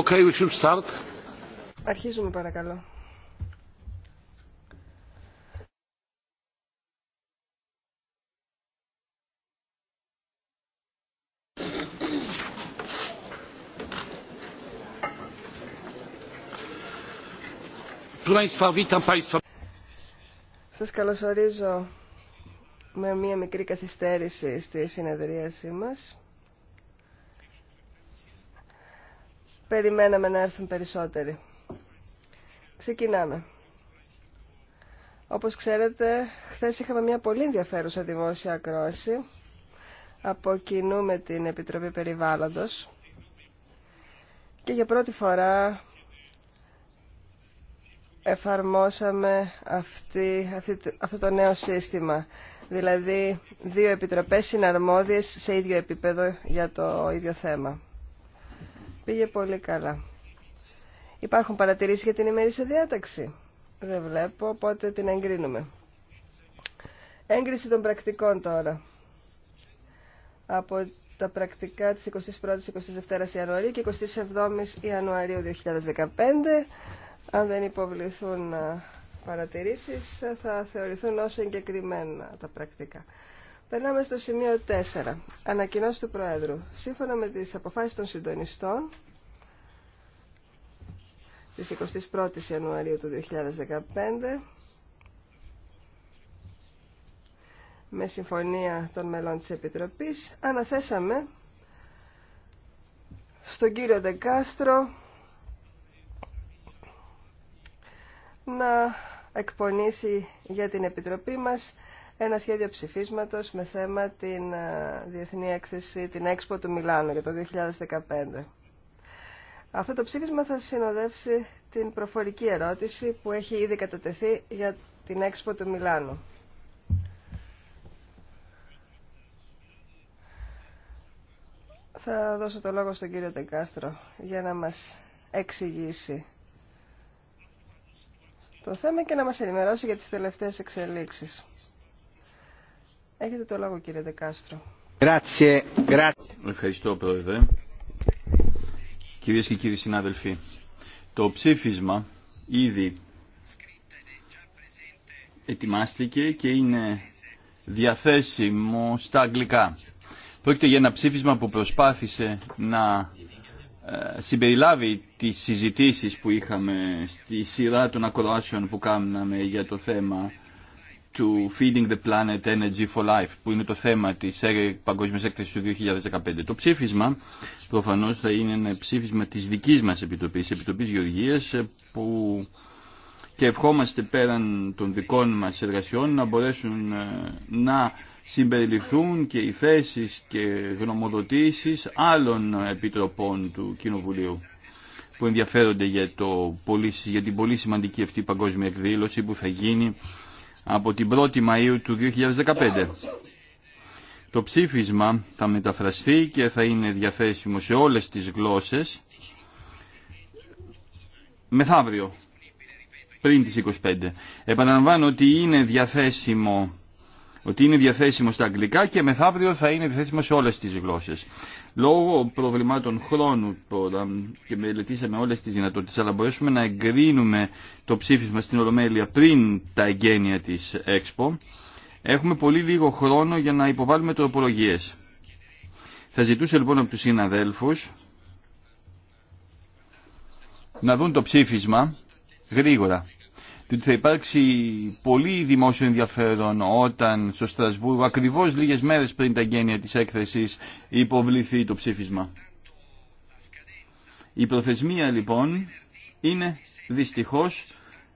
Okay, we should start. Αρχίζουμε παρακαλώ. Σας καλωσορίζω με μία μικρή καθυστέρηση στη συνεδρίασή μας. περιμέναμε να έρθουν περισσότεροι. Ξεκινάμε. Όπως ξέρετε, χθες είχαμε μια πολύ ενδιαφέρουσα δημόσια ακρόαση. Από κοινού με την Επιτροπή Περιβάλλοντος. Και για πρώτη φορά εφαρμόσαμε αυτή, αυτή, αυτό το νέο σύστημα. Δηλαδή, δύο επιτροπές συναρμόδιες σε ίδιο επίπεδο για το ίδιο θέμα. Πήγε πολύ καλά. Υπάρχουν παρατηρήσεις για την ημερήσια διάταξη. Δεν βλέπω, οπότε την εγκρίνουμε. Έγκριση των πρακτικών τώρα. Από τα πρακτικά της 21ης-22ης Ιανουαρίου και 27ης Ιανουαρίου 2015. Αν δεν υποβληθούν παρατηρήσεις θα θεωρηθούν ως εγκεκριμένα τα πρακτικά. Περνάμε στο σημείο 4. Ανακοινώσει του Προέδρου. Σύμφωνα με τις αποφάσεις των συντονιστών της 21ης Ιανουαρίου του 2015 με συμφωνία των μελών της Επιτροπής αναθέσαμε στον κύριο Δεκάστρο να εκπονήσει για την Επιτροπή μας ένα σχέδιο ψηφίσματος με θέμα την ε, Διεθνή Έκθεση, την ΕΞΠΟ του Μιλάνου για το 2015. Αυτό το ψήφισμα θα συνοδεύσει την προφορική ερώτηση που έχει ήδη κατατεθεί για την Expo του Μιλάνου. Θα δώσω το λόγο στον κύριο Τεκάστρο για να μας εξηγήσει το θέμα και να μας ενημερώσει για τις τελευταίες εξελίξεις. Έχετε το λόγο κύριε Δεκάστρο. Ευχαριστώ πρόεδρε. Κυρίες και κύριοι συνάδελφοι, το ψήφισμα ήδη ετοιμάστηκε και είναι διαθέσιμο στα αγγλικά. Πρόκειται για ένα ψήφισμα που προσπάθησε να ε, συμπεριλάβει τις συζητήσεις που είχαμε στη σειρά των ακροάσεων που κάναμε για το θέμα του Feeding the Planet Energy for Life, που είναι το θέμα τη παγκόσμια έκθεση του 2015. Το ψήφισμα προφανώ θα είναι ένα ψήφισμα της δικής μας Επιτροπής, επιτροπή Γεωργίας, που και ευχόμαστε πέραν των δικών μα εργασιών να μπορέσουν ε, να συμπεριληφθούν και οι θέσει και γνωμοδοτήσει άλλων επιτροπών του Κοινοβουλίου που ενδιαφέρονται για, για την πολύ σημαντική αυτή παγκόσμια εκδήλωση που θα γίνει από την 1η Μαΐου του 2015. Το ψήφισμα θα μεταφραστεί και θα είναι διαθέσιμο σε όλες τις γλώσσες μεθαύριο, πριν τις 25. Επαναλαμβάνω ότι είναι διαθέσιμο ότι είναι διαθέσιμο στα αγγλικά και μεθαύριο θα είναι διαθέσιμο σε όλες τις γλώσσες. Λόγω προβλημάτων χρόνου τώρα και μελετήσαμε όλε τι δυνατότητε, αλλά μπορέσουμε να εγκρίνουμε το ψήφισμα στην Ολομέλεια πριν τα εγγένεια της ΕΞΠΟ έχουμε πολύ λίγο χρόνο για να υποβάλουμε τροπολογίε. Θα ζητούσε λοιπόν από του συναδέλφου να δουν το ψήφισμα γρήγορα ότι θα υπάρξει πολύ δημόσιο ενδιαφέρον όταν στο Στρασβούργο, ακριβώς λίγες μέρες πριν τα γένεια της έκθεσης, υποβληθεί το ψήφισμα. Η προθεσμία λοιπόν είναι δυστυχώς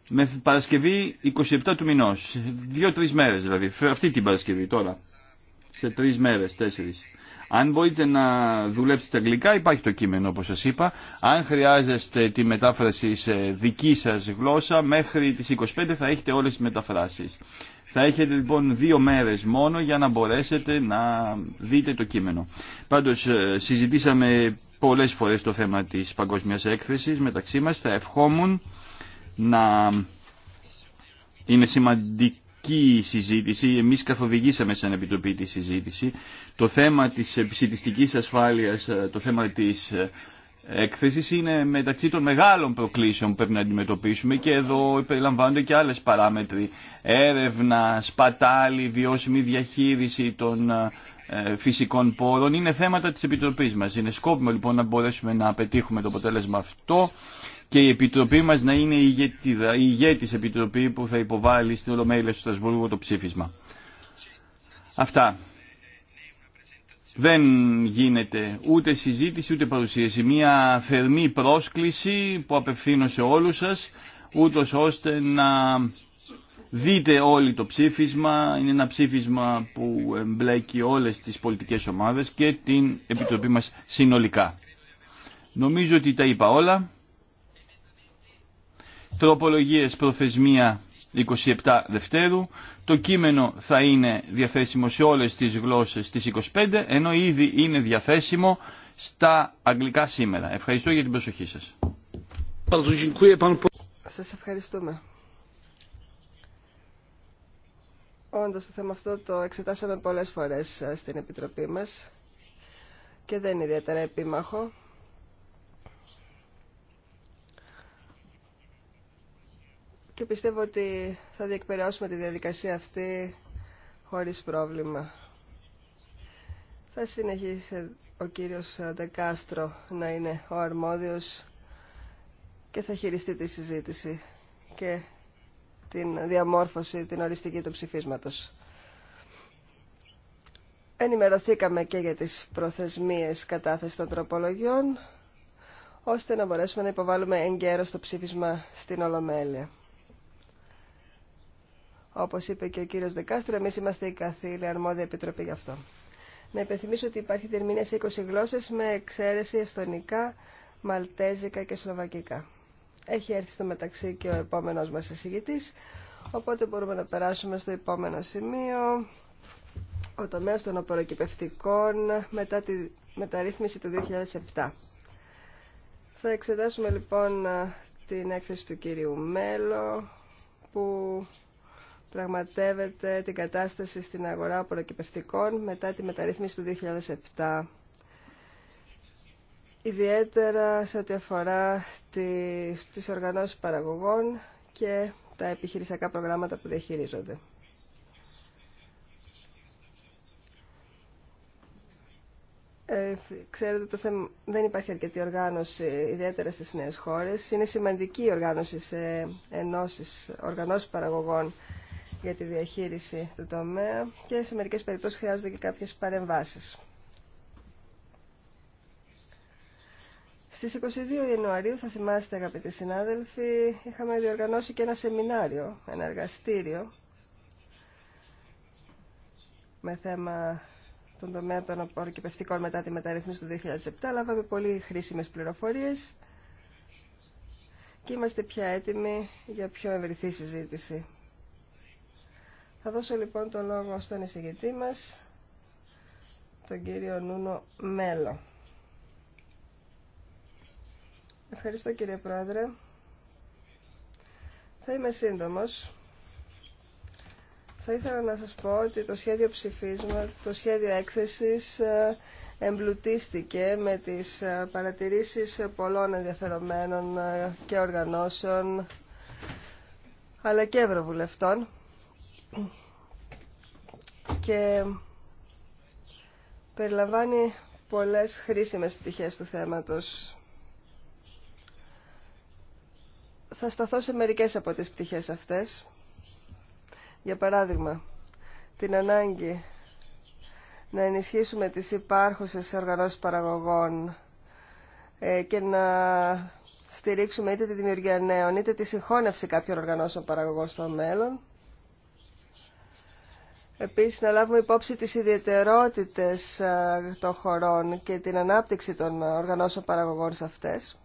με Παρασκευή 27 του μηνός. Δύο-τρεις μέρες δηλαδή. Αυτή την Παρασκευή τώρα. Σε τρεις μέρες, τέσσερις. Αν μπορείτε να δουλέψετε αγγλικά υπάρχει το κείμενο όπως σας είπα. Αν χρειάζεστε τη μετάφραση σε δική σας γλώσσα μέχρι τις 25 θα έχετε όλες τις μεταφράσεις. Θα έχετε λοιπόν δύο μέρες μόνο για να μπορέσετε να δείτε το κείμενο. Πάντως ε, συζητήσαμε πολλές φορές το θέμα της παγκόσμιας έκθεσης μεταξύ μας. Θα ευχόμουν να είναι σημαντικό πολιτική συζήτηση, εμείς καθοδηγήσαμε σαν επιτροπή τη συζήτηση, το θέμα της ψητιστικής ασφάλειας, ε, το θέμα της ε, έκθεσης είναι μεταξύ των μεγάλων προκλήσεων που πρέπει να αντιμετωπίσουμε και εδώ περιλαμβάνονται και άλλες παράμετροι. Έρευνα, σπατάλη, βιώσιμη διαχείριση των ε, φυσικών πόρων είναι θέματα της Επιτροπής μας. Είναι σκόπιμο λοιπόν να μπορέσουμε να πετύχουμε το αποτέλεσμα αυτό και η Επιτροπή μας να είναι η ηγέτης Επιτροπή που θα υποβάλει στην Ολομέλεια στο το ψήφισμα. Αυτά. Δεν γίνεται ούτε συζήτηση ούτε παρουσίαση. Μία θερμή πρόσκληση που απευθύνω σε όλους σας, ούτως ώστε να δείτε όλοι το ψήφισμα. Είναι ένα ψήφισμα που εμπλέκει όλες τις πολιτικές ομάδες και την Επιτροπή μας συνολικά. Νομίζω ότι τα είπα όλα τροπολογίες προθεσμία 27 Δευτέρου. Το κείμενο θα είναι διαθέσιμο σε όλες τις γλώσσες στι 25, ενώ ήδη είναι διαθέσιμο στα αγγλικά σήμερα. Ευχαριστώ για την προσοχή σας. Σας ευχαριστούμε. Όντως το θέμα αυτό το εξετάσαμε πολλές φορές ε, στην Επιτροπή μας και δεν είναι ιδιαίτερα επίμαχο. και πιστεύω ότι θα διεκπαιρεώσουμε τη διαδικασία αυτή χωρίς πρόβλημα. Θα συνεχίσει ο κύριος Ντεκάστρο να είναι ο αρμόδιος και θα χειριστεί τη συζήτηση και την διαμόρφωση, την οριστική του ψηφίσματος. Ενημερωθήκαμε και για τις προθεσμίες κατάθεσης των τροπολογιών, ώστε να μπορέσουμε να υποβάλουμε εγκαίρως το ψήφισμα στην Ολομέλεια. Όπως είπε και ο κύριος Δεκάστρο, εμείς είμαστε η καθήλια αρμόδια επιτροπή γι' αυτό. Να υπενθυμίσω ότι υπάρχει διερμηνία σε 20 γλώσσες με εξαίρεση εστονικά, μαλτέζικα και σλοβακικά. Έχει έρθει στο μεταξύ και ο επόμενος μας εισηγητής, οπότε μπορούμε να περάσουμε στο επόμενο σημείο. Ο τομέας των απορροκυπευτικών μετά τη μεταρρύθμιση του 2007. Θα εξετάσουμε λοιπόν ε, την έκθεση του κυρίου Μέλο που πραγματεύεται την κατάσταση στην αγορά προκυπευτικών μετά τη μεταρρύθμιση του 2007. Ιδιαίτερα σε ό,τι αφορά τις, οργανώσει οργανώσεις παραγωγών και τα επιχειρησιακά προγράμματα που διαχειρίζονται. Ε, ξέρετε, το θέμα, δεν υπάρχει αρκετή οργάνωση, ιδιαίτερα στις νέες χώρες. Είναι σημαντική η οργάνωση σε ενώσεις, οργανώσεις παραγωγών για τη διαχείριση του τομέα και σε μερικές περιπτώσεις χρειάζονται και κάποιες παρεμβάσεις. Στις 22 Ιανουαρίου, θα θυμάστε αγαπητοί συνάδελφοι, είχαμε διοργανώσει και ένα σεμινάριο, ένα εργαστήριο με θέμα τον τομέα των απορκυπευτικών μετά τη μεταρρύθμιση του 2007. Λάβαμε πολύ χρήσιμες πληροφορίες και είμαστε πια έτοιμοι για πιο ευρυθή συζήτηση θα δώσω λοιπόν το λόγο στον εισηγητή μας, τον κύριο Νούνο Μέλο. Ευχαριστώ κύριε Πρόεδρε. Θα είμαι σύντομος. Θα ήθελα να σας πω ότι το σχέδιο ψηφίσμα, το σχέδιο έκθεσης ε, εμπλουτίστηκε με τις ε, παρατηρήσεις πολλών ενδιαφερομένων ε, και οργανώσεων αλλά και ευρωβουλευτών και περιλαμβάνει πολλές χρήσιμες πτυχές του θέματος. Θα σταθώ σε μερικές από τις πτυχές αυτές. Για παράδειγμα, την ανάγκη να ενισχύσουμε τις υπάρχουσες οργανώσεις παραγωγών ε, και να στηρίξουμε είτε τη δημιουργία νέων είτε τη συγχώνευση κάποιων οργανώσεων παραγωγών στο μέλλον Επίσης να λάβουμε υπόψη τις ιδιαιτερότητες ε, των χωρών και την ανάπτυξη των οργανώσεων παραγωγών σε αυτές.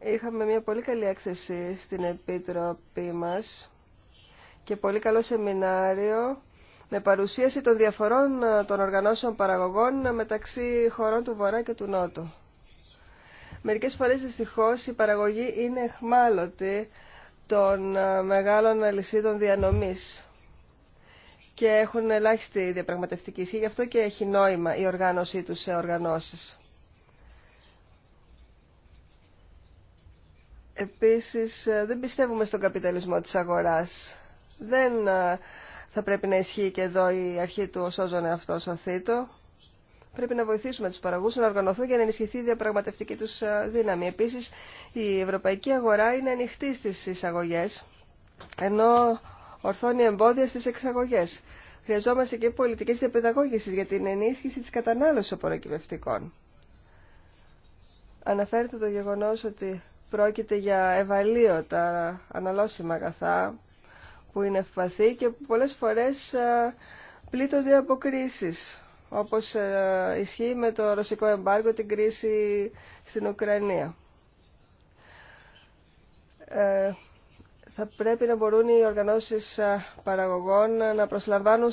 Είχαμε μια πολύ καλή έκθεση στην Επίτροπή μας και πολύ καλό σεμινάριο με παρουσίαση των διαφορών ε, των οργανώσεων παραγωγών μεταξύ χωρών του Βορρά και του Νότου. Μερικές φορές δυστυχώς η παραγωγή είναι εχμάλωτη των ε, μεγάλων αλυσίδων διανομής και έχουν ελάχιστη διαπραγματευτική ισχύ, γι' αυτό και έχει νόημα η οργάνωσή τους σε οργανώσεις. Επίσης, ε, δεν πιστεύουμε στον καπιταλισμό της αγοράς. Δεν ε, θα πρέπει να ισχύει και εδώ η αρχή του ο αυτός ο Πρέπει να βοηθήσουμε του παραγωγού να οργανωθούν για να ενισχυθεί η διαπραγματευτική του ε, δύναμη. Επίση, η ευρωπαϊκή αγορά είναι ανοιχτή στι εισαγωγέ, ενώ ορθώνει εμπόδια στι εξαγωγέ. Χρειαζόμαστε και πολιτικέ διαπαιδαγώγηση για την ενίσχυση τη κατανάλωση απορροκυπευτικών. Αναφέρεται το γεγονό ότι πρόκειται για ευαλείωτα αναλώσιμα αγαθά που είναι ευπαθή και που πολλές φορές ε, πλήττονται από κρίσεις όπως ε, ισχύει με το ρωσικό εμπάργο την κρίση στην Ουκρανία. Ε, θα πρέπει να μπορούν οι οργανώσεις ε, παραγωγών να προσλαμβάνουν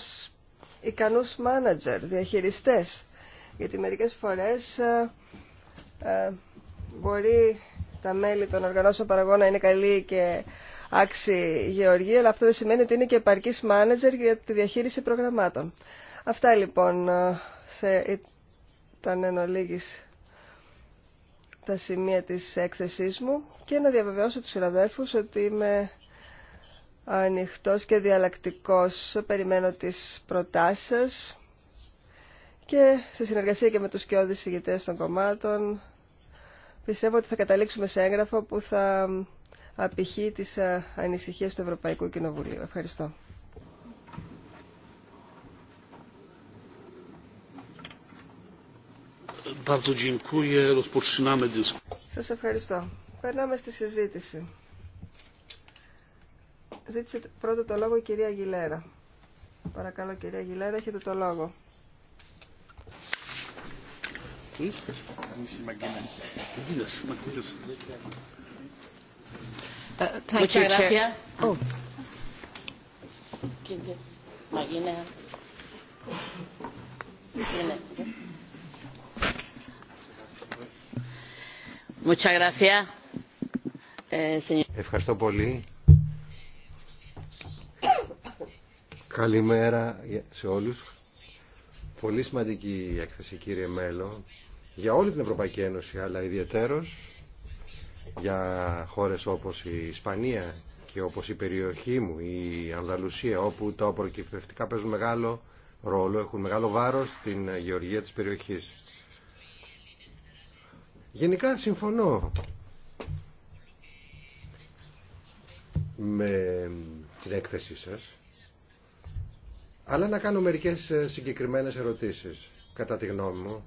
ικανούς μάνατζερ, διαχειριστές. Γιατί μερικές φορές μπορεί τα μέλη των οργανώσεων παραγωγών να είναι καλοί και άξιοι γεωργοί, αλλά αυτό δεν σημαίνει ότι είναι και επαρκής μάνατζερ για τη διαχείριση προγραμμάτων. Αυτά λοιπόν ε, σε, ήταν εν ολίγης τα σημεία της έκθεσής μου και να διαβεβαιώσω τους συναδέλφους ότι είμαι ανοιχτός και διαλλακτικός. Περιμένω τις προτάσεις σας και σε συνεργασία και με τους κοιόδης ηγητές των κομμάτων πιστεύω ότι θα καταλήξουμε σε έγγραφο που θα απηχεί τις ανησυχίες του Ευρωπαϊκού Κοινοβουλίου. Ευχαριστώ. Σας ευχαριστώ. Περνάμε στη συζήτηση. Ζήτησε πρώτα το λόγο η κυρία Γιλέρα. Παρακαλώ κυρία Γιλέρα, έχετε το λόγο. Muchas Eh, Ευχαριστώ πολύ. Καλημέρα σε όλους. Πολύ σημαντική έκθεση κύριε Μέλο για όλη την Ευρωπαϊκή Ένωση αλλά ιδιαίτερος για χώρες όπως η Ισπανία και όπως η περιοχή μου, η Ανδαλουσία όπου τα προκυπευτικά παίζουν μεγάλο ρόλο, έχουν μεγάλο βάρος στην γεωργία της περιοχής. Γενικά συμφωνώ με την έκθεσή σας, αλλά να κάνω μερικές ε, συγκεκριμένες ερωτήσεις. Κατά τη γνώμη μου,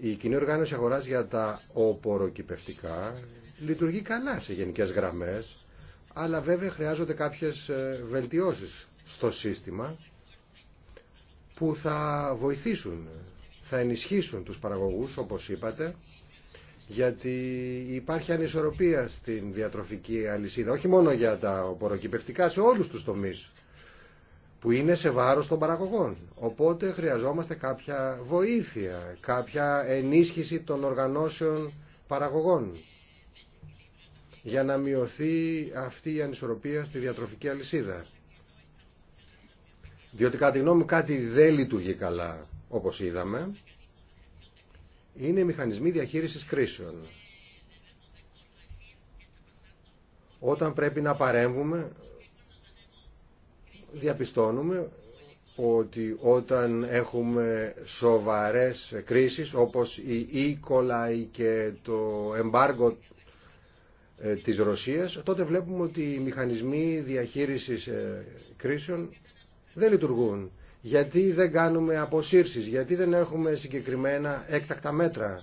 η κοινή οργάνωση αγοράς για τα οποροκυπευτικά λειτουργεί καλά σε γενικές γραμμές, αλλά βέβαια χρειάζονται κάποιες ε, βελτιώσεις στο σύστημα που θα βοηθήσουν θα ενισχύσουν τους παραγωγούς, όπως είπατε, γιατί υπάρχει ανισορροπία στην διατροφική αλυσίδα, όχι μόνο για τα οποροκυπευτικά, σε όλους τους τομείς που είναι σε βάρος των παραγωγών. Οπότε χρειαζόμαστε κάποια βοήθεια, κάποια ενίσχυση των οργανώσεων παραγωγών για να μειωθεί αυτή η ανισορροπία στη διατροφική αλυσίδα. Διότι κατά τη γνώμη κάτι δεν λειτουργεί καλά όπως είδαμε, είναι οι μηχανισμοί διαχείρισης κρίσεων. Όταν πρέπει να παρέμβουμε, διαπιστώνουμε ότι όταν έχουμε σοβαρές κρίσεις όπως η E. και το εμπάργο ε, της Ρωσίας, τότε βλέπουμε ότι οι μηχανισμοί διαχείρισης ε, κρίσεων δεν λειτουργούν γιατί δεν κάνουμε αποσύρσεις, γιατί δεν έχουμε συγκεκριμένα έκτακτα μέτρα.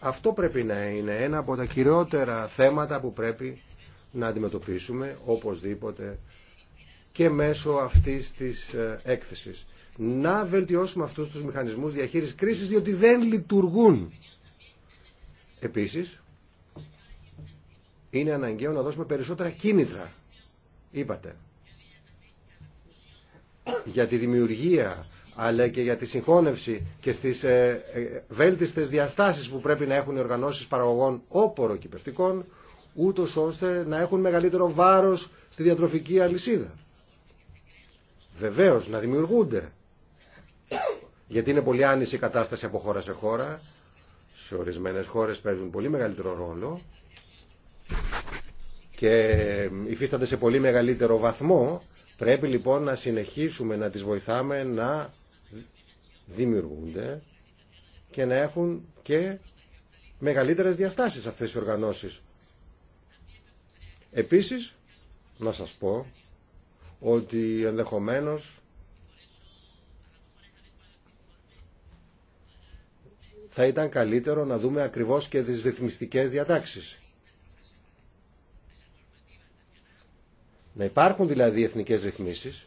Αυτό πρέπει να είναι ένα από τα κυριότερα θέματα που πρέπει να αντιμετωπίσουμε οπωσδήποτε και μέσω αυτής της ε, έκθεσης. Να βελτιώσουμε αυτούς τους μηχανισμούς διαχείρισης κρίσης διότι δεν λειτουργούν. Επίσης, είναι αναγκαίο να δώσουμε περισσότερα κίνητρα. Είπατε, για τη δημιουργία αλλά και για τη συγχώνευση και στις ε, ε, βέλτιστες διαστάσεις που πρέπει να έχουν οι οργανώσεις παραγωγών όπορο-κυπευτικών, ούτως ώστε να έχουν μεγαλύτερο βάρος στη διατροφική αλυσίδα. Βεβαίως, να δημιουργούνται, γιατί είναι πολύ άνηση η κατάσταση από χώρα σε χώρα, σε ορισμένες χώρες παίζουν πολύ μεγαλύτερο ρόλο και υφίστανται σε πολύ μεγαλύτερο βαθμό Πρέπει λοιπόν να συνεχίσουμε να τις βοηθάμε να δημιουργούνται και να έχουν και μεγαλύτερες διαστάσεις αυτές οι οργανώσεις. Επίσης, να σας πω ότι ενδεχομένως θα ήταν καλύτερο να δούμε ακριβώς και τις ρυθμιστικές διατάξεις Να υπάρχουν δηλαδή εθνικές ρυθμίσεις,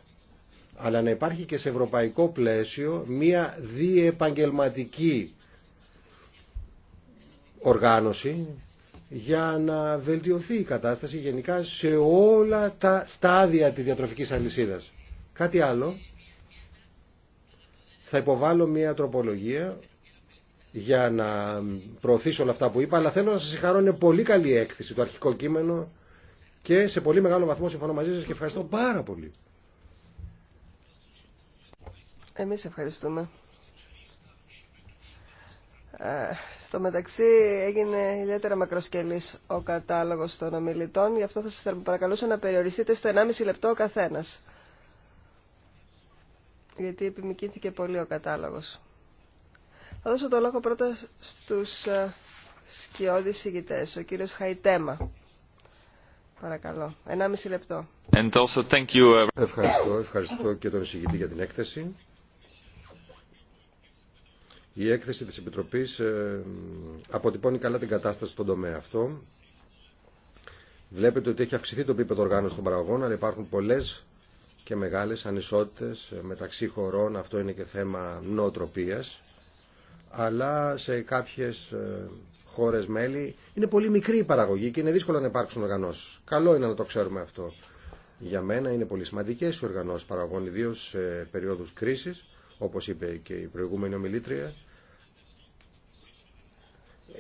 αλλά να υπάρχει και σε ευρωπαϊκό πλαίσιο μία διεπαγγελματική οργάνωση για να βελτιωθεί η κατάσταση γενικά σε όλα τα στάδια της διατροφικής αλυσίδας. Κάτι άλλο, θα υποβάλω μία τροπολογία για να προωθήσω όλα αυτά που είπα, αλλά θέλω να σας συγχαρώ, είναι πολύ καλή έκθεση το αρχικό κείμενο και σε πολύ μεγάλο βαθμό συμφωνώ μαζί σας και ευχαριστώ πάρα πολύ. Εμείς ευχαριστούμε. Ε, στο μεταξύ έγινε ιδιαίτερα μακροσκελής ο κατάλογος των ομιλητών, γι' αυτό θα σας παρακαλούσα να περιοριστείτε στο 1,5 λεπτό ο καθένας. Γιατί επιμικήθηκε πολύ ο κατάλογος. Θα δώσω το λόγο πρώτα στους ε, σκιώδεις ηγητές, ο κύριος Χαϊτέμα. Παρακαλώ. Ένα μισή λεπτό. also thank you. Uh, ευχαριστώ, ευχαριστώ και τον εισηγητή για την έκθεση. Η έκθεση της Επιτροπής ε, αποτυπώνει καλά την κατάσταση στον τομέα αυτό. Βλέπετε ότι έχει αυξηθεί το πίπεδο οργάνωση των παραγωγών, αλλά υπάρχουν πολλές και μεγάλες ανισότητες μεταξύ χωρών. Αυτό είναι και θέμα νοοτροπίας. Αλλά σε κάποιες ε, χώρες μέλη. Είναι πολύ μικρή η παραγωγή και είναι δύσκολο να υπάρξουν οργανώσει. Καλό είναι να το ξέρουμε αυτό. Για μένα είναι πολύ σημαντικέ οι οργανώσει παραγωγών, ιδίω σε περίοδου κρίση, όπω είπε και η προηγούμενη ομιλήτρια,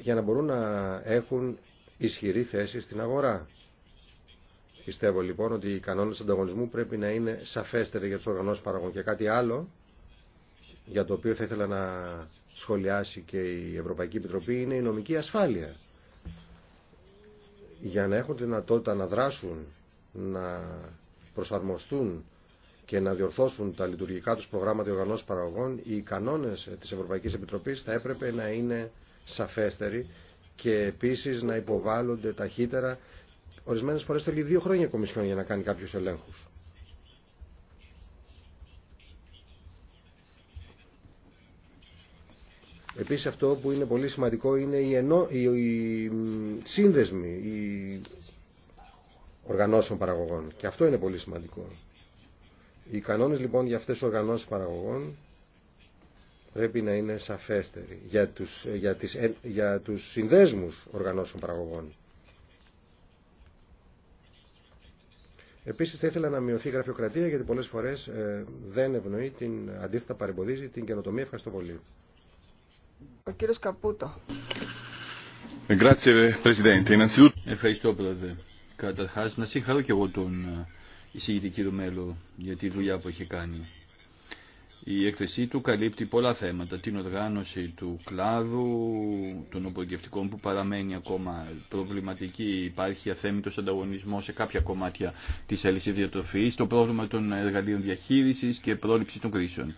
για να μπορούν να έχουν ισχυρή θέση στην αγορά. Πιστεύω λοιπόν ότι οι κανόνε ανταγωνισμού πρέπει να είναι σαφέστεροι για του οργανώσει παραγωγών. Και κάτι άλλο για το οποίο θα ήθελα να σχολιάσει και η Ευρωπαϊκή Επιτροπή είναι η νομική ασφάλεια. Για να έχουν τη δυνατότητα να δράσουν, να προσαρμοστούν και να διορθώσουν τα λειτουργικά τους προγράμματα οργανώσεις παραγωγών, οι κανόνες της Ευρωπαϊκής Επιτροπής θα έπρεπε να είναι σαφέστεροι και επίσης να υποβάλλονται ταχύτερα. Ορισμένες φορές θέλει δύο χρόνια η Κομισιόν για να κάνει κάποιους ελέγχους. Επίσης αυτό που είναι πολύ σημαντικό είναι οι, ενώ οι... σύνδεσμοι οι... οργανώσεων παραγωγών. Και αυτό είναι πολύ σημαντικό. Οι κανόνες λοιπόν για αυτές τις οργανώσεις παραγωγών πρέπει να είναι σαφέστεροι για τους, για τις, για τους συνδέσμους οργανώσεων παραγωγών. Επίσης θα ήθελα να μειωθεί η γραφειοκρατία γιατί πολλές φορές ε, δεν ευνοεί, την, αντίθετα παρεμποδίζει την καινοτομία. Ευχαριστώ πολύ. Ευχαριστώ, Πρόεδρε. Καταρχά, να συγχαρώ και εγώ τον ε, εισηγητή κύριο Μέλο για τη δουλειά που έχει κάνει. Η έκθεσή του καλύπτει πολλά θέματα, την οργάνωση του κλάδου, των οπορικευτικών που παραμένει ακόμα προβληματική, υπάρχει αθέμητο ανταγωνισμό σε κάποια κομμάτια τη αλυσίδια τροφή. το πρόβλημα των εργαλείων διαχείριση και πρόληψη των κρίσεων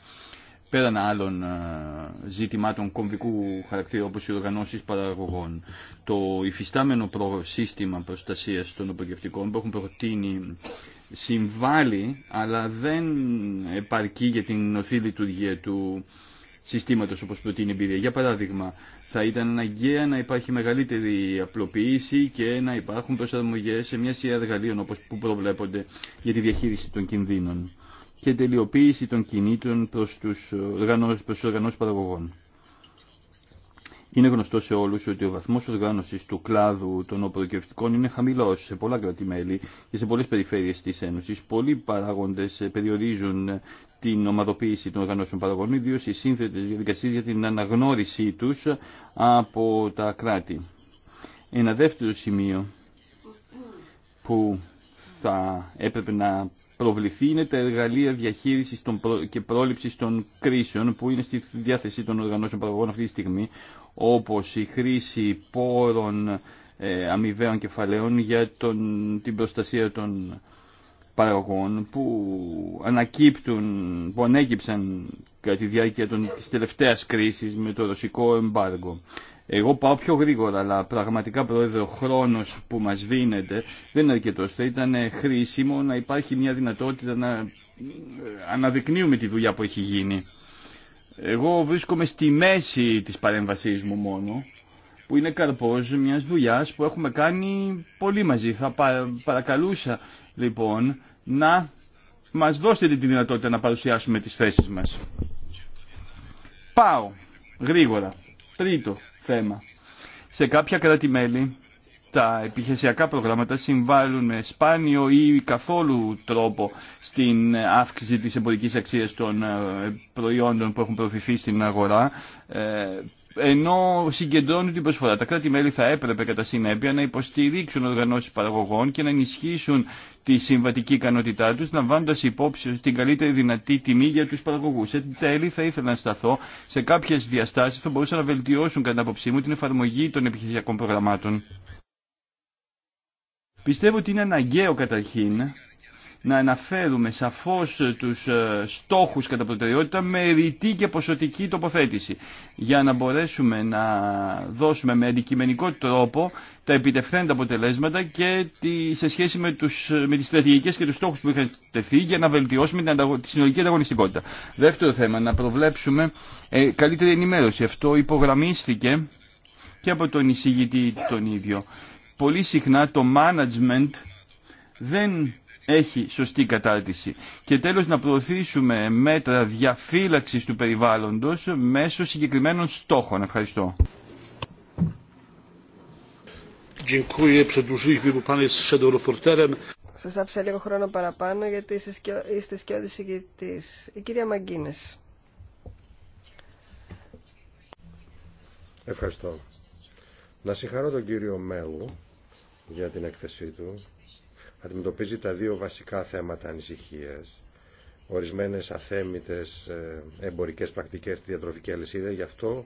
πέραν άλλων ε, ζητημάτων κομβικού χαρακτήρα όπως οι οργανώσεις παραγωγών. Το υφιστάμενο σύστημα προστασίας των απογευτικών που έχουν προτείνει συμβάλλει αλλά δεν επαρκεί για την ορθή λειτουργία του συστήματος όπως προτείνει η εμπειρία. Για παράδειγμα, θα ήταν αναγκαία να υπάρχει μεγαλύτερη απλοποίηση και να υπάρχουν προσαρμογές σε μια σειρά εργαλείων όπως που προβλέπονται για τη διαχείριση των κινδύνων και τελειοποίηση των κινήτων προς τους ε, οργανώσεις, παραγωγών. Είναι γνωστό σε όλου ότι ο βαθμό οργάνωση του κλάδου των οπωροκευτικών είναι χαμηλό σε πολλά κρατημέλη και σε πολλέ περιφέρειε τη Ένωση. Πολλοί παράγοντε ε, περιορίζουν ε, την ομαδοποίηση των οργανώσεων παραγωγών, ιδίω οι σύνθετε διαδικασίε για την αναγνώρισή του από τα κράτη. Ένα δεύτερο σημείο που θα έπρεπε να προβληθεί είναι τα εργαλεία διαχείρισης και πρόληψης των κρίσεων που είναι στη διάθεση των οργανώσεων παραγωγών αυτή τη στιγμή όπως η χρήση πόρων ε, αμοιβαίων κεφαλαίων για την προστασία των παραγωγών που ανακύπτουν, που ανέκυψαν κατά τη διάρκεια των, της τελευταίας κρίσης με το ρωσικό εμπάργο. Εγώ πάω πιο γρήγορα, αλλά πραγματικά, Πρόεδρε, ο χρόνος που μα δίνεται δεν είναι αρκετός. Θα ήταν χρήσιμο να υπάρχει μια δυνατότητα να ε, αναδεικνύουμε τη δουλειά που έχει γίνει. Εγώ βρίσκομαι στη μέση της παρέμβασής μου μόνο, που είναι καρπός μιας δουλειά που έχουμε κάνει πολύ μαζί. Θα παρακαλούσα, λοιπόν, να μα δώσετε τη δυνατότητα να παρουσιάσουμε τι θέσει μα. Πάω, γρήγορα. Τρίτο, σε κάποια κράτη-μέλη τα επιχειρησιακά προγράμματα συμβάλλουν με σπάνιο ή καθόλου τρόπο στην αύξηση της εμπορικής αξίας των ε, προϊόντων που έχουν προωθηθεί στην αγορά, ε, ενώ συγκεντρώνουν την προσφορά. Τα κράτη-μέλη θα έπρεπε κατά συνέπεια να υποστηρίξουν οργανώσει παραγωγών και να ενισχύσουν τη συμβατική ικανότητά τους, λαμβάνοντα υπόψη την καλύτερη δυνατή τιμή για τους παραγωγούς. Εν τέλει θα ήθελα να σταθώ σε κάποιε διαστάσει που μπορούσαν να βελτιώσουν κατά άποψή μου την εφαρμογή των επιχειρησιακών προγραμμάτων. Πιστεύω ότι είναι αναγκαίο καταρχήν να αναφέρουμε σαφώς ε, τους ε, στόχους κατά προτεραιότητα με ρητή και ποσοτική τοποθέτηση για να μπορέσουμε να δώσουμε με αντικειμενικό τρόπο τα επιτευθέντα αποτελέσματα και σε σχέση με, τους, ε, με τις στρατηγικές και τους στόχους που είχαν τεθεί για να βελτιώσουμε την τη συνολική ανταγωνιστικότητα. Δεύτερο θέμα, να προβλέψουμε καλύτερη ενημέρωση. Αυτό υπογραμμίστηκε και από τον εισηγητή τον ίδιο. Πολύ συχνά το management δεν έχει σωστή κατάρτιση. Και τέλος να προωθήσουμε μέτρα διαφύλαξης του περιβάλλοντος μέσω συγκεκριμένων στόχων. Ευχαριστώ. Σα άφησα λίγο χρόνο παραπάνω γιατί είστε σκιώδης ηγητή. Η κυρία Μαγκίνε. Ευχαριστώ. Να συγχαρώ τον κύριο Μέλου για την έκθεσή του αντιμετωπίζει τα δύο βασικά θέματα ανησυχίας. Ορισμένες αθέμητες ε, εμπορικές πρακτικές στη διατροφική αλυσίδα. Γι' αυτό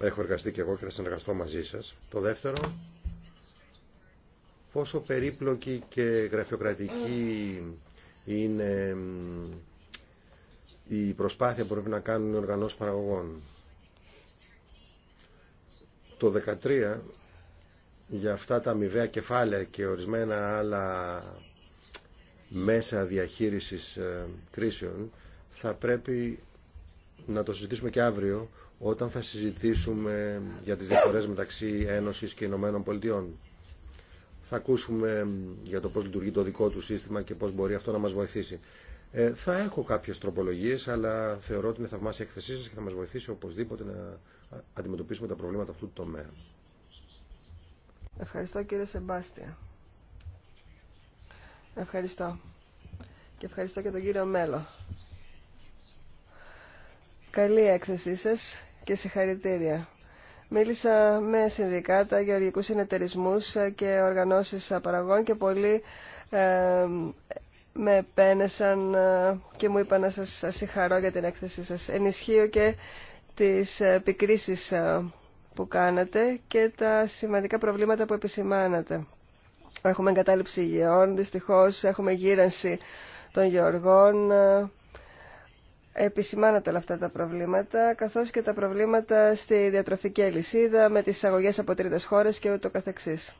έχω εργαστεί και εγώ και θα συνεργαστώ μαζί σας. Το δεύτερο, πόσο περίπλοκη και γραφειοκρατική είναι η προσπάθεια που πρέπει να κάνουν οι οργανώσεις παραγωγών. Το 2013 για αυτά τα αμοιβαία κεφάλαια και ορισμένα άλλα μέσα διαχείρισης ε, κρίσεων θα πρέπει να το συζητήσουμε και αύριο όταν θα συζητήσουμε για τις διαφορές μεταξύ Ένωσης και Ηνωμένων Πολιτειών. Θα ακούσουμε ε, για το πώς λειτουργεί το δικό του σύστημα και πώς μπορεί αυτό να μας βοηθήσει. Ε, θα έχω κάποιες τροπολογίες, αλλά θεωρώ ότι είναι θαυμάσια εκθεσή σα και θα μας βοηθήσει οπωσδήποτε να αντιμετωπίσουμε τα προβλήματα αυτού του τομέα. Ευχαριστώ κύριε Σεμπάστια. Ευχαριστώ. Και ευχαριστώ και τον κύριο Μέλο. Καλή έκθεσή σας και συγχαρητήρια. Μίλησα με συνδικάτα, γεωργικούς συνεταιρισμούς και οργανώσεις παραγών και πολλοί ε, με πένεσαν ε, και μου είπαν να σας συγχαρώ για την έκθεσή σας. Ενισχύω και τις ε, επικρίσεις που κάνατε και τα σημαντικά προβλήματα που επισημάνατε. Έχουμε εγκατάλειψη γεών, δυστυχώς έχουμε γύρανση των γεωργών. Επισημάνατε όλα αυτά τα προβλήματα, καθώς και τα προβλήματα στη διατροφική αλυσίδα, με τις εισαγωγέ από τρίτες χώρες και ούτω καθεξής.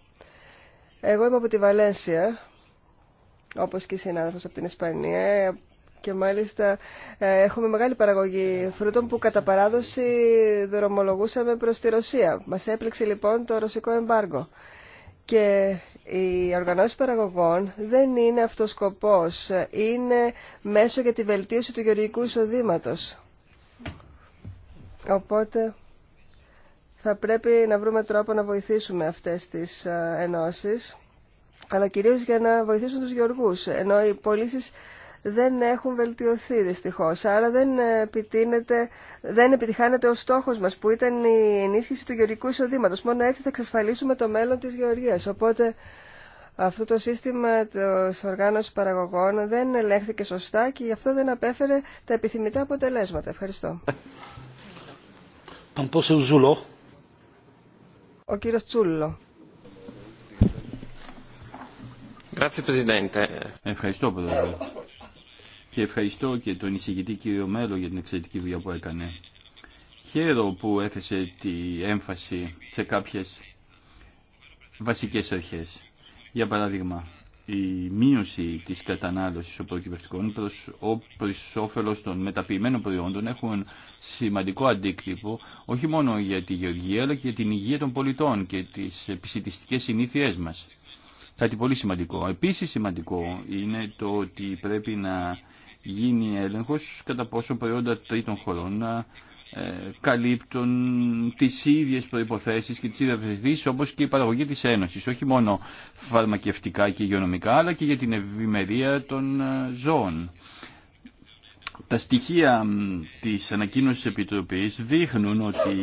Εγώ είμαι από τη Βαλένσια, όπως και οι συνάδελφος από την Ισπανία, και μάλιστα ε, έχουμε μεγάλη παραγωγή φρούτων που κατά παράδοση δρομολογούσαμε προς τη Ρωσία. Μας έπληξε λοιπόν το ρωσικό εμπάργο. Και οι οργανώσεις παραγωγών δεν είναι αυτός σκοπός. Είναι μέσο για τη βελτίωση του γεωργικού εισοδήματος. Οπότε θα πρέπει να βρούμε τρόπο να βοηθήσουμε αυτές τις ε, ενώσεις αλλά κυρίως για να βοηθήσουν τους γεωργούς. Ενώ οι πωλήσει δεν έχουν βελτιωθεί δυστυχώς. Άρα δεν, ε, δεν επιτυχάνεται ο στόχος μας που ήταν η ενίσχυση του γεωργικού εισοδήματος. Μόνο έτσι θα εξασφαλίσουμε το μέλλον της γεωργίας. Οπότε αυτό το σύστημα της οργάνωσης παραγωγών δεν ελέγχθηκε σωστά και γι' αυτό δεν απέφερε τα επιθυμητά αποτελέσματα. Ευχαριστώ. Ο κύριος Τσούλο. Ευχαριστώ, Πρόεδρε και ευχαριστώ και τον εισηγητή κύριο Μέλλο για την εξαιρετική δουλειά που έκανε. Χαίρο που έθεσε τη έμφαση σε κάποιες βασικές αρχές. Για παράδειγμα, η μείωση της κατανάλωσης οπωροκυπευτικών προς, προς όφελος των μεταποιημένων προϊόντων έχουν σημαντικό αντίκτυπο όχι μόνο για τη γεωργία αλλά και για την υγεία των πολιτών και τις επισητιστικές συνήθειές μας. Κάτι πολύ σημαντικό. Επίσης σημαντικό είναι το ότι πρέπει να γίνει έλεγχος κατά πόσο προϊόντα τρίτων χωρών να ε, καλύπτουν τις ίδιες προϋποθέσεις και τις ίδιες προϋποθέσεις όπως και η παραγωγή της Ένωσης, όχι μόνο φαρμακευτικά και υγειονομικά αλλά και για την ευημερία των ε, ζώων. Τα στοιχεία της ανακοίνωσης Επιτροπής δείχνουν ότι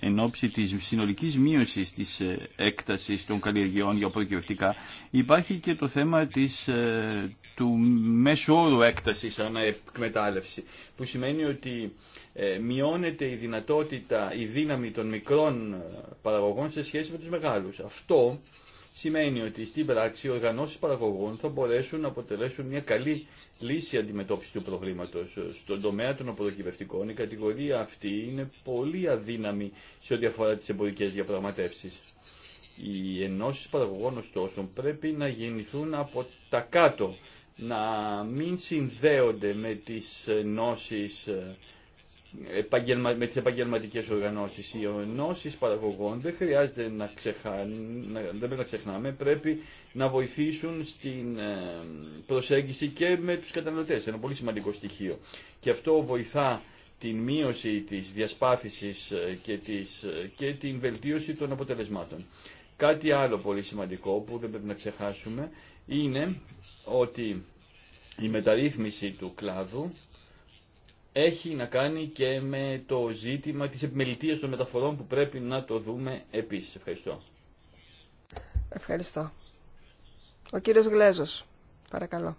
εν ώψη της συνολικής μείωσης της ε, έκτασης των καλλιεργειών για προκυβευτικά υπάρχει και το θέμα της, ε, του μέσου όρου έκτασης αναεκμετάλλευση. που σημαίνει ότι ε, μειώνεται η δυνατότητα, η δύναμη των μικρών παραγωγών σε σχέση με τους μεγάλους. Αυτό σημαίνει ότι στην πράξη οι οργανώσεις παραγωγών θα μπορέσουν να αποτελέσουν μια καλή λύση αντιμετώπιση του προβλήματο Στον τομέα των αποδοκιβευτικών η κατηγορία αυτή είναι πολύ αδύναμη σε ό,τι αφορά τι εμπορικέ διαπραγματεύσει. Οι ενώσει παραγωγών ωστόσο πρέπει να γεννηθούν από τα κάτω, να μην συνδέονται με τις ενώσει. Ε, με τις επαγγελματικές οργανώσεις. Οι ενώσει παραγωγών δεν χρειάζεται να, πρέπει να ξεχνάμε, πρέπει να βοηθήσουν στην ε, προσέγγιση και με τους καταναλωτές, ένα πολύ σημαντικό στοιχείο. Και αυτό βοηθά την μείωση της διασπάθησης ε, και, της, ε, και την βελτίωση των αποτελεσμάτων. Κάτι άλλο πολύ σημαντικό που δεν πρέπει να ξεχάσουμε είναι ότι η μεταρρύθμιση του κλάδου έχει να κάνει και με το ζήτημα της επιμελητίας των μεταφορών που πρέπει να το δούμε επίσης. Ευχαριστώ. Ευχαριστώ. Ο κύριος Γλέζος, παρακαλώ.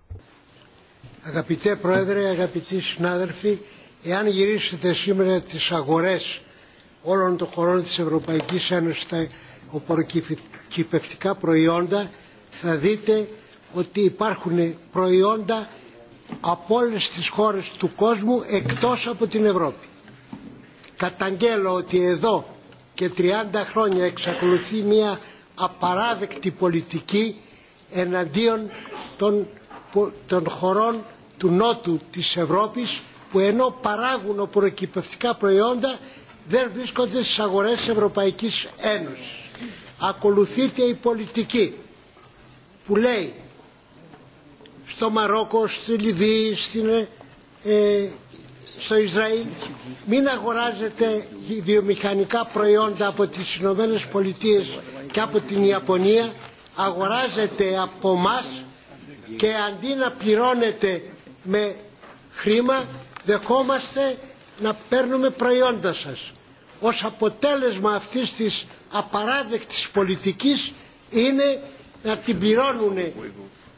Αγαπητέ Πρόεδρε, αγαπητοί συνάδελφοι, εάν γυρίσετε σήμερα τις αγορές όλων των χωρών της Ευρωπαϊκής Ένωσης στα οποροκυπευτικά προϊόντα, θα δείτε ότι υπάρχουν προϊόντα από όλες τις χώρες του κόσμου εκτός από την Ευρώπη. Καταγγέλλω ότι εδώ και 30 χρόνια εξακολουθεί μια απαράδεκτη πολιτική εναντίον των, των χωρών του Νότου της Ευρώπης που ενώ παράγουν οπωροκυπευτικά προϊόντα δεν βρίσκονται στις αγορές της Ευρωπαϊκής Ένωσης. Ακολουθείται η πολιτική που λέει στο Μαρόκο, στη Λιβύη, στην, ε, στο Ισραήλ. Μην αγοράζετε βιομηχανικά προϊόντα από τις Ηνωμένε Πολιτείε και από την Ιαπωνία. Αγοράζετε από εμά και αντί να πληρώνετε με χρήμα δεχόμαστε να παίρνουμε προϊόντα σας. Ως αποτέλεσμα αυτής της απαράδεκτης πολιτικής είναι να την πληρώνουν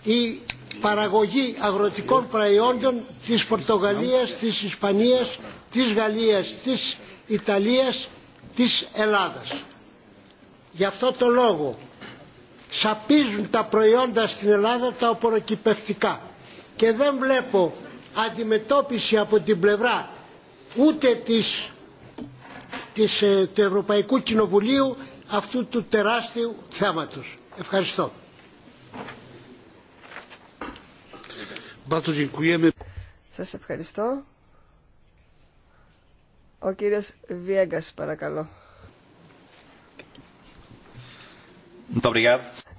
οι παραγωγή αγροτικών προϊόντων της Πορτογαλίας, της Ισπανίας, της Γαλλίας, της Ιταλίας, της Ελλάδας. Γι' αυτό το λόγο σαπίζουν τα προϊόντα στην Ελλάδα τα οποροκυπευτικά και δεν βλέπω αντιμετώπιση από την πλευρά ούτε της, της, ε, του Ευρωπαϊκού Κοινοβουλίου αυτού του τεράστιου θέματος. Ευχαριστώ. Σας ευχαριστώ. Ο κύριος Βιέγκας, παρακαλώ.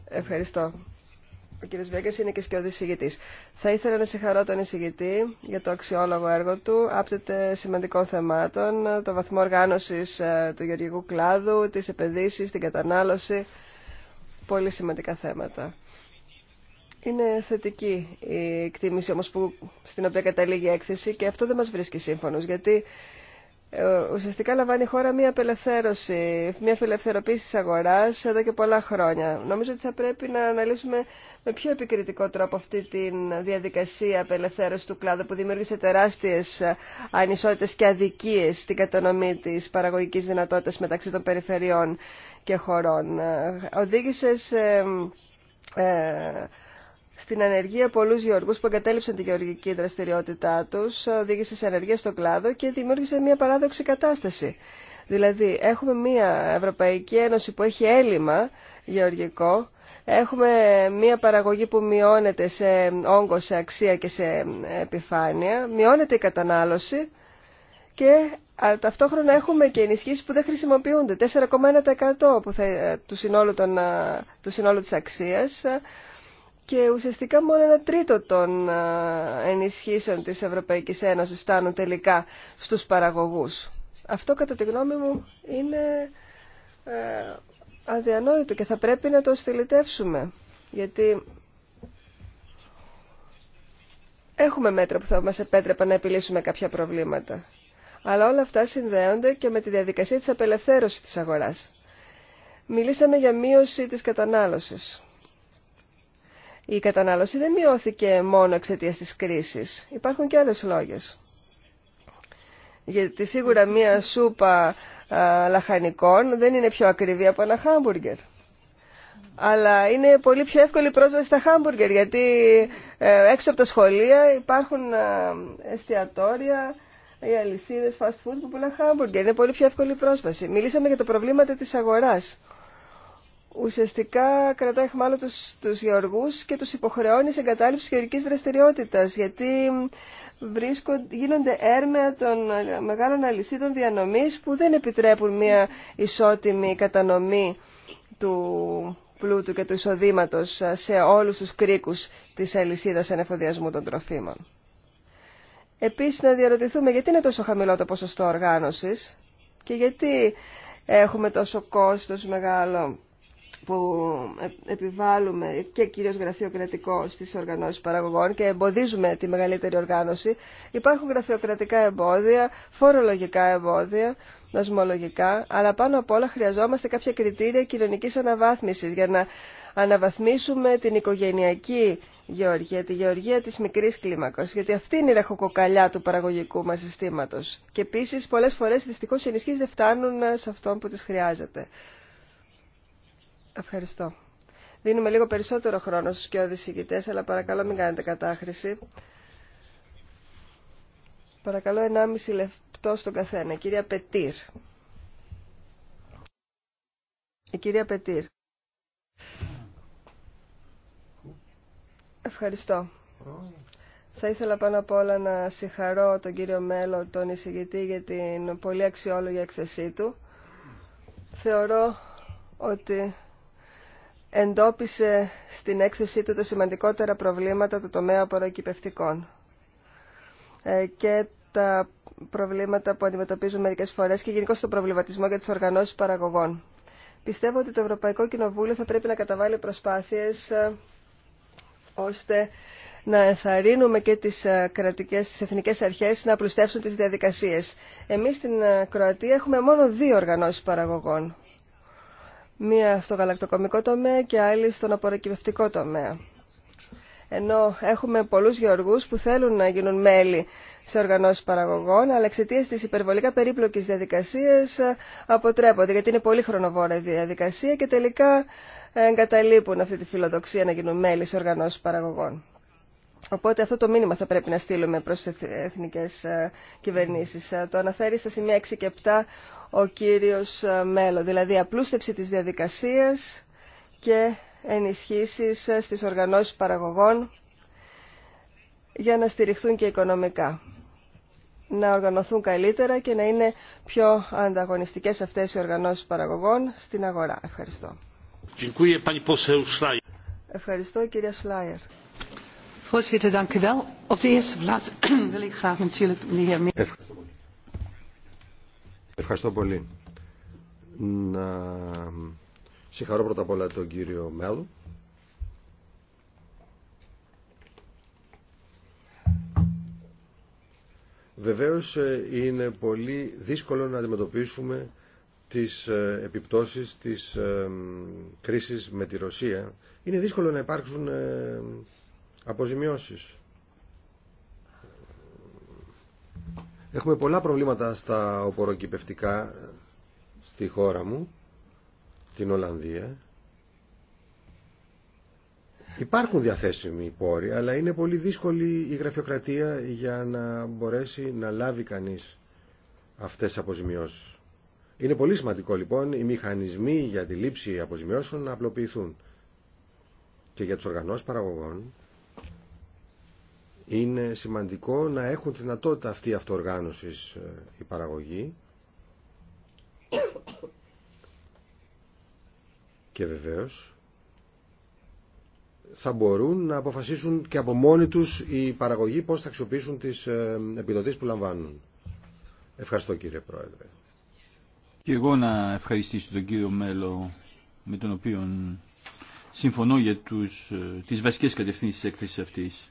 Ευχαριστώ. Ο κύριος Βιέγκας είναι και σκιώδης Θα ήθελα να συγχαρώ τον εισηγητή για το αξιόλογο έργο του. Άπτεται σημαντικών θεμάτων, το βαθμό οργάνωσης ε, του γεωργικού κλάδου, τις επενδύσεις, την κατανάλωση. Πολύ σημαντικά θέματα. Είναι θετική η εκτίμηση όμως που, στην οποία καταλήγει η έκθεση και αυτό δεν μας βρίσκει σύμφωνος γιατί ε, ουσιαστικά λαμβάνει η χώρα μια απελευθέρωση, μια φιλευθεροποίηση της αγοράς εδώ και πολλά χρόνια. Νομίζω ότι θα πρέπει να αναλύσουμε με πιο επικριτικό τρόπο αυτή τη διαδικασία απελευθέρωση του κλάδου που δημιούργησε τεράστιες ε, ανισότητες και αδικίες στην κατανομή της παραγωγικής δυνατότητας μεταξύ των περιφερειών και χωρών. Ε, οδήγησε σε στην ανεργία πολλούς γεωργούς που εγκατέλειψαν τη γεωργική δραστηριότητά τους, οδήγησε σε ανεργία στο κλάδο και δημιούργησε μια παράδοξη κατάσταση. Δηλαδή, έχουμε μια Ευρωπαϊκή Ένωση που έχει έλλειμμα γεωργικό, έχουμε μια παραγωγή που μειώνεται σε όγκο, σε αξία και σε επιφάνεια, μειώνεται η κατανάλωση και ταυτόχρονα έχουμε και ενισχύσεις που δεν χρησιμοποιούνται, 4,1% ε, του συνόλου, των, του συνόλου της αξίας, και ουσιαστικά μόνο ένα τρίτο των ε, ενισχύσεων της Ευρωπαϊκής Ένωσης φτάνουν τελικά στους παραγωγούς. Αυτό κατά τη γνώμη μου είναι ε, αδιανόητο και θα πρέπει να το στυλιτεύσουμε. Γιατί έχουμε μέτρα που θα μας επέτρεπαν να επιλύσουμε κάποια προβλήματα. Αλλά όλα αυτά συνδέονται και με τη διαδικασία της απελευθέρωσης της αγοράς. Μιλήσαμε για μείωση της κατανάλωσης η κατανάλωση δεν μειώθηκε μόνο εξαιτία της κρίσης. Υπάρχουν και άλλες λόγες. Γιατί σίγουρα μία σούπα λαχανικών δεν είναι πιο ακριβή από ένα χάμπουργκερ. Αλλά είναι πολύ πιο εύκολη πρόσβαση στα χάμπουργκερ γιατί ε, έξω από τα σχολεία υπάρχουν εστιατόρια οι αλυσίδε fast food που πουλά χάμπουργκερ. Είναι πολύ πιο εύκολη πρόσβαση. Μιλήσαμε για τα προβλήματα της αγοράς ουσιαστικά κρατάει χμάλω τους, τους γεωργούς και τους υποχρεώνει σε εγκατάλειψη γεωργικής δραστηριότητας, γιατί γίνονται έρμεα των ε, μεγάλων αλυσίδων διανομής που δεν επιτρέπουν μια ισότιμη κατανομή του πλούτου και του εισοδήματος ε, σε όλους τους κρίκους της αλυσίδας ανεφοδιασμού των τροφίμων. Επίσης να διαρωτηθούμε γιατί είναι τόσο χαμηλό το ποσοστό οργάνωσης και γιατί έχουμε τόσο κόστος μεγάλο που ε, επιβάλλουμε και κυρίως γραφειοκρατικό στις οργανώσεις παραγωγών και εμποδίζουμε τη μεγαλύτερη οργάνωση, υπάρχουν γραφειοκρατικά εμπόδια, φορολογικά εμπόδια, νοσμολογικά, αλλά πάνω απ' όλα χρειαζόμαστε κάποια κριτήρια κοινωνικής αναβάθμισης για να αναβαθμίσουμε την οικογενειακή γεωργία, τη γεωργία της μικρής κλίμακος, γιατί αυτή είναι η ραχοκοκαλιά του παραγωγικού μας συστήματος. Και επίσης πολλές φορές δυστυχώ οι ενισχύσεις δεν φτάνουν σε αυτόν που τις χρειάζεται. Ευχαριστώ. Δίνουμε λίγο περισσότερο χρόνο στους και ηγητές, αλλά παρακαλώ μην κάνετε κατάχρηση. Παρακαλώ 1,5 λεπτό στον καθένα. κυρία Πετήρ. Η κυρία Πετήρ. Ευχαριστώ. Θα ήθελα πάνω απ' όλα να συγχαρώ τον κύριο Μέλο, τον εισηγητή, για την πολύ αξιόλογη έκθεσή του. Θεωρώ ότι εντόπισε στην έκθεσή του τα σημαντικότερα προβλήματα του τομέα απορροκυπευτικών ε, και τα προβλήματα που αντιμετωπίζουν μερικές φορές και γενικώ τον προβληματισμό για τις οργανώσεις παραγωγών. Πιστεύω ότι το Ευρωπαϊκό Κοινοβούλιο θα πρέπει να καταβάλει προσπάθειες ε, ώστε να ενθαρρύνουμε και τις ε, κρατικές, τις εθνικές αρχές να απλουστεύσουν τις διαδικασίες. Εμείς στην Κροατία έχουμε μόνο δύο οργανώσεις παραγωγών μία στο γαλακτοκομικό τομέα και άλλη στον απορροκυπευτικό τομέα. Ενώ έχουμε πολλούς γεωργούς που θέλουν να γίνουν μέλη σε οργανώσεις παραγωγών, αλλά εξαιτία της υπερβολικά περίπλοκης διαδικασίας ε, αποτρέπονται, γιατί είναι πολύ χρονοβόρα η διαδικασία και τελικά ε, εγκαταλείπουν αυτή τη φιλοδοξία να γίνουν μέλη σε οργανώσεις παραγωγών. Οπότε αυτό το μήνυμα θα πρέπει να στείλουμε προς τις εθνικές ε, κυβερνήσεις. Ε, το αναφέρει στα σημεία 6 και 7 ο κύριος ε, Μέλο, δηλαδή απλούστευση της διαδικασίας και ενισχύσεις στις οργανώσεις παραγωγών για να στηριχθούν και οικονομικά, να οργανωθούν καλύτερα και να είναι πιο ανταγωνιστικές αυτές οι οργανώσεις παραγωγών στην αγορά. Ευχαριστώ. Ευχαριστώ κύριε Σλάιερ. Voorzitter, Op de eerste plaats wil ik graag natuurlijk Ευχαριστώ πολύ. Να συγχαρώ πρώτα απ' όλα τον κύριο Μέλου. Βεβαίως ε, είναι πολύ δύσκολο να αντιμετωπίσουμε τις ε, επιπτώσεις της ε, κρίσης με τη Ρωσία. Είναι δύσκολο να υπάρξουν Αποζημιώσεις. Έχουμε πολλά προβλήματα στα οποροκυπευτικά στη χώρα μου, την Ολλανδία. Υπάρχουν διαθέσιμοι πόροι, αλλά είναι πολύ δύσκολη η γραφειοκρατία για να μπορέσει να λάβει κανείς αυτές τις αποζημιώσεις. Είναι πολύ σημαντικό λοιπόν οι μηχανισμοί για τη λήψη αποζημιώσεων να απλοποιηθούν. Και για τους οργανώσεις παραγωγών είναι σημαντικό να έχουν τη δυνατότητα αυτή αυτοοργάνωση ε, η παραγωγή και βεβαίως θα μπορούν να αποφασίσουν και από μόνοι τους οι παραγωγοί πώς θα αξιοποιήσουν τις ε, επιδοτήσεις που λαμβάνουν. Ευχαριστώ κύριε Πρόεδρε. Και εγώ να ευχαριστήσω τον κύριο Μέλο με τον οποίο συμφωνώ για τους, ε, τις βασικές κατευθύνσεις της έκθεσης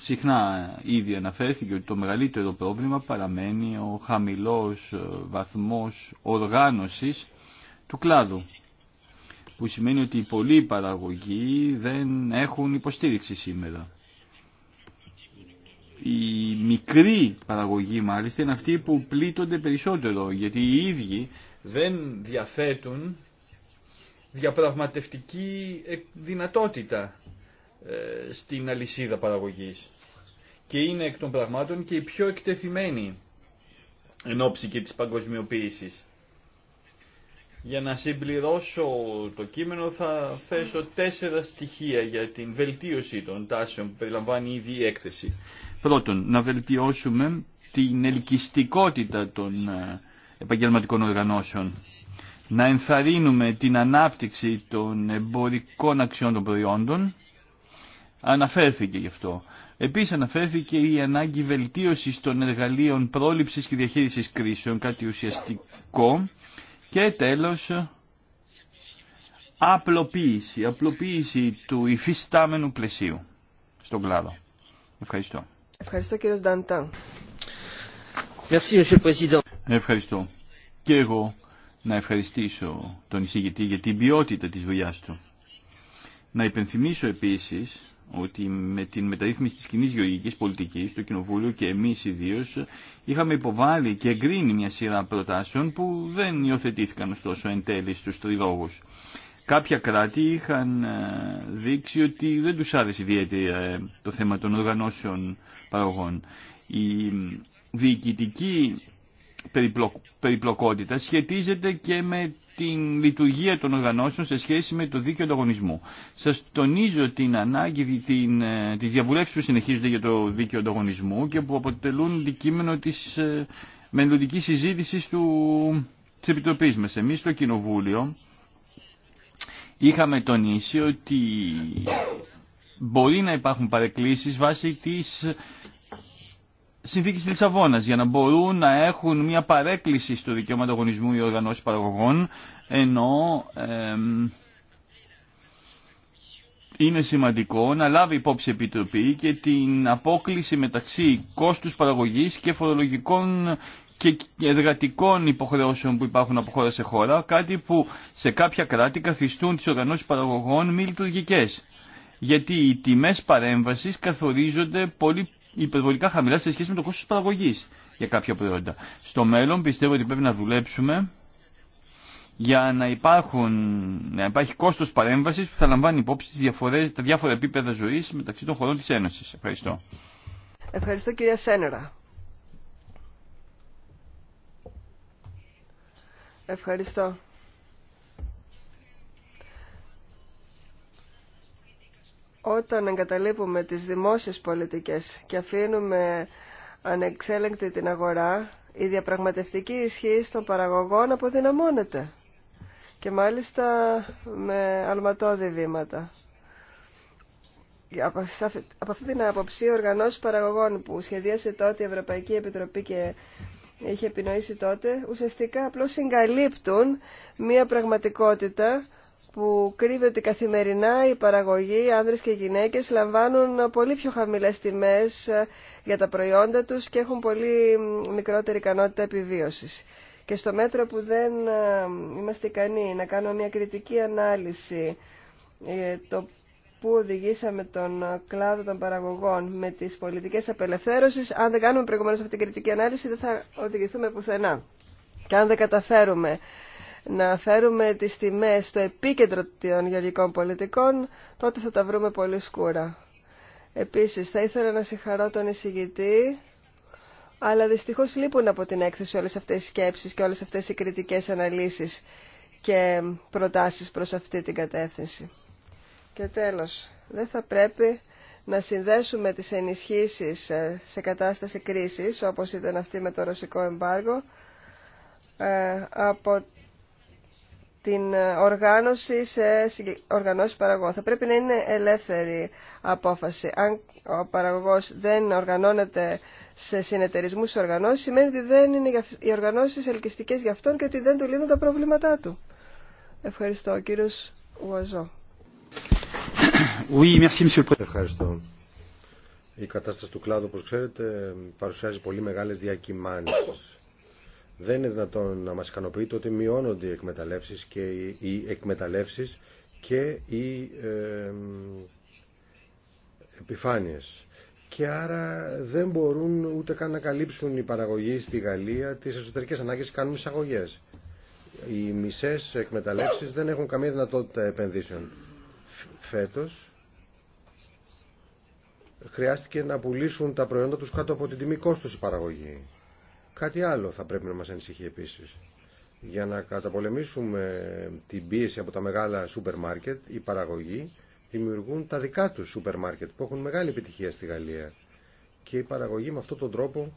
Συχνά ε, ήδη αναφέρθηκε ότι το μεγαλύτερο πρόβλημα παραμένει ο χαμηλός ε, βαθμός οργάνωσης του κλάδου που σημαίνει ότι οι πολλοί παραγωγοί δεν έχουν υποστήριξη σήμερα. Οι μικροί παραγωγοί μάλιστα είναι αυτοί που πλήττονται περισσότερο γιατί οι ίδιοι δεν διαθέτουν διαπραγματευτική ε, δυνατότητα ε, στην αλυσίδα παραγωγής. Και είναι εκ των πραγμάτων και η πιο εκτεθειμένη εν ώψη και της παγκοσμιοποίησης. Για να συμπληρώσω το κείμενο θα θέσω τέσσερα στοιχεία για την βελτίωση των τάσεων που περιλαμβάνει ήδη η έκθεση. Πρώτον, να βελτιώσουμε την ελκυστικότητα των ε, επαγγελματικών οργανώσεων. Να ενθαρρύνουμε την ανάπτυξη των εμπορικών αξιών των προϊόντων Αναφέρθηκε γι' αυτό. Επίσης αναφέρθηκε η ανάγκη βελτίωσης των εργαλείων πρόληψης και διαχείρισης κρίσεων, κάτι ουσιαστικό. Και τέλος, απλοποίηση, απλοποίηση του υφιστάμενου πλαισίου στον κλάδο. Ευχαριστώ. Ευχαριστώ κύριε Νταντάν. Ευχαριστώ. Και εγώ να ευχαριστήσω τον εισηγητή για την ποιότητα της δουλειάς του. Να υπενθυμίσω επίσης ότι με την μεταρρύθμιση της κοινή γεωργικής πολιτικής, το Κοινοβούλιο και εμείς ιδίως, είχαμε υποβάλει και εγκρίνει μια σειρά προτάσεων που δεν υιοθετήθηκαν ωστόσο εν τέλει στους τριλόγους. Κάποια κράτη είχαν ε, δείξει ότι δεν τους άρεσε ιδιαίτερα ε, το θέμα των οργανώσεων παραγωγών. Η διοικητική περιπλοκότητα σχετίζεται και με την λειτουργία των οργανώσεων σε σχέση με το δίκαιο ανταγωνισμού. Σας τονίζω την ανάγκη την, ε, τη που συνεχίζονται για το δίκαιο ανταγωνισμού και που αποτελούν αντικείμενο της ε, μελλοντική συζήτησης του, της Επιτροπής μας. στο Κοινοβούλιο είχαμε τονίσει ότι μπορεί να υπάρχουν παρεκκλήσεις βάσει τη συνθήκη της Λισαβόνα για να μπορούν να έχουν μια παρέκκληση στο δικαίωμα ανταγωνισμού οι οργανώσει παραγωγών ενώ είναι σημαντικό να λάβει υπόψη επιτροπή και την απόκληση μεταξύ κόστους παραγωγής και φορολογικών και εργατικών υποχρεώσεων που υπάρχουν από χώρα σε χώρα, κάτι που σε κάποια κράτη καθιστούν τις οργανώσεις παραγωγών μη λειτουργικέ. Γιατί οι τιμές παρέμβασης καθορίζονται πολύ υπερβολικά χαμηλά σε σχέση με το κόστος παραγωγής για κάποια προϊόντα. Στο μέλλον πιστεύω ότι πρέπει να δουλέψουμε για να, υπάρχουν, να υπάρχει κόστος παρέμβασης που θα λαμβάνει υπόψη τις διαφορές, τα διάφορα επίπεδα ζωής μεταξύ των χωρών της Ένωσης. Ευχαριστώ. Ευχαριστώ κυρία Σένερα. Ευχαριστώ. όταν εγκαταλείπουμε τις δημόσιες πολιτικές και αφήνουμε ανεξέλεγκτη την αγορά, η διαπραγματευτική ισχύ των παραγωγών αποδυναμώνεται και μάλιστα με αλματώδη βήματα. Από αυτή την άποψη, ο οργανώσεις παραγωγών που σχεδίασε τότε η Ευρωπαϊκή Επιτροπή και είχε επινοήσει τότε, ουσιαστικά απλώς συγκαλύπτουν μία πραγματικότητα που κρύβεται καθημερινά οι παραγωγοί, άνδρες και γυναίκες, λαμβάνουν πολύ πιο χαμηλές τιμές ε, για τα προϊόντα τους και έχουν πολύ μικρότερη ικανότητα επιβίωσης. Και στο μέτρο που δεν ε, είμαστε ικανοί να κάνουμε μια κριτική ανάλυση ε, το που οδηγήσαμε τον κλάδο των παραγωγών με τις πολιτικές απελευθέρωσης, αν δεν κάνουμε προηγουμένως αυτή την κριτική ανάλυση δεν θα οδηγηθούμε πουθενά. Και αν δεν καταφέρουμε να φέρουμε τις τιμές στο επίκεντρο των γεωργικών πολιτικών, τότε θα τα βρούμε πολύ σκούρα. Επίσης, θα ήθελα να συγχαρώ τον εισηγητή, αλλά δυστυχώς λείπουν από την έκθεση όλες αυτές οι σκέψεις και όλες αυτές οι κριτικές αναλύσεις και προτάσεις προς αυτή την κατεύθυνση. Και τέλος, δεν θα πρέπει να συνδέσουμε τις ενισχύσεις ε, σε κατάσταση κρίσης, όπως ήταν αυτή με το ρωσικό εμπάργο, ε, από την ε, οργάνωση σε οργανώσει παραγωγό. Θα πρέπει να είναι ελεύθερη απόφαση. Αν ο παραγωγός δεν οργανώνεται σε συνεταιρισμούς οργανώσει, σημαίνει ότι δεν είναι οι οργανώσει ελκυστικέ για αυτόν και ότι δεν του λύνουν τα προβλήματά του. Ευχαριστώ. Ο κύριος Ουαζό. Ευχαριστώ. Η κατάσταση του κλάδου, όπω ξέρετε, παρουσιάζει πολύ μεγάλε διακυμάνσει. Δεν είναι δυνατόν να μας ικανοποιείται ότι μειώνονται οι εκμεταλλεύσεις και οι, οι εκμεταλλεύσεις και οι ε, επιφάνειες. Και άρα δεν μπορούν ούτε καν να καλύψουν οι παραγωγοί στη Γαλλία τις εσωτερικές ανάγκες και κάνουν εισαγωγές. Οι μισές εκμεταλλεύσεις δεν έχουν καμία δυνατότητα επενδύσεων. Φέτος χρειάστηκε να πουλήσουν τα προϊόντα τους κάτω από την τιμή κόστος η παραγωγή. Κάτι άλλο θα πρέπει να μας ανησυχεί επίσης. Για να καταπολεμήσουμε την πίεση από τα μεγάλα σούπερ μάρκετ, οι παραγωγοί δημιουργούν τα δικά τους σούπερ μάρκετ που έχουν μεγάλη επιτυχία στη Γαλλία. Και οι παραγωγοί με αυτόν τον τρόπο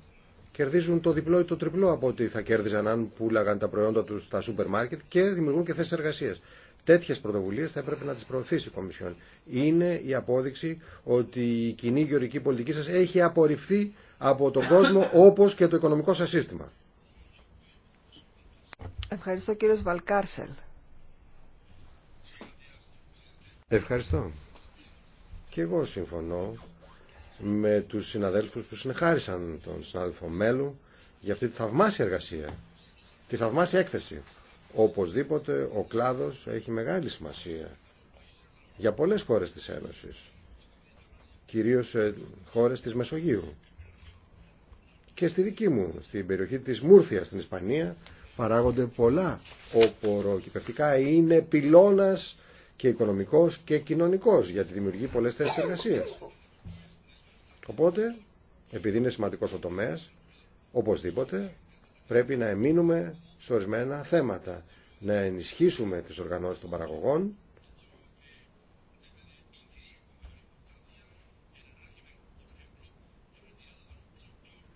κερδίζουν το διπλό ή το τριπλό από ό,τι θα κέρδιζαν αν πουλάγαν τα προϊόντα τους στα σούπερ μάρκετ και δημιουργούν και θέσεις εργασίας. Τέτοιες πρωτοβουλίες θα έπρεπε να τις προωθήσει η Κομισιόν. Είναι η απόδειξη ότι η κοινή γεωρική πολιτική σα έχει απορριφθεί από τον κόσμο όπως και το οικονομικό σας σύστημα. Ευχαριστώ κύριος Βαλκάρσελ. Ευχαριστώ. Και εγώ συμφωνώ με τους συναδέλφους που συνεχάρισαν τον συνάδελφο Μέλου για αυτή τη θαυμάσια εργασία, τη θαυμάσια έκθεση. Οπωσδήποτε ο κλάδος έχει μεγάλη σημασία για πολλές χώρες της Ένωσης, κυρίως ε, χώρες της Μεσογείου. Και στη δική μου, στην περιοχή της Μούρθια στην Ισπανία, παράγονται πολλά οποροκυπευτικά. Είναι πυλώνας και οικονομικός και κοινωνικός, γιατί δημιουργεί πολλές θέσεις εργασίας. Οπότε, επειδή είναι σημαντικός ο τομέας, οπωσδήποτε πρέπει να εμείνουμε σε ορισμένα θέματα, να ενισχύσουμε τις οργανώσεις των παραγωγών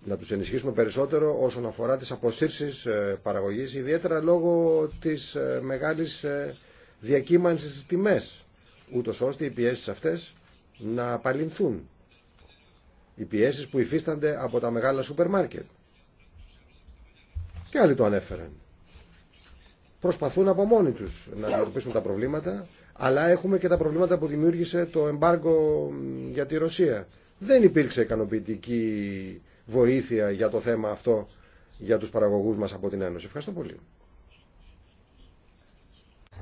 να τους ενισχύσουμε περισσότερο όσον αφορά τις αποσύρσεις ε, παραγωγής, ιδιαίτερα λόγω της ε, μεγάλης ε, διακύμανσης στις τιμές, ούτως ώστε οι πιέσεις αυτές να απαλυνθούν. Οι πιέσεις που υφίστανται από τα μεγάλα σούπερ μάρκετ. Και άλλοι το ανέφεραν. Προσπαθούν από μόνοι τους να αντιμετωπίσουν τα προβλήματα, αλλά έχουμε και τα προβλήματα που δημιούργησε το εμπάργκο για τη Ρωσία. Δεν υπήρξε ικανοποιητική βοήθεια για το θέμα αυτό για τους παραγωγούς μας από την Ένωση. Ευχαριστώ πολύ.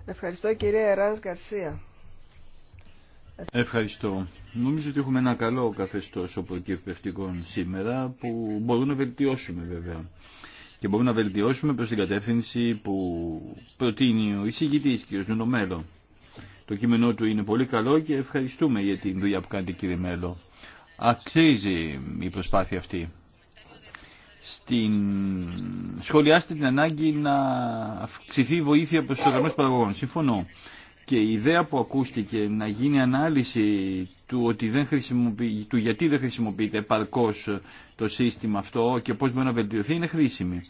Ευχαριστώ κυρία Εράς Γκαρσία. Ευχαριστώ. Νομίζω ότι έχουμε ένα καλό καθεστώς οπροκυπευτικών σήμερα που μπορούμε να βελτιώσουμε βέβαια. Και μπορούμε να βελτιώσουμε προς την κατεύθυνση που προτείνει ο εισηγητής κ. μέλο. Το κείμενό του είναι πολύ καλό και ευχαριστούμε για την δουλειά που κάνει κύριε Μέλο. Αξίζει η προσπάθεια αυτή. Στην... Σχολιάστε την ανάγκη να αυξηθεί η βοήθεια προς τους οργανώσεις παραγωγών. Συμφωνώ. Και η ιδέα που ακούστηκε να γίνει ανάλυση του, ότι δεν του γιατί δεν χρησιμοποιείται επαρκώς το σύστημα αυτό και πώς μπορεί να βελτιωθεί είναι χρήσιμη.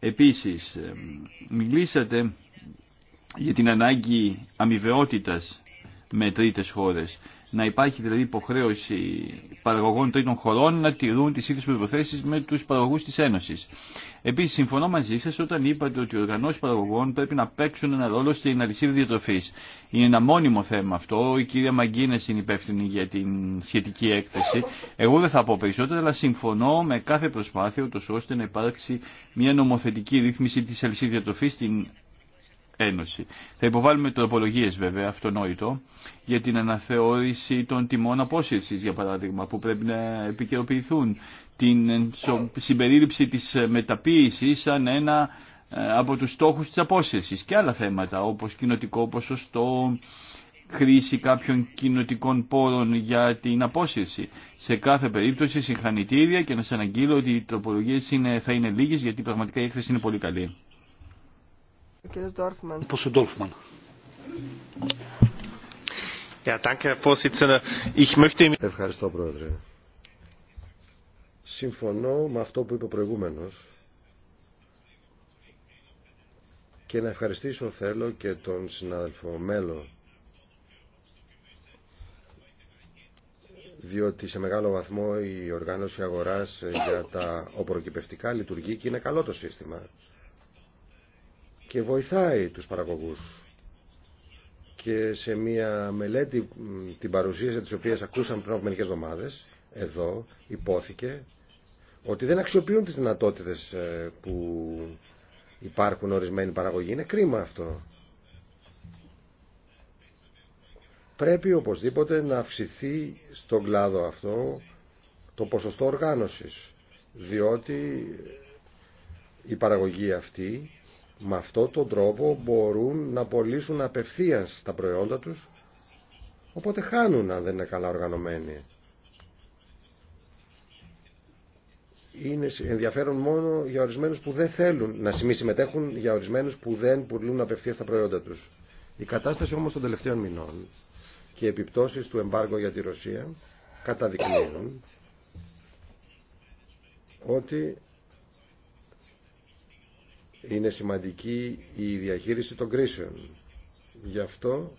Επίσης, μιλήσατε για την ανάγκη αμοιβαιότητας με τρίτες χώρες. Να υπάρχει δηλαδή υποχρέωση παραγωγών τρίτων χωρών να τηρούν τι ίδιε προποθέσει με του παραγωγού τη Ένωση. Επίση, συμφωνώ μαζί σα όταν είπατε ότι οι οργανώσει παραγωγών πρέπει να παίξουν ένα ρόλο στην αλυσίδα διατροφή. Είναι ένα μόνιμο θέμα αυτό. Η κυρία Μαγκίνε είναι υπεύθυνη για την σχετική έκθεση. Εγώ δεν θα πω περισσότερα, αλλά συμφωνώ με κάθε προσπάθεια ώστε να υπάρξει μια νομοθετική ρύθμιση τη αλυσίδα διατροφή στην Ένωση. Θα υποβάλουμε τροπολογίε, βέβαια, αυτονόητο, για την αναθεώρηση των τιμών απόσυρση, για παράδειγμα, που πρέπει να επικαιροποιηθούν, την συμπερίληψη τη μεταποίηση σαν ένα ε, από τους στόχους της απόσυρσης και άλλα θέματα, όπως κοινοτικό ποσοστό, χρήση κάποιων κοινοτικών πόρων για την απόσυρση. Σε κάθε περίπτωση συγχανητήρια και να σας αναγγείλω ότι οι τροπολογίες θα είναι λίγες γιατί πραγματικά η έκθεση είναι πολύ καλή. Ευχαριστώ, Πρόεδρε. Συμφωνώ με αυτό που είπε προηγούμενο, και να ευχαριστήσω θέλω και τον συνάδελφο Μέλο διότι σε μεγάλο βαθμό η οργάνωση αγοράς για τα οπροκυπευτικά λειτουργεί και είναι καλό το σύστημα και βοηθάει τους παραγωγούς. Και σε μια μελέτη την παρουσίαση της οποίας ακούσαμε πριν από μερικές εβδομάδες, εδώ υπόθηκε ότι δεν αξιοποιούν τις δυνατότητες ε, που υπάρχουν ορισμένοι παραγωγοί. Είναι κρίμα αυτό. Πρέπει οπωσδήποτε να αυξηθεί στον κλάδο αυτό το ποσοστό οργάνωσης, διότι η παραγωγή αυτή με αυτόν τον τρόπο μπορούν να πωλήσουν απευθείας τα προϊόντα τους, οπότε χάνουν αν δεν είναι καλά οργανωμένοι. Είναι ενδιαφέρον μόνο για ορισμένους που δεν θέλουν να συμμετέχουν, για ορισμένους που δεν πουλούν απευθείας τα προϊόντα τους. Η κατάσταση όμως των τελευταίων μηνών και οι επιπτώσεις του εμπάργου για τη Ρωσία καταδεικνύουν ότι είναι σημαντική η διαχείριση των κρίσεων. Γι' αυτό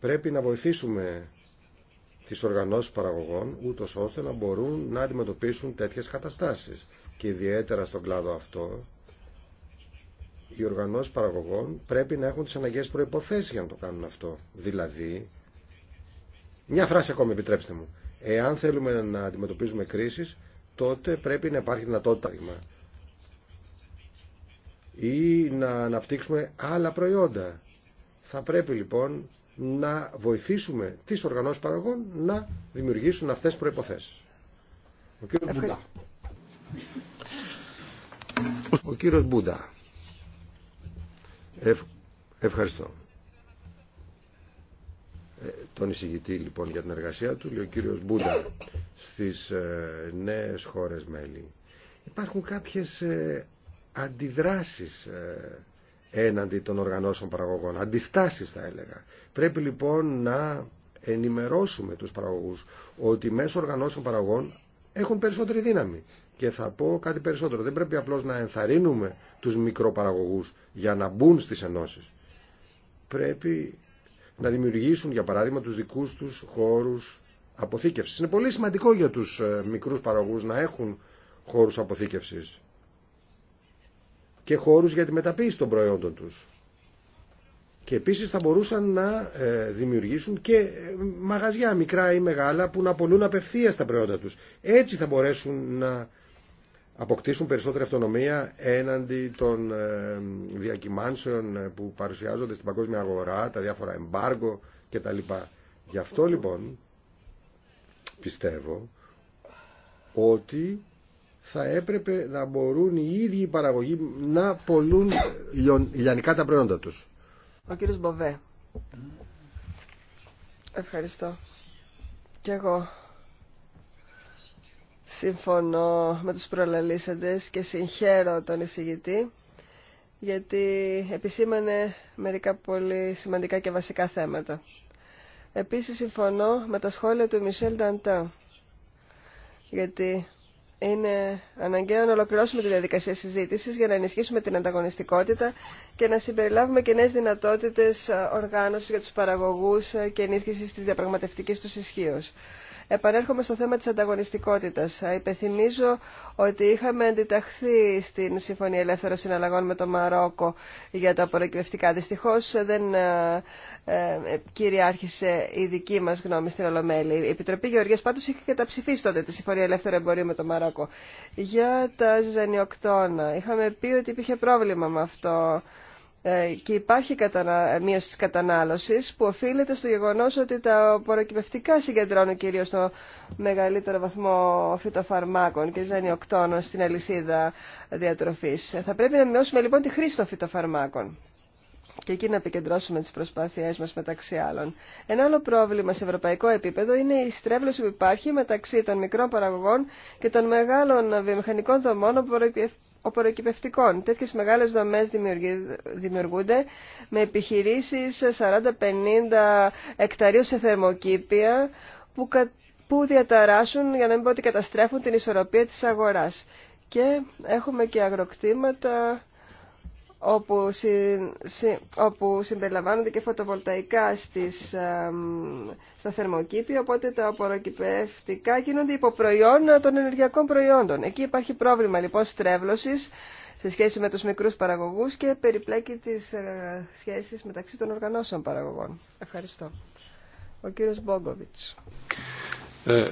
πρέπει να βοηθήσουμε τις οργανώσεις παραγωγών, ούτω ώστε να μπορούν να αντιμετωπίσουν τέτοιες καταστάσεις. Και ιδιαίτερα στον κλάδο αυτό, οι οργανώσεις παραγωγών πρέπει να έχουν τις αναγκαίες προϋποθέσεις για να το κάνουν αυτό. Δηλαδή, μια φράση ακόμη επιτρέψτε μου, εάν θέλουμε να αντιμετωπίζουμε κρίσεις, τότε πρέπει να υπάρχει δυνατότητα ή να αναπτύξουμε άλλα προϊόντα. Θα πρέπει λοιπόν να βοηθήσουμε τις οργανώσεις παραγωγών να δημιουργήσουν αυτές τις προϋποθέσεις. Ο κύριος Ο κύριος Μπούντα. Ευχαριστώ. Ε, τον εισηγητή λοιπόν για την εργασία του, λέει ο κύριος Μπούντα, στις ε, νέες χώρες μέλη. Υπάρχουν κάποιες ε, αντιδράσεις ε, έναντι των οργανώσεων παραγωγών, αντιστάσεις θα έλεγα. Πρέπει λοιπόν να ενημερώσουμε τους παραγωγούς ότι μέσω οργανώσεων παραγωγών έχουν περισσότερη δύναμη. Και θα πω κάτι περισσότερο. Δεν πρέπει απλώς να ενθαρρύνουμε τους μικροπαραγωγούς για να μπουν στις ενώσεις. Πρέπει να δημιουργήσουν, για παράδειγμα, τους δικούς τους χώρους αποθήκευσης. Είναι πολύ σημαντικό για τους ε, μικρούς παραγωγούς να έχουν χώρους αποθήκευσης και χώρους για τη μεταποίηση των προϊόντων τους. Και επίσης θα μπορούσαν να ε, δημιουργήσουν και ε, μαγαζιά μικρά ή μεγάλα που να πολλούν απευθείας τα προϊόντα τους. Έτσι θα μπορέσουν να αποκτήσουν περισσότερη αυτονομία έναντι των ε, διακυμάνσεων που παρουσιάζονται στην παγκόσμια αγορά, τα διάφορα εμπάργκο κτλ. Γι' αυτό λοιπόν πιστεύω ότι θα έπρεπε να μπορούν οι ίδιοι οι παραγωγοί να πολλούν λιανικά τα προϊόντα τους. Ο κύριος Μποβέ. Ευχαριστώ. Και εγώ συμφωνώ με τους προλαλήσαντες και συγχαίρω τον εισηγητή γιατί επισήμανε μερικά πολύ σημαντικά και βασικά θέματα. Επίσης συμφωνώ με τα σχόλια του Μισελ Νταντά γιατί είναι αναγκαίο να ολοκληρώσουμε τη διαδικασία συζήτησης για να ενισχύσουμε την ανταγωνιστικότητα και να συμπεριλάβουμε και νέες δυνατότητες ε, οργάνωσης για τους παραγωγούς ε, και ενίσχυσης της διαπραγματευτικής τους ισχύω. Επανέρχομαι στο θέμα της ανταγωνιστικότητας. Ε, υπενθυμίζω ότι είχαμε αντιταχθεί στην Συμφωνία Ελεύθερων Συναλλαγών με το Μαρόκο για τα απορροκυπευτικά. Δυστυχώς ε, δεν ε, κυριάρχησε η δική μας γνώμη στην Ολομέλη. Η Επιτροπή Γεωργίας πάντως είχε καταψηφίσει τότε τη Συμφωνία Ελεύθερου Εμπορίου με το Μαρόκο. Για τα ζενιοκτώνα, Είχαμε πει ότι υπήρχε πρόβλημα με αυτό ε, και υπάρχει κατανα... μείωση της κατανάλωσης που οφείλεται στο γεγονός ότι τα προκυπευτικά συγκεντρώνουν κυρίως το μεγαλύτερο βαθμό φυτοφαρμάκων και ζανιοκτώνων στην αλυσίδα διατροφής. Θα πρέπει να μειώσουμε λοιπόν τη χρήση των φυτοφαρμάκων και εκεί να επικεντρώσουμε τις προσπάθειές μας μεταξύ άλλων. Ένα άλλο πρόβλημα σε ευρωπαϊκό επίπεδο είναι η στρέβλωση που υπάρχει μεταξύ των μικρών παραγωγών και των μεγάλων βιομηχανικών δομών προεκυπευτικών. Τέτοιες μεγάλες δομές δημιουργούνται με επιχειρήσεις 40-50 εκταρίων σε θερμοκήπια που, που διαταράσσουν, για να μην πω ότι καταστρέφουν την ισορροπία της αγοράς. Και έχουμε και αγροκτήματα όπου, όπου συμπεριλαμβάνονται και φωτοβολταϊκά στις, στα θερμοκήπια, οπότε τα απορροκυπευτικά γίνονται προϊόν των ενεργειακών προϊόντων. Εκεί υπάρχει πρόβλημα λοιπόν στρέβλωσης σε σχέση με τους μικρούς παραγωγούς και περιπλέκει τις ε, σχέσεις μεταξύ των οργανώσεων παραγωγών. Ευχαριστώ. Ο κύριος Μπόγκοβιτς. Ε,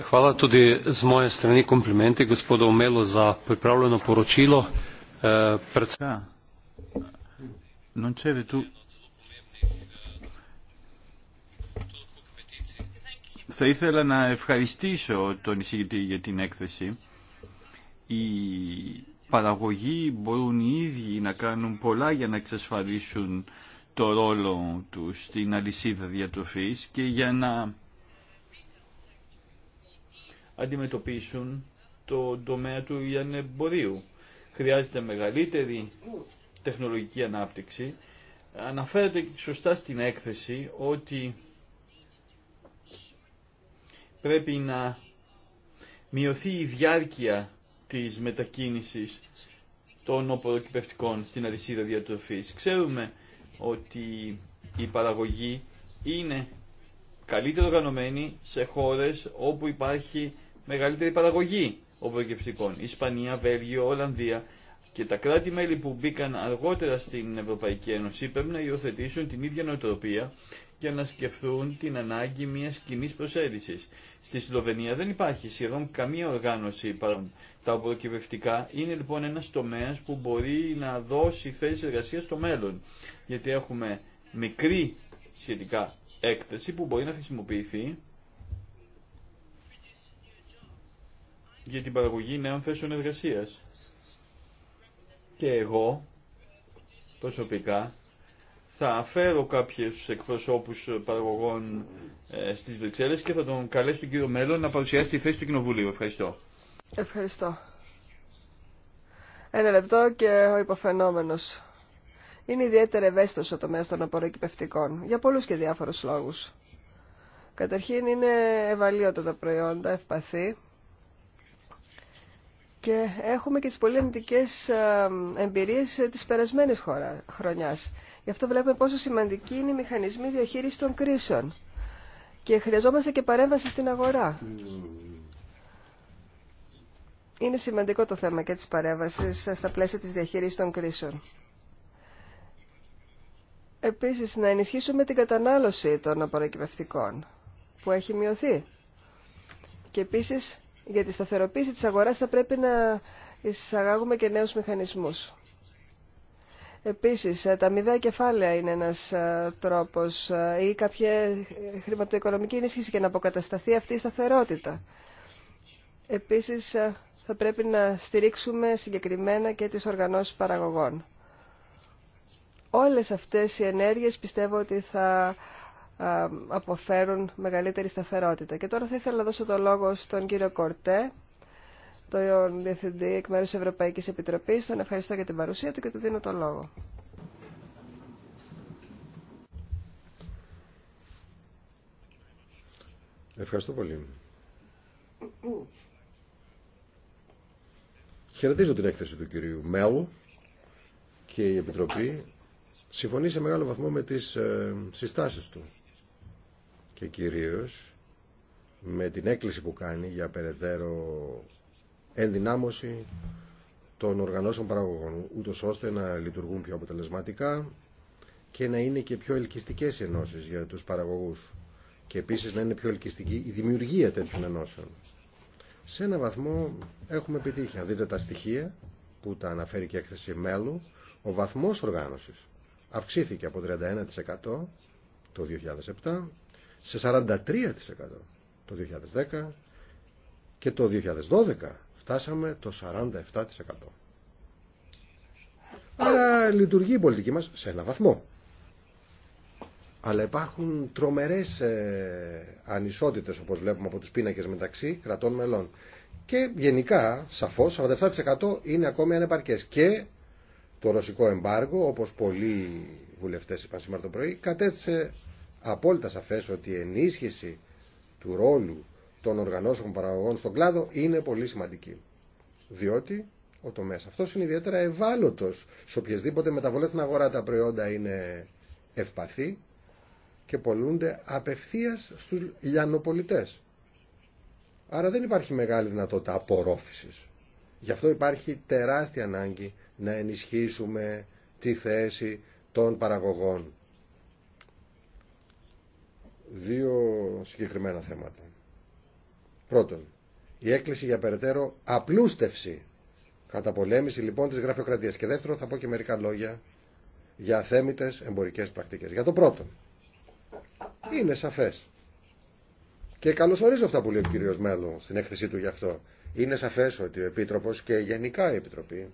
θα ήθελα να ευχαριστήσω τον εισηγητή για την έκθεση. Οι παραγωγοί μπορούν οι ίδιοι να κάνουν πολλά για να εξασφαλίσουν το ρόλο του στην αλυσίδα διατροφής και για να αντιμετωπίσουν το τομέα του λιανεμπορίου. Χρειάζεται μεγαλύτερη τεχνολογική ανάπτυξη, αναφέρεται σωστά στην έκθεση ότι πρέπει να μειωθεί η διάρκεια της μετακίνησης των οποροκυπευτικών στην αλυσίδα διατροφής. Ξέρουμε ότι η παραγωγή είναι καλύτερο οργανωμένη σε χώρες όπου υπάρχει μεγαλύτερη παραγωγή οπωροκυπευτικών. Ισπανία, Βέλγιο, Ολλανδία. Και τα κράτη-μέλη που μπήκαν αργότερα στην Ευρωπαϊκή Ένωση πρέπει να υιοθετήσουν την ίδια νοοτροπία για να σκεφτούν την ανάγκη μια κοινή προσέγγιση. Στη Σλοβενία δεν υπάρχει σχεδόν καμία οργάνωση παρόν. Τα αποκυβευτικά είναι λοιπόν ένα τομέα που μπορεί να δώσει θέση εργασία στο μέλλον. Γιατί έχουμε μικρή σχετικά έκταση που μπορεί να χρησιμοποιηθεί για την παραγωγή νέων θέσεων εργασίας και εγώ προσωπικά θα φέρω κάποιους εκπροσώπους παραγωγών ε, στις Βρυξέλλες και θα τον καλέσω τον κύριο Μέλλον να παρουσιάσει τη θέση του Κοινοβουλίου. Ευχαριστώ. Ευχαριστώ. Ένα λεπτό και ο υποφαινόμενος. Είναι ιδιαίτερα ευαίσθητο ο τομέα των απορροκυπευτικών, για πολλούς και διάφορους λόγους. Καταρχήν είναι ευαλείωτα τα προϊόντα, ευπαθή, και έχουμε και τις πολύ αρνητικές ε, εμπειρίες ε, της περασμένης χώρα, χρονιάς. Γι' αυτό βλέπουμε πόσο σημαντικοί είναι οι μηχανισμοί διαχείρισης των κρίσεων. Και χρειαζόμαστε και παρέμβαση στην αγορά. Είναι σημαντικό το θέμα και της παρέμβασης ε, στα πλαίσια της διαχείρισης των κρίσεων. Επίσης, να ενισχύσουμε την κατανάλωση των απορροκυπευτικών, που έχει μειωθεί. Και επίσης, για τη σταθεροποίηση της αγοράς θα πρέπει να εισαγάγουμε και νέους μηχανισμούς. Επίσης, ε, τα μηδέα κεφάλαια είναι ένας ε, τρόπος ε, ή κάποια χρηματοοικονομική ενίσχυση για να αποκατασταθεί αυτή η σταθερότητα. Επίσης, θα πρέπει να στηρίξουμε συγκεκριμένα και τις οργανώσεις παραγωγών. Όλες αυτές οι ενέργειες πιστεύω ότι θα αποφέρουν μεγαλύτερη σταθερότητα. Και τώρα θα ήθελα να δώσω το λόγο στον κύριο Κορτέ, τον Διευθυντή εκ μέρους της Ευρωπαϊκής Επιτροπής. Τον ευχαριστώ για την παρουσία του και του δίνω το λόγο. Ευχαριστώ πολύ. Χαιρετίζω την έκθεση του κυρίου Μέλου και η Επιτροπή συμφωνεί σε μεγάλο βαθμό με τις ε, συστάσεις του και κυρίως με την έκκληση που κάνει για περαιτέρω ενδυνάμωση των οργανώσεων παραγωγών, ούτω ώστε να λειτουργούν πιο αποτελεσματικά και να είναι και πιο ελκυστικές οι ενώσεις για τους παραγωγούς και επίσης να είναι πιο ελκυστική η δημιουργία τέτοιων ενώσεων. Σε ένα βαθμό έχουμε επιτύχει. Αν δείτε τα στοιχεία που τα αναφέρει και η έκθεση μέλου, ο βαθμός οργάνωσης αυξήθηκε από 31% το 2007 σε 43% το 2010 και το 2012 φτάσαμε το 47%. Άρα λειτουργεί η πολιτική μας σε ένα βαθμό. Αλλά υπάρχουν τρομερές ε, ανισότητες όπως βλέπουμε από τους πίνακες μεταξύ κρατών μελών. Και γενικά, σαφώς, 47% είναι ακόμη ανεπαρκές. Και το ρωσικό εμπάργο, όπως πολλοί βουλευτές είπαν σήμερα το πρωί, κατέστησε απόλυτα σαφές ότι η ενίσχυση του ρόλου των οργανώσεων παραγωγών στον κλάδο είναι πολύ σημαντική. Διότι ο τομέας αυτός είναι ιδιαίτερα ευάλωτος σε οποιασδήποτε μεταβολές στην αγορά τα προϊόντα είναι ευπαθή και πολλούνται απευθείας στους λιανοπολιτές. Άρα δεν υπάρχει μεγάλη δυνατότητα απορρόφησης. Γι' αυτό υπάρχει τεράστια ανάγκη να ενισχύσουμε τη θέση των παραγωγών δύο συγκεκριμένα θέματα. Πρώτον, η έκκληση για περαιτέρω απλούστευση κατά πολέμηση λοιπόν της γραφειοκρατίας. Και δεύτερον θα πω και μερικά λόγια για θέμητες εμπορικές πρακτικές. Για το πρώτο. Είναι σαφές. Και καλωσορίζω αυτά που λέει ο κύριος Μέλλον στην έκθεσή του γι' αυτό. Είναι σαφές ότι ο Επίτροπος και γενικά η Επιτροπή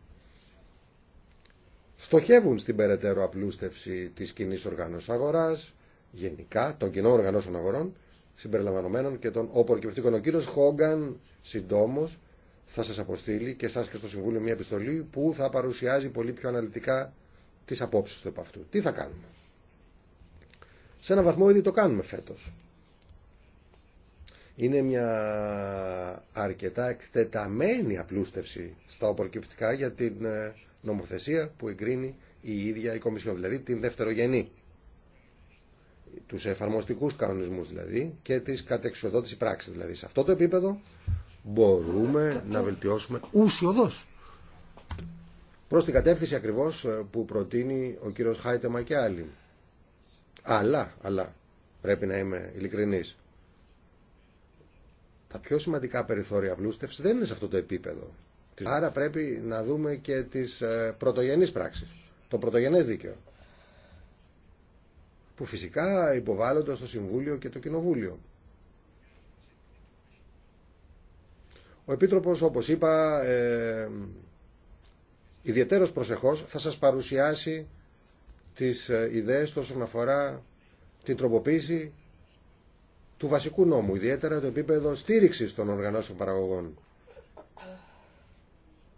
στοχεύουν στην περαιτέρω απλούστευση της κοινή οργάνωσης αγοράς, γενικά των κοινών οργανώσεων αγορών συμπεριλαμβανομένων και των οπορικευτικών. Ο κύριο Χόγκαν συντόμω θα σα αποστείλει και εσά και στο Συμβούλιο μια επιστολή που θα παρουσιάζει πολύ πιο αναλυτικά τι απόψει του επ' αυτού. Τι θα κάνουμε. Σε έναν βαθμό ήδη το κάνουμε φέτο. Είναι μια αρκετά εκτεταμένη απλούστευση στα οπορκευτικά για την ε, νομοθεσία που εγκρίνει η ίδια η Κομισιόν, δηλαδή την δευτερογενή τους εφαρμοστικού κανονισμού δηλαδή και τη κατεξοδότηση πράξη. δηλαδή. Σε αυτό το επίπεδο μπορούμε να βελτιώσουμε ουσιοδό. προς την κατεύθυνση ακριβώς ε, που προτείνει ο κύριος Χάιτεμα και άλλοι. Αλλά, αλλά, πρέπει να είμαι ειλικρινή. τα πιο σημαντικά περιθώρια πλούστευση δεν είναι σε αυτό το επίπεδο. Άρα πρέπει να δούμε και τις ε, πρωτογενείς πράξεις, το πρωτογενές δίκαιο που φυσικά υποβάλλονται στο Συμβούλιο και το Κοινοβούλιο. Ο Επίτροπος, όπως είπα, ε, ιδιαίτερος προσεχώς θα σας παρουσιάσει τις ε, ιδέες όσον αφορά την τροποποίηση του βασικού νόμου, ιδιαίτερα το επίπεδο στήριξης των οργανώσεων παραγωγών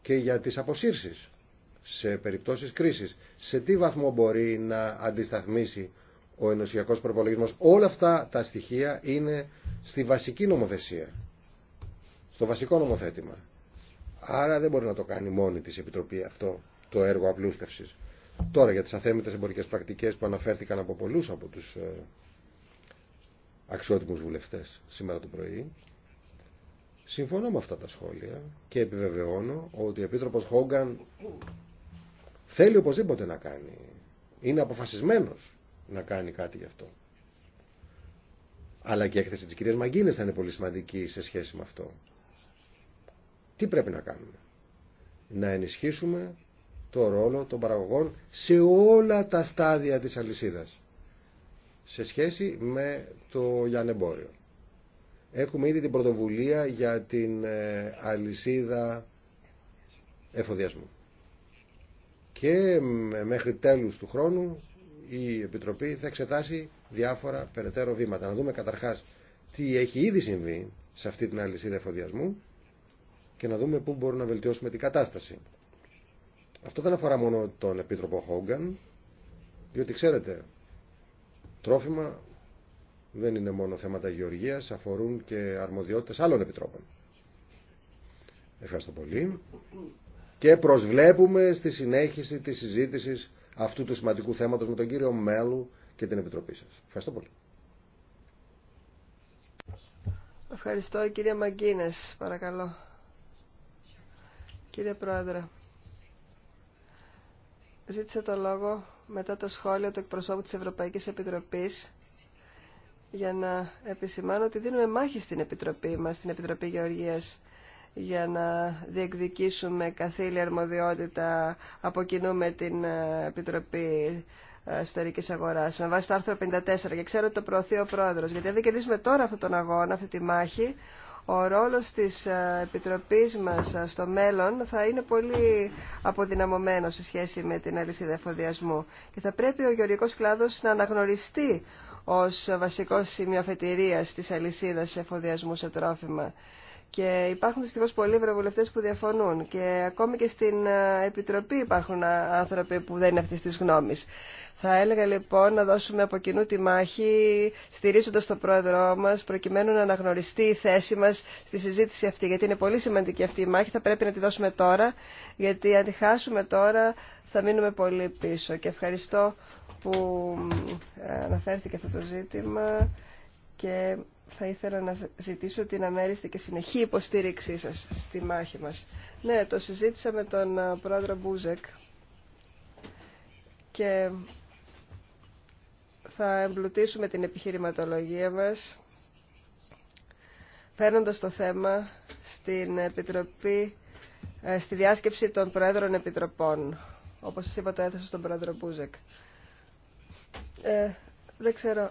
και για τις αποσύρσεις σε περιπτώσεις κρίσης. Σε τι βαθμό μπορεί να αντισταθμίσει ο ενωσιακός προπολογισμός. Όλα αυτά τα στοιχεία είναι στη βασική νομοθεσία, στο βασικό νομοθέτημα. Άρα δεν μπορεί να το κάνει μόνη της Επιτροπή αυτό το έργο απλούστευσης. Τώρα για τις αθέμητες εμπορικές πρακτικές που αναφέρθηκαν από πολλούς από τους ε, αξιότιμους βουλευτές σήμερα το πρωί, συμφωνώ με αυτά τα σχόλια και επιβεβαιώνω ότι ο Επίτροπος Χόγκαν θέλει οπωσδήποτε να κάνει. Είναι αποφασισμένος να κάνει κάτι γι' αυτό. Αλλά και η έκθεση της κυρίας Μαγκίνες θα είναι πολύ σημαντική σε σχέση με αυτό. Τι πρέπει να κάνουμε. Να ενισχύσουμε το ρόλο των παραγωγών σε όλα τα στάδια της αλυσίδας. Σε σχέση με το λιανεμπόριο. Έχουμε ήδη την πρωτοβουλία για την ε, αλυσίδα εφοδιασμού. Και ε, μέχρι τέλους του χρόνου η Επιτροπή θα εξετάσει διάφορα περαιτέρω βήματα. Να δούμε καταρχάς τι έχει ήδη συμβεί σε αυτή την αλυσίδα εφοδιασμού και να δούμε πού μπορούμε να βελτιώσουμε την κατάσταση. Αυτό δεν αφορά μόνο τον Επίτροπο Χόγκαν, διότι ξέρετε, τρόφιμα δεν είναι μόνο θέματα γεωργίας, αφορούν και αρμοδιότητες άλλων επιτρόπων. Ευχαριστώ πολύ. Και προσβλέπουμε στη συνέχιση της συζήτησης αυτού του σημαντικού θέματος με τον κύριο Μέλου και την Επιτροπή σας. Ευχαριστώ πολύ. Ευχαριστώ κύριε Μαγκίνες, παρακαλώ. Κύριε Πρόεδρε, ζήτησα το λόγο μετά το σχόλιο του εκπροσώπου της Ευρωπαϊκής Επιτροπής για να επισημάνω ότι δίνουμε μάχη στην Επιτροπή μας, στην Επιτροπή Γεωργίας για να διεκδικήσουμε καθήλια αρμοδιότητα από κοινού με την ε, Επιτροπή Ιστορικής ε, Αγοράς με βάση το άρθρο 54 και ξέρω ότι το προωθεί ο Πρόεδρος γιατί αν δεν κερδίσουμε τώρα αυτόν τον αγώνα, αυτή τη μάχη ο ρόλος της ε, Επιτροπής μας στο μέλλον θα είναι πολύ αποδυναμωμένο σε σχέση με την αλυσίδα εφοδιασμού και θα πρέπει ο γεωργικό Κλάδο να αναγνωριστεί ως βασικό σημείο αφετηρίας της αλυσίδας εφοδιασμού σε τρόφιμα και υπάρχουν δυστυχώ πολλοί ευρωβουλευτέ που διαφωνούν. Και ακόμη και στην ε, Επιτροπή υπάρχουν ε, άνθρωποι που δεν είναι αυτή τη γνώμη. Θα έλεγα λοιπόν να δώσουμε από κοινού τη μάχη, στηρίζοντα τον πρόεδρό μα, προκειμένου να αναγνωριστεί η θέση μα στη συζήτηση αυτή. Γιατί είναι πολύ σημαντική αυτή η μάχη, θα πρέπει να τη δώσουμε τώρα, γιατί αν τη χάσουμε τώρα θα μείνουμε πολύ πίσω. Και ευχαριστώ που ε, αναφέρθηκε αυτό το ζήτημα και θα ήθελα να ζητήσω την αμέριστη και συνεχή υποστήριξή σας στη μάχη μας. Ναι, το συζήτησα με τον ε, πρόεδρο Μπούζεκ και θα εμπλουτίσουμε την επιχειρηματολογία μας παίρνοντας το θέμα στην Επιτροπή, ε, στη διάσκεψη των Προέδρων Επιτροπών. Όπως σας είπα το έθεσα στον Πρόεδρο Μπούζεκ. Ε, δεν ξέρω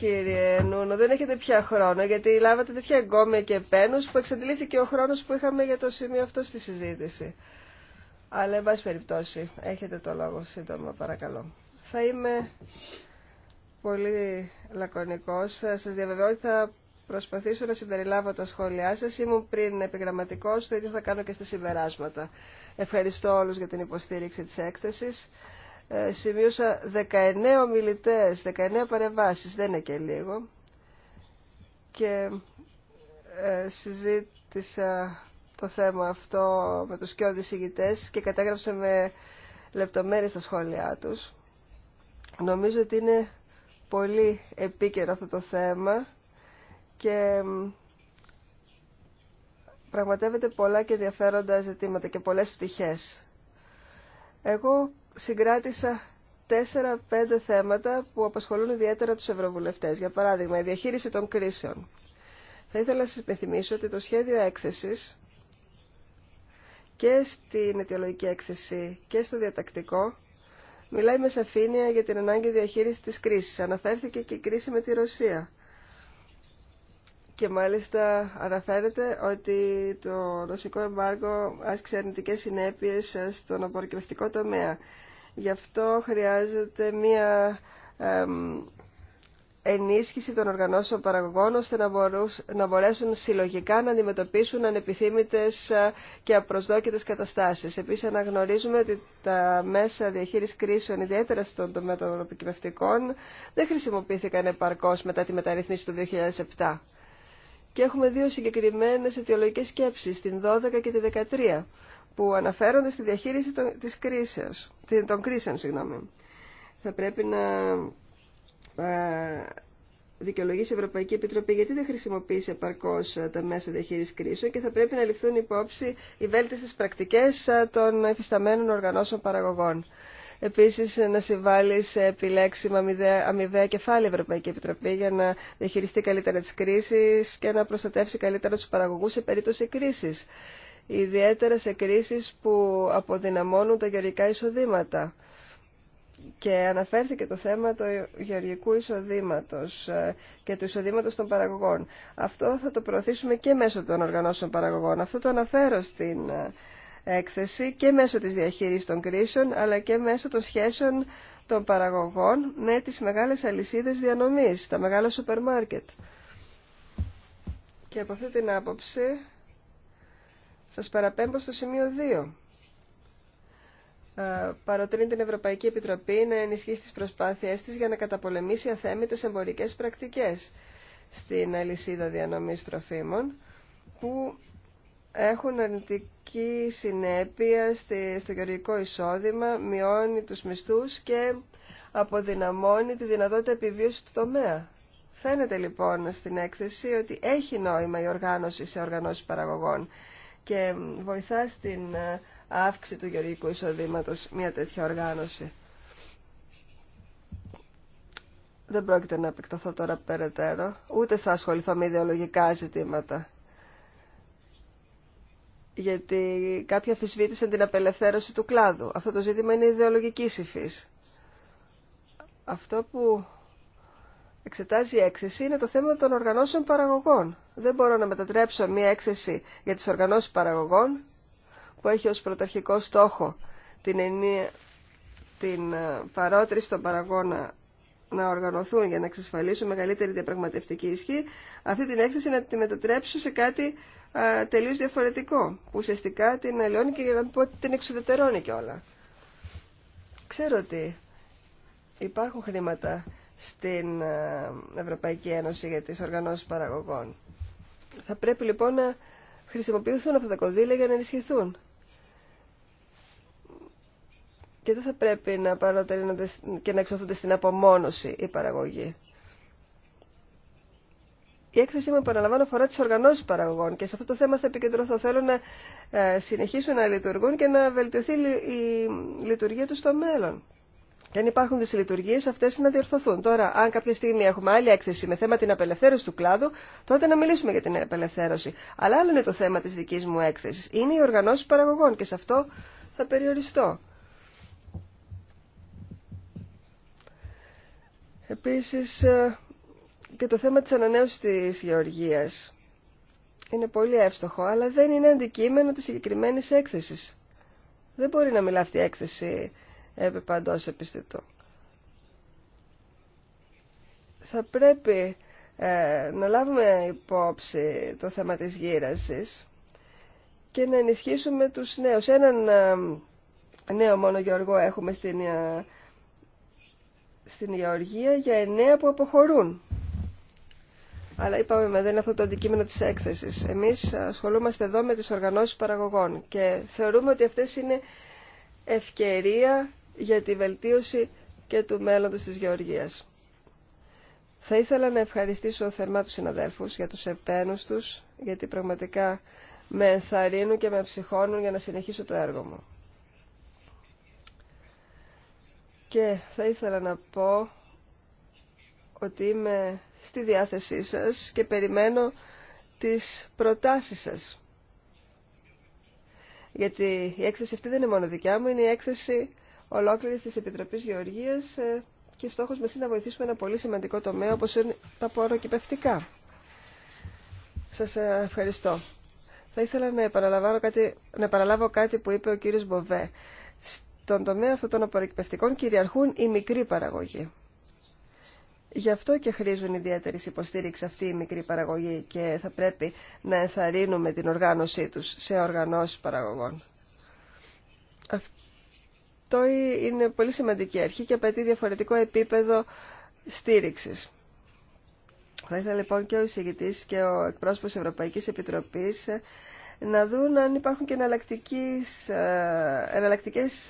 Κύριε Νούνο, δεν έχετε πια χρόνο, γιατί λάβατε τέτοια εγκόμια και πένους που εξαντλήθηκε ο χρόνος που είχαμε για το σημείο αυτό στη συζήτηση. Αλλά, εν πάση περιπτώσει, έχετε το λόγο σύντομα, παρακαλώ. Θα είμαι πολύ λακωνικός. Σας διαβεβαιώ ότι θα προσπαθήσω να συμπεριλάβω τα σχόλιά σας. Ήμουν πριν επιγραμματικός, το ίδιο θα κάνω και στα συμπεράσματα. Ευχαριστώ όλους για την υποστήριξη της έκθεσης. Ε, σημείωσα 19 ομιλητές, 19 παρεμβάσεις, δεν είναι και λίγο. Και ε, συζήτησα το θέμα αυτό με τους και και κατάγραψα με λεπτομέρειες τα σχόλιά τους. Νομίζω ότι είναι πολύ επίκαιρο αυτό το θέμα και πραγματεύεται πολλά και ενδιαφέροντα ζητήματα και πολλές πτυχές. Εγώ συγκράτησα τέσσερα-πέντε θέματα που απασχολούν ιδιαίτερα τους ευρωβουλευτές. Για παράδειγμα, η διαχείριση των κρίσεων. Θα ήθελα να σας υπενθυμίσω ότι το σχέδιο έκθεσης και στην αιτιολογική έκθεση και στο διατακτικό μιλάει με σαφήνεια για την ανάγκη διαχείρισης της κρίσης. Αναφέρθηκε και η κρίση με τη Ρωσία. Και μάλιστα αναφέρεται ότι το ρωσικό εμπάργο άσκησε αρνητικές συνέπειες στον απορροκυρευτικό τομέα. Γι' αυτό χρειάζεται μία ενίσχυση των οργανώσεων παραγωγών ώστε να, να μπορέσουν συλλογικά να αντιμετωπίσουν ανεπιθύμητες ε, και απροσδόκητες καταστάσεις. Επίσης αναγνωρίζουμε ότι τα μέσα διαχείρισης κρίσεων, ιδιαίτερα στον τομέα των ευρωπαϊκών, δεν χρησιμοποιήθηκαν επαρκώς μετά τη μεταρρύθμιση του 2007. Και έχουμε δύο συγκεκριμένες αιτιολογικές σκέψεις, την 12 και τη 13 που αναφέρονται στη διαχείριση των, της κρίσεως, των κρίσεων. Συγγνώμη. Θα πρέπει να ε, δικαιολογήσει η Ευρωπαϊκή Επιτροπή γιατί δεν χρησιμοποιεί επαρκώ ε, τα μέσα διαχείριση κρίσεων και θα πρέπει να ληφθούν υπόψη οι βέλτιστε πρακτικέ ε, των εφισταμένων οργανώσεων παραγωγών. Επίση, να συμβάλλει σε επιλέξιμα αμοιβαία κεφάλαια η Ευρωπαϊκή Επιτροπή για να διαχειριστεί καλύτερα τι κρίσει και να προστατεύσει καλύτερα του παραγωγού σε περίπτωση κρίση ιδιαίτερα σε κρίσεις που αποδυναμώνουν τα γεωργικά εισοδήματα. Και αναφέρθηκε το θέμα του γεωργικού εισοδήματος ε, και του εισοδήματος των παραγωγών. Αυτό θα το προωθήσουμε και μέσω των οργανώσεων παραγωγών. Αυτό το αναφέρω στην ε, έκθεση και μέσω της διαχείρισης των κρίσεων, αλλά και μέσω των σχέσεων των παραγωγών με τις μεγάλες αλυσίδες διανομής, τα μεγάλα σούπερ μάρκετ. Και από αυτή την άποψη σας παραπέμπω στο σημείο 2. Ε, παροτρύνει την Ευρωπαϊκή Επιτροπή να ενισχύσει τις προσπάθειές της για να καταπολεμήσει αθέμητες εμπορικές πρακτικές στην αλυσίδα διανομής τροφίμων που έχουν αρνητική συνέπεια στο γεωργικό εισόδημα, μειώνει τους μισθούς και αποδυναμώνει τη δυνατότητα επιβίωσης του τομέα. Φαίνεται λοιπόν στην έκθεση ότι έχει νόημα η οργάνωση σε οργανώσεις παραγωγών και βοηθά στην ε, αύξηση του γεωργικού εισοδήματος μια τέτοια οργάνωση. Δεν πρόκειται να επεκταθώ τώρα περαιτέρω, ούτε θα ασχοληθώ με ιδεολογικά ζητήματα. Γιατί κάποιοι αφισβήτησαν την απελευθέρωση του κλάδου. Αυτό το ζήτημα είναι ιδεολογική υφή. Αυτό που εξετάζει η έκθεση είναι το θέμα των οργανώσεων παραγωγών. Δεν μπορώ να μετατρέψω μια έκθεση για τις οργανώσεις παραγωγών που έχει ως πρωταρχικό στόχο την, την ε, παρότριση των παραγών να οργανωθούν για να εξασφαλίσουν μεγαλύτερη διαπραγματευτική ισχύ, αυτή την έκθεση να τη μετατρέψω σε κάτι α, ε, τελείως διαφορετικό, που ουσιαστικά την αλλοιώνει και για να πω ότι την εξουδετερώνει κιόλα. Ξέρω ότι υπάρχουν χρήματα στην ε, Ευρωπαϊκή Ένωση για τις οργανώσεις παραγωγών. Θα πρέπει λοιπόν να χρησιμοποιηθούν αυτά τα κονδύλια για να ενισχυθούν. Και δεν θα πρέπει να παρατερίνονται και να εξωθούνται στην απομόνωση η παραγωγή. Η έκθεση μου, επαναλαμβάνω, αφορά τι οργανώσει παραγωγών και σε αυτό το θέμα θα επικεντρωθώ. Θέλω να ε, συνεχίσουν να λειτουργούν και να βελτιωθεί η λειτουργία του στο μέλλον. Και αν υπάρχουν δυσλειτουργίε, αυτέ να διορθωθούν. Τώρα, αν κάποια στιγμή έχουμε άλλη έκθεση με θέμα την απελευθέρωση του κλάδου, τότε να μιλήσουμε για την απελευθέρωση. Αλλά άλλο είναι το θέμα τη δική μου έκθεση. Είναι οι οργανώσει παραγωγών και σε αυτό θα περιοριστώ. Επίση, ε, και το θέμα τη ανανέωση τη γεωργίας είναι πολύ εύστοχο, αλλά δεν είναι αντικείμενο τη συγκεκριμένη έκθεση. Δεν μπορεί να μιλά αυτή η έκθεση επί παντός Θα πρέπει ε, να λάβουμε υπόψη το θέμα της γύρασης και να ενισχύσουμε τους νέους. Έναν ε, νέο μόνο Γεωργό έχουμε στην, ε, στην Γεωργία για εννέα που αποχωρούν. Αλλά είπαμε, δεν είναι αυτό το αντικείμενο της έκθεσης. Εμείς ασχολούμαστε εδώ με τις οργανώσεις παραγωγών και θεωρούμε ότι αυτές είναι ευκαιρία για τη βελτίωση και του μέλλοντος της γεωργίας. Θα ήθελα να ευχαριστήσω θερμά τους συναδέλφους για τους επένους τους, γιατί πραγματικά με ενθαρρύνουν και με ψυχώνουν για να συνεχίσω το έργο μου. Και θα ήθελα να πω ότι είμαι στη διάθεσή σας και περιμένω τις προτάσεις σας. Γιατί η έκθεση αυτή δεν είναι μόνο δικιά μου, είναι η έκθεση ολόκληρη τη Επιτροπή Γεωργία ε, και στόχο μα είναι να βοηθήσουμε ένα πολύ σημαντικό τομέα όπω είναι τα ποροκυπευτικά. Σα ε, ευχαριστώ. Θα ήθελα να, επαναλάβω κάτι, να κάτι που είπε ο κύριος Μποβέ. Στον τομέα αυτών των ποροκυπευτικών κυριαρχούν οι μικροί παραγωγοί. Γι' αυτό και χρήζουν ιδιαίτερη υποστήριξη αυτή η μικρή παραγωγή και θα πρέπει να ενθαρρύνουμε την οργάνωσή τους σε οργανώσεις παραγωγών το είναι πολύ σημαντική αρχή και απαιτεί διαφορετικό επίπεδο στήριξης. Θα ήθελα λοιπόν και ο εισηγητής και ο εκπρόσωπος Ευρωπαϊκής Επιτροπής να δουν αν υπάρχουν και εναλλακτικέ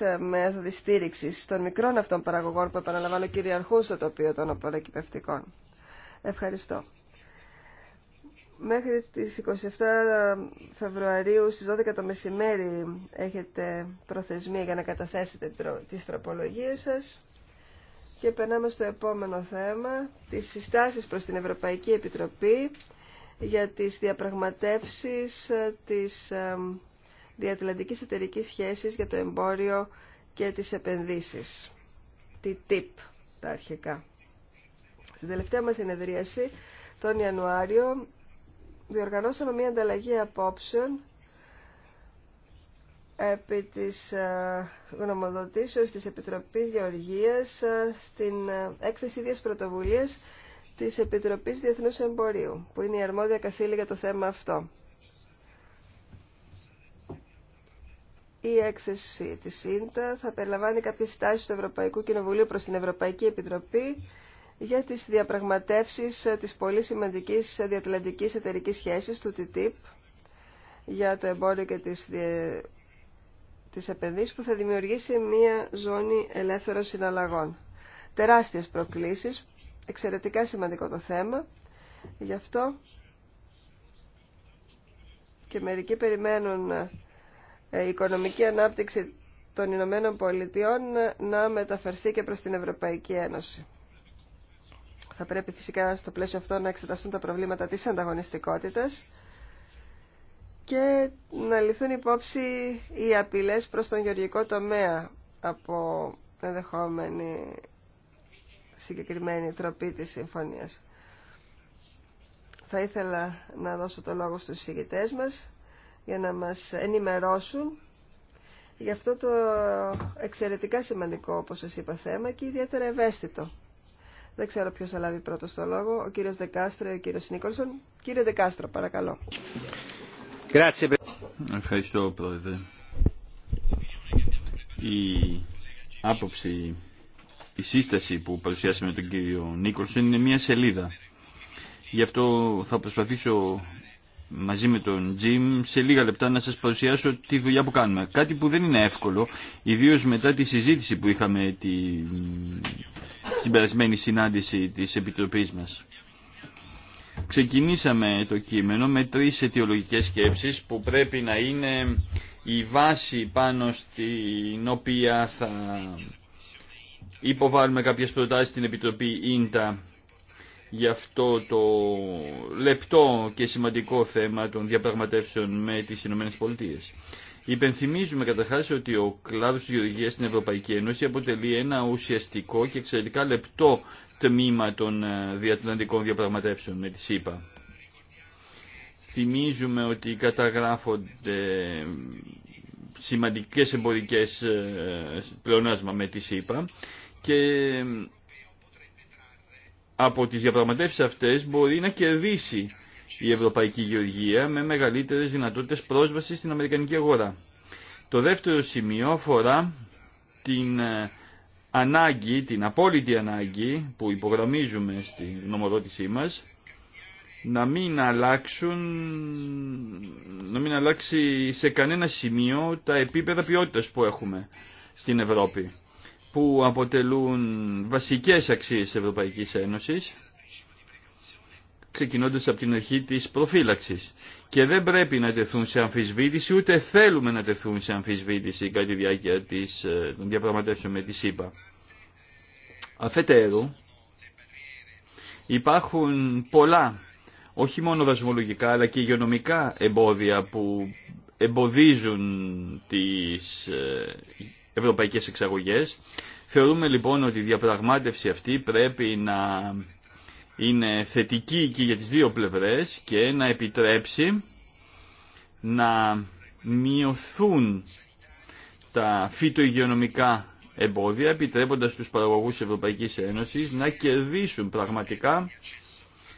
ε, ε, μέθοδοι στήριξη των μικρών αυτών παραγωγών που επαναλαμβάνω κυριαρχούν στο τοπίο των απορροκυπευτικών. Ευχαριστώ. Μέχρι τις 27 Φεβρουαρίου στις 12 το μεσημέρι έχετε προθεσμία για να καταθέσετε τις τροπολογίες σας. Και περνάμε στο επόμενο θέμα, τις συστάσεις προς την Ευρωπαϊκή Επιτροπή για τις διαπραγματεύσεις ε, της ε, διατλαντικής εταιρικής σχέσης για το εμπόριο και τις επενδύσεις. τη TIP τα αρχικά. Στην τελευταία μας συνεδρίαση τον Ιανουάριο διοργανώσαμε μία ανταλλαγή απόψεων επί της ε, γνωμοδοτήσεως της Επιτροπής Γεωργίας ε, στην ε, έκθεση ίδιας πρωτοβουλίας της Επιτροπής Διεθνούς Εμπορίου, που είναι η αρμόδια καθήλη για το θέμα αυτό. Η έκθεση της ΣΥΝΤΑ θα περιλαμβάνει κάποιες στάσεις του Ευρωπαϊκού Κοινοβουλίου προς την Ευρωπαϊκή Επιτροπή για τις διαπραγματεύσεις της πολύ σημαντικής διατλαντικής εταιρικής σχέσης του TTIP για το εμπόριο και τις, τις που θα δημιουργήσει μια ζώνη ελεύθερων συναλλαγών. Τεράστιες προκλήσεις, εξαιρετικά σημαντικό το θέμα, γι' αυτό και μερικοί περιμένουν ε, η οικονομική ανάπτυξη των Ηνωμένων Πολιτειών να μεταφερθεί και προς την Ευρωπαϊκή Ένωση. Θα πρέπει φυσικά στο πλαίσιο αυτό να εξεταστούν τα προβλήματα της ανταγωνιστικότητας και να ληφθούν υπόψη οι απειλές προς τον γεωργικό τομέα από ενδεχόμενη συγκεκριμένη τροπή της συμφωνίας. Θα ήθελα να δώσω το λόγο στους συγκητές μας για να μας ενημερώσουν για αυτό το εξαιρετικά σημαντικό, όπως σας είπα, θέμα και ιδιαίτερα ευαίσθητο. Δεν ξέρω ποιο θα λάβει πρώτο το λόγο. Ο κύριο Δεκάστρο ή ο κύριο Νίκολσον. Κύριε Δεκάστρο, παρακαλώ. Ευχαριστώ, Πρόεδρε. Η άποψη, η σύσταση που παρουσιάσαμε τον κύριο Νίκολσον είναι μία σελίδα. Γι' αυτό θα προσπαθήσω μαζί με τον Τζιμ σε λίγα λεπτά να σας παρουσιάσω τη δουλειά που κάνουμε. Κάτι που δεν είναι εύκολο, ιδίως μετά τη συζήτηση που είχαμε τη στην περασμένη συνάντηση της Επιτροπής μας. Ξεκινήσαμε το κείμενο με τρεις αιτιολογικές σκέψεις που πρέπει να είναι η βάση πάνω στην οποία θα υποβάλουμε κάποιες προτάσεις στην Επιτροπή Ίντα για αυτό το λεπτό και σημαντικό θέμα των διαπραγματεύσεων με τις Ηνωμένες Πολιτείες. Υπενθυμίζουμε καταρχά ότι ο κλάδο τη γεωργία στην Ευρωπαϊκή Ένωση αποτελεί ένα ουσιαστικό και εξαιρετικά λεπτό τμήμα των ε, διατλαντικών διαπραγματεύσεων με τη ΣΥΠΑ. Θυμίζουμε ότι καταγράφονται ε, σημαντικές εμπορικές ε, πλεονάσμα με τη ΣΥΠΑ και από τις διαπραγματεύσεις αυτές μπορεί να κερδίσει η ευρωπαϊκή γεωργία με μεγαλύτερες δυνατότητες πρόσβασης στην αμερικανική αγορά. Το δεύτερο σημείο αφορά την ε, ανάγκη, την απόλυτη ανάγκη που υπογραμμίζουμε στη νομοδότησή μας να μην αλλάξουν να μην αλλάξει σε κανένα σημείο τα επίπεδα ποιότητας που έχουμε στην Ευρώπη που αποτελούν βασικές αξίες της Ευρωπαϊκής Ένωσης ξεκινώντας από την αρχή της προφύλαξης. Και δεν πρέπει να τεθούν σε αμφισβήτηση, ούτε θέλουμε να τεθούν σε αμφισβήτηση κατά τη διάρκεια της, ε, των διαπραγματεύσεων με τη ΣΥΠΑ. Αφετέρου, υπάρχουν πολλά, όχι μόνο δασμολογικά, αλλά και υγειονομικά εμπόδια που εμποδίζουν τις ε, ευρωπαϊκές εξαγωγές. Θεωρούμε λοιπόν ότι η διαπραγμάτευση αυτή πρέπει να είναι θετική και για τις δύο πλευρές και να επιτρέψει να μειωθούν τα φυτοϊγειονομικά εμπόδια επιτρέποντας τους παραγωγούς της Ευρωπαϊκής Ένωσης να κερδίσουν πραγματικά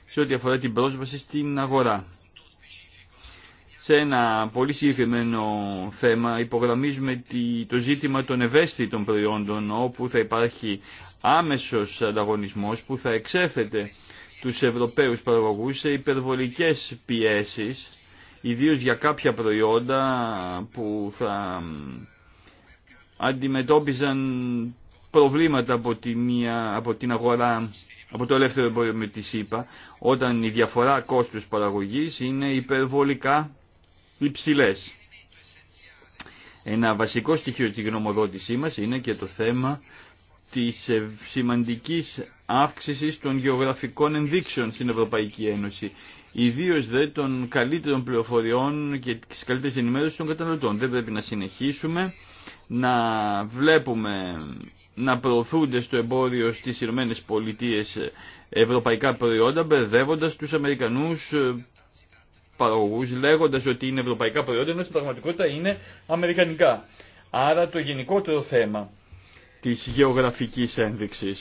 σε ό,τι αφορά την πρόσβαση στην αγορά σε ένα πολύ συγκεκριμένο θέμα υπογραμμίζουμε το ζήτημα των ευαίσθητων προϊόντων όπου θα υπάρχει άμεσος ανταγωνισμός που θα εξέφεται τους Ευρωπαίους παραγωγούς σε υπερβολικές πιέσεις ιδίως για κάποια προϊόντα που θα αντιμετώπιζαν προβλήματα από, τη μία, από την αγορά, από το ελεύθερο εμπόριο με τη ΣΥΠΑ, όταν η διαφορά κόστους παραγωγής είναι υπερβολικά υψηλές. Ένα βασικό στοιχείο της γνωμοδότησή μας είναι και το θέμα της ε, σημαντικής αύξησης των γεωγραφικών ενδείξεων στην Ευρωπαϊκή Ένωση. Ιδίω δε των καλύτερων πληροφοριών και τη καλύτερη ενημέρωση των καταναλωτών. Δεν πρέπει να συνεχίσουμε να βλέπουμε να προωθούνται στο εμπόριο στις ΗΠΑ ευρωπαϊκά προϊόντα μπερδεύοντα τους Αμερικανούς ε, παραγωγού λέγοντα ότι είναι ευρωπαϊκά προϊόντα ενώ στην πραγματικότητα είναι αμερικανικά. Άρα το γενικότερο θέμα τη γεωγραφική ένδειξη.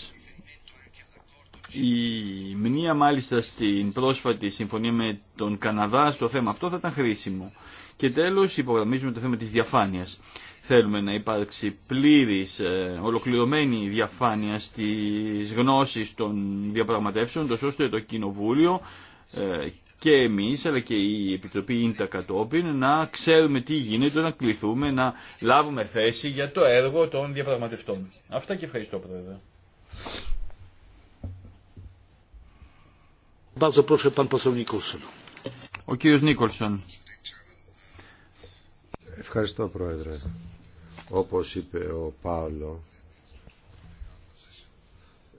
Η μνήμα μάλιστα στην πρόσφατη συμφωνία με τον Καναδά στο θέμα αυτό θα ήταν χρήσιμο. Και τέλο, υπογραμμίζουμε το θέμα τη διαφάνεια. Θέλουμε να υπάρξει πλήρη, ε, ολοκληρωμένη διαφάνεια στι γνώσει των διαπραγματεύσεων, τόσο ώστε το Κοινοβούλιο ε, και εμείς αλλά και η Επιτροπή Ίντα κατόπιν να ξέρουμε τι γίνεται, να κληθούμε, να λάβουμε θέση για το έργο των διαπραγματευτών. Αυτά και ευχαριστώ Πρόεδρε. Ο κύριος Νίκολσον. Ευχαριστώ Πρόεδρε. Όπως είπε ο Πάολο,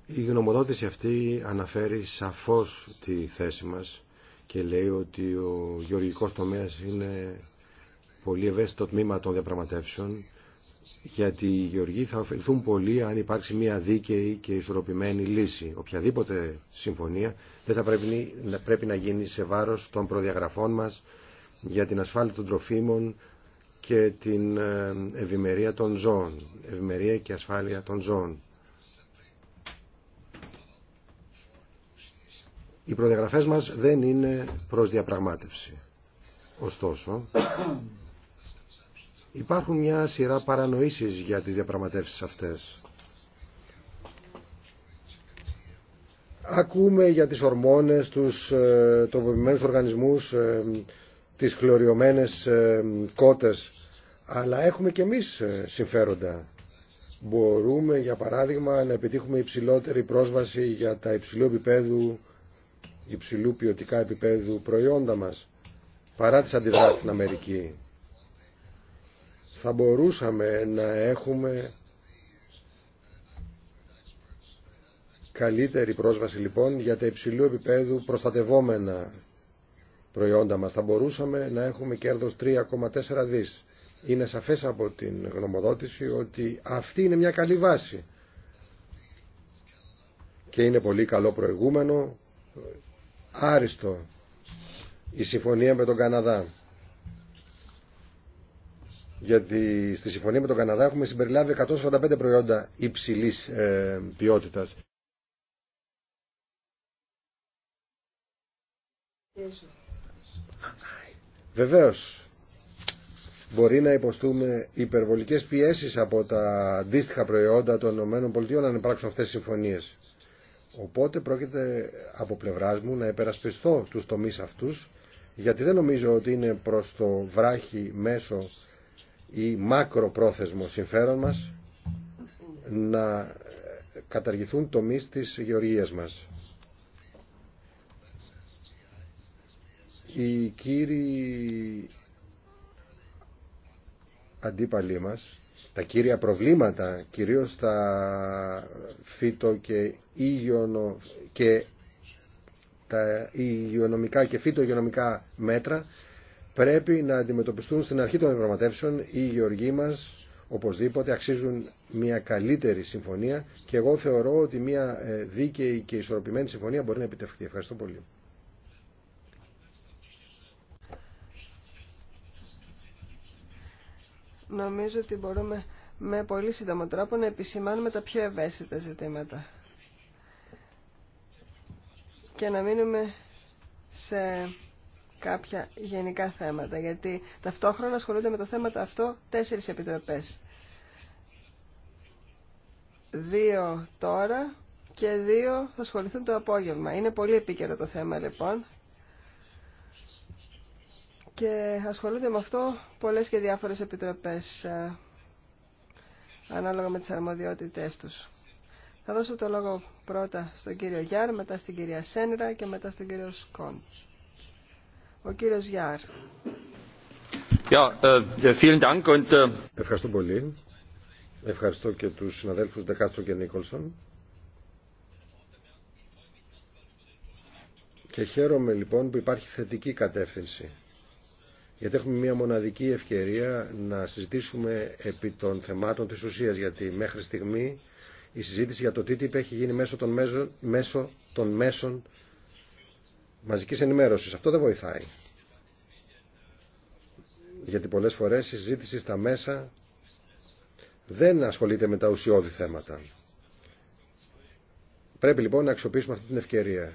η γνωμοδότηση αυτή αναφέρει σαφώς τη θέση μας και λέει ότι ο γεωργικός τομέας είναι πολύ ευαίσθητο τμήμα των διαπραγματεύσεων γιατί οι γεωργοί θα ωφεληθούν πολύ αν υπάρξει μια δίκαιη και ισορροπημένη λύση. Οποιαδήποτε συμφωνία δεν θα πρέπει, πρέπει να γίνει σε βάρος των προδιαγραφών μας για την ασφάλεια των τροφίμων και την ε, ευημερία των ζώων. Ευημερία και ασφάλεια των ζώων. Οι προδιαγραφές μας δεν είναι προς διαπραγμάτευση. Ωστόσο, υπάρχουν μια σειρά παρανοήσεις για τις διαπραγματεύσεις αυτές. Ακούμε για τις ορμόνες, τους ε, τροποποιημένους οργανισμούς, ε, τις χλωριωμένες ε, κότες, αλλά έχουμε και εμείς ε, συμφέροντα. Μπορούμε, για παράδειγμα, να επιτύχουμε υψηλότερη πρόσβαση για τα υψηλού επίπεδου υψηλού ποιοτικά επίπεδου προϊόντα μας παρά τις αντιδράσεις στην Αμερική θα μπορούσαμε να έχουμε καλύτερη πρόσβαση λοιπόν για τα υψηλού επίπεδου προστατευόμενα προϊόντα μας. Θα μπορούσαμε να έχουμε κέρδος 3,4 δις. Είναι σαφές από την γνωμοδότηση ότι αυτή είναι μια καλή βάση και είναι πολύ καλό προηγούμενο άριστο η συμφωνία με τον Καναδά. Γιατί στη συμφωνία με τον Καναδά έχουμε συμπεριλάβει 145 προϊόντα υψηλής ε, ποιότητας. Βεβαίως, μπορεί να υποστούμε υπερβολικές πιέσεις από τα αντίστοιχα προϊόντα των ΗΠΑ να υπάρξουν αυτές τις συμφωνίες. Οπότε πρόκειται από πλευρά μου να επερασπιστώ του τομεί αυτούς γιατί δεν νομίζω ότι είναι προς το βράχι μέσο ή πρόθεσμο συμφέρον μας να καταργηθούν τομεί της γεωργίας μας. Οι κύριοι αντίπαλοι μας τα κύρια προβλήματα, κυρίως τα φύτο και, υγειονο... και τα υγειονομικά και φυτο μέτρα πρέπει να αντιμετωπιστούν στην αρχή των διαπραγματεύσεων. Οι γεωργοί μας οπωσδήποτε αξίζουν μια καλύτερη συμφωνία και εγώ θεωρώ ότι μια ε, δίκαιη και ισορροπημένη συμφωνία μπορεί να επιτευχθεί. Ευχαριστώ πολύ. νομίζω ότι μπορούμε με πολύ σύντομο τρόπο να επισημάνουμε τα πιο ευαίσθητα ζητήματα και να μείνουμε σε κάποια γενικά θέματα, γιατί ταυτόχρονα ασχολούνται με το θέμα αυτό τέσσερις επιτροπές. Δύο τώρα και δύο θα ασχοληθούν το απόγευμα. Είναι πολύ επίκαιρο το θέμα λοιπόν και ασχολούνται με αυτό πολλές και διάφορες επιτροπές ε, ανάλογα με τις αρμοδιότητές τους. Θα δώσω το λόγο πρώτα στον κύριο Γιάρ, μετά στην κυρία Σένρα και μετά στον κύριο Σκόν. Ο κύριος Γιάρ. Äh, äh, Ευχαριστώ πολύ. Ευχαριστώ και τους συναδέλφους Δεκάστρο και Νίκολσον. Και χαίρομαι λοιπόν που υπάρχει θετική κατεύθυνση γιατί έχουμε μια μοναδική ευκαιρία να συζητήσουμε επί των θεμάτων της ουσίας, γιατί μέχρι στιγμή η συζήτηση για το TTIP έχει γίνει μέσω των, μέσων, μέσω των μέσων μαζικής ενημέρωσης. Αυτό δεν βοηθάει. Γιατί πολλές φορές η συζήτηση στα μέσα δεν ασχολείται με τα ουσιώδη θέματα. Πρέπει λοιπόν να αξιοποιήσουμε αυτή την ευκαιρία.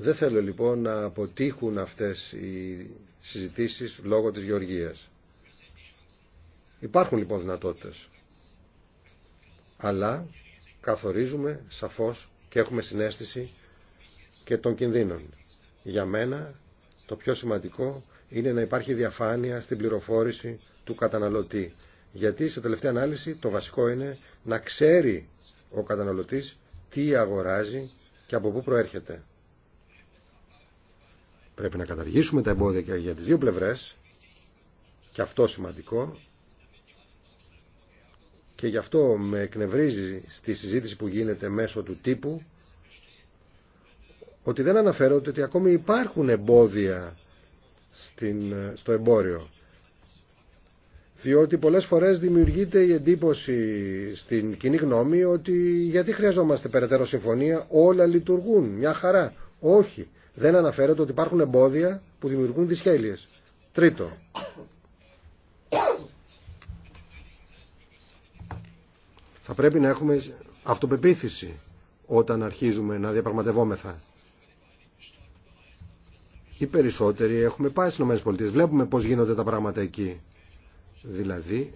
Δεν θέλω λοιπόν να αποτύχουν αυτές οι συζητήσεις λόγω της γεωργίας. Υπάρχουν λοιπόν δυνατότητες. Αλλά καθορίζουμε σαφώς και έχουμε συνέστηση και των κινδύνων. Για μένα το πιο σημαντικό είναι να υπάρχει διαφάνεια στην πληροφόρηση του καταναλωτή. Γιατί σε τελευταία ανάλυση το βασικό είναι να ξέρει ο καταναλωτής τι αγοράζει και από πού προέρχεται. Πρέπει να καταργήσουμε τα εμπόδια και για τις δύο πλευρές και αυτό σημαντικό και γι' αυτό με εκνευρίζει στη συζήτηση που γίνεται μέσω του τύπου ότι δεν αναφέρονται ότι ακόμη υπάρχουν εμπόδια στην, στο εμπόριο διότι πολλές φορές δημιουργείται η εντύπωση στην κοινή γνώμη ότι γιατί χρειαζόμαστε περαιτέρω συμφωνία όλα λειτουργούν μια χαρά όχι δεν αναφέρεται ότι υπάρχουν εμπόδια που δημιουργούν δυσχέλειες. Τρίτο. Θα πρέπει να έχουμε αυτοπεποίθηση όταν αρχίζουμε να διαπραγματευόμεθα. Οι περισσότεροι έχουμε πάει στις ΗΠΑ. Βλέπουμε πώς γίνονται τα πράγματα εκεί. Δηλαδή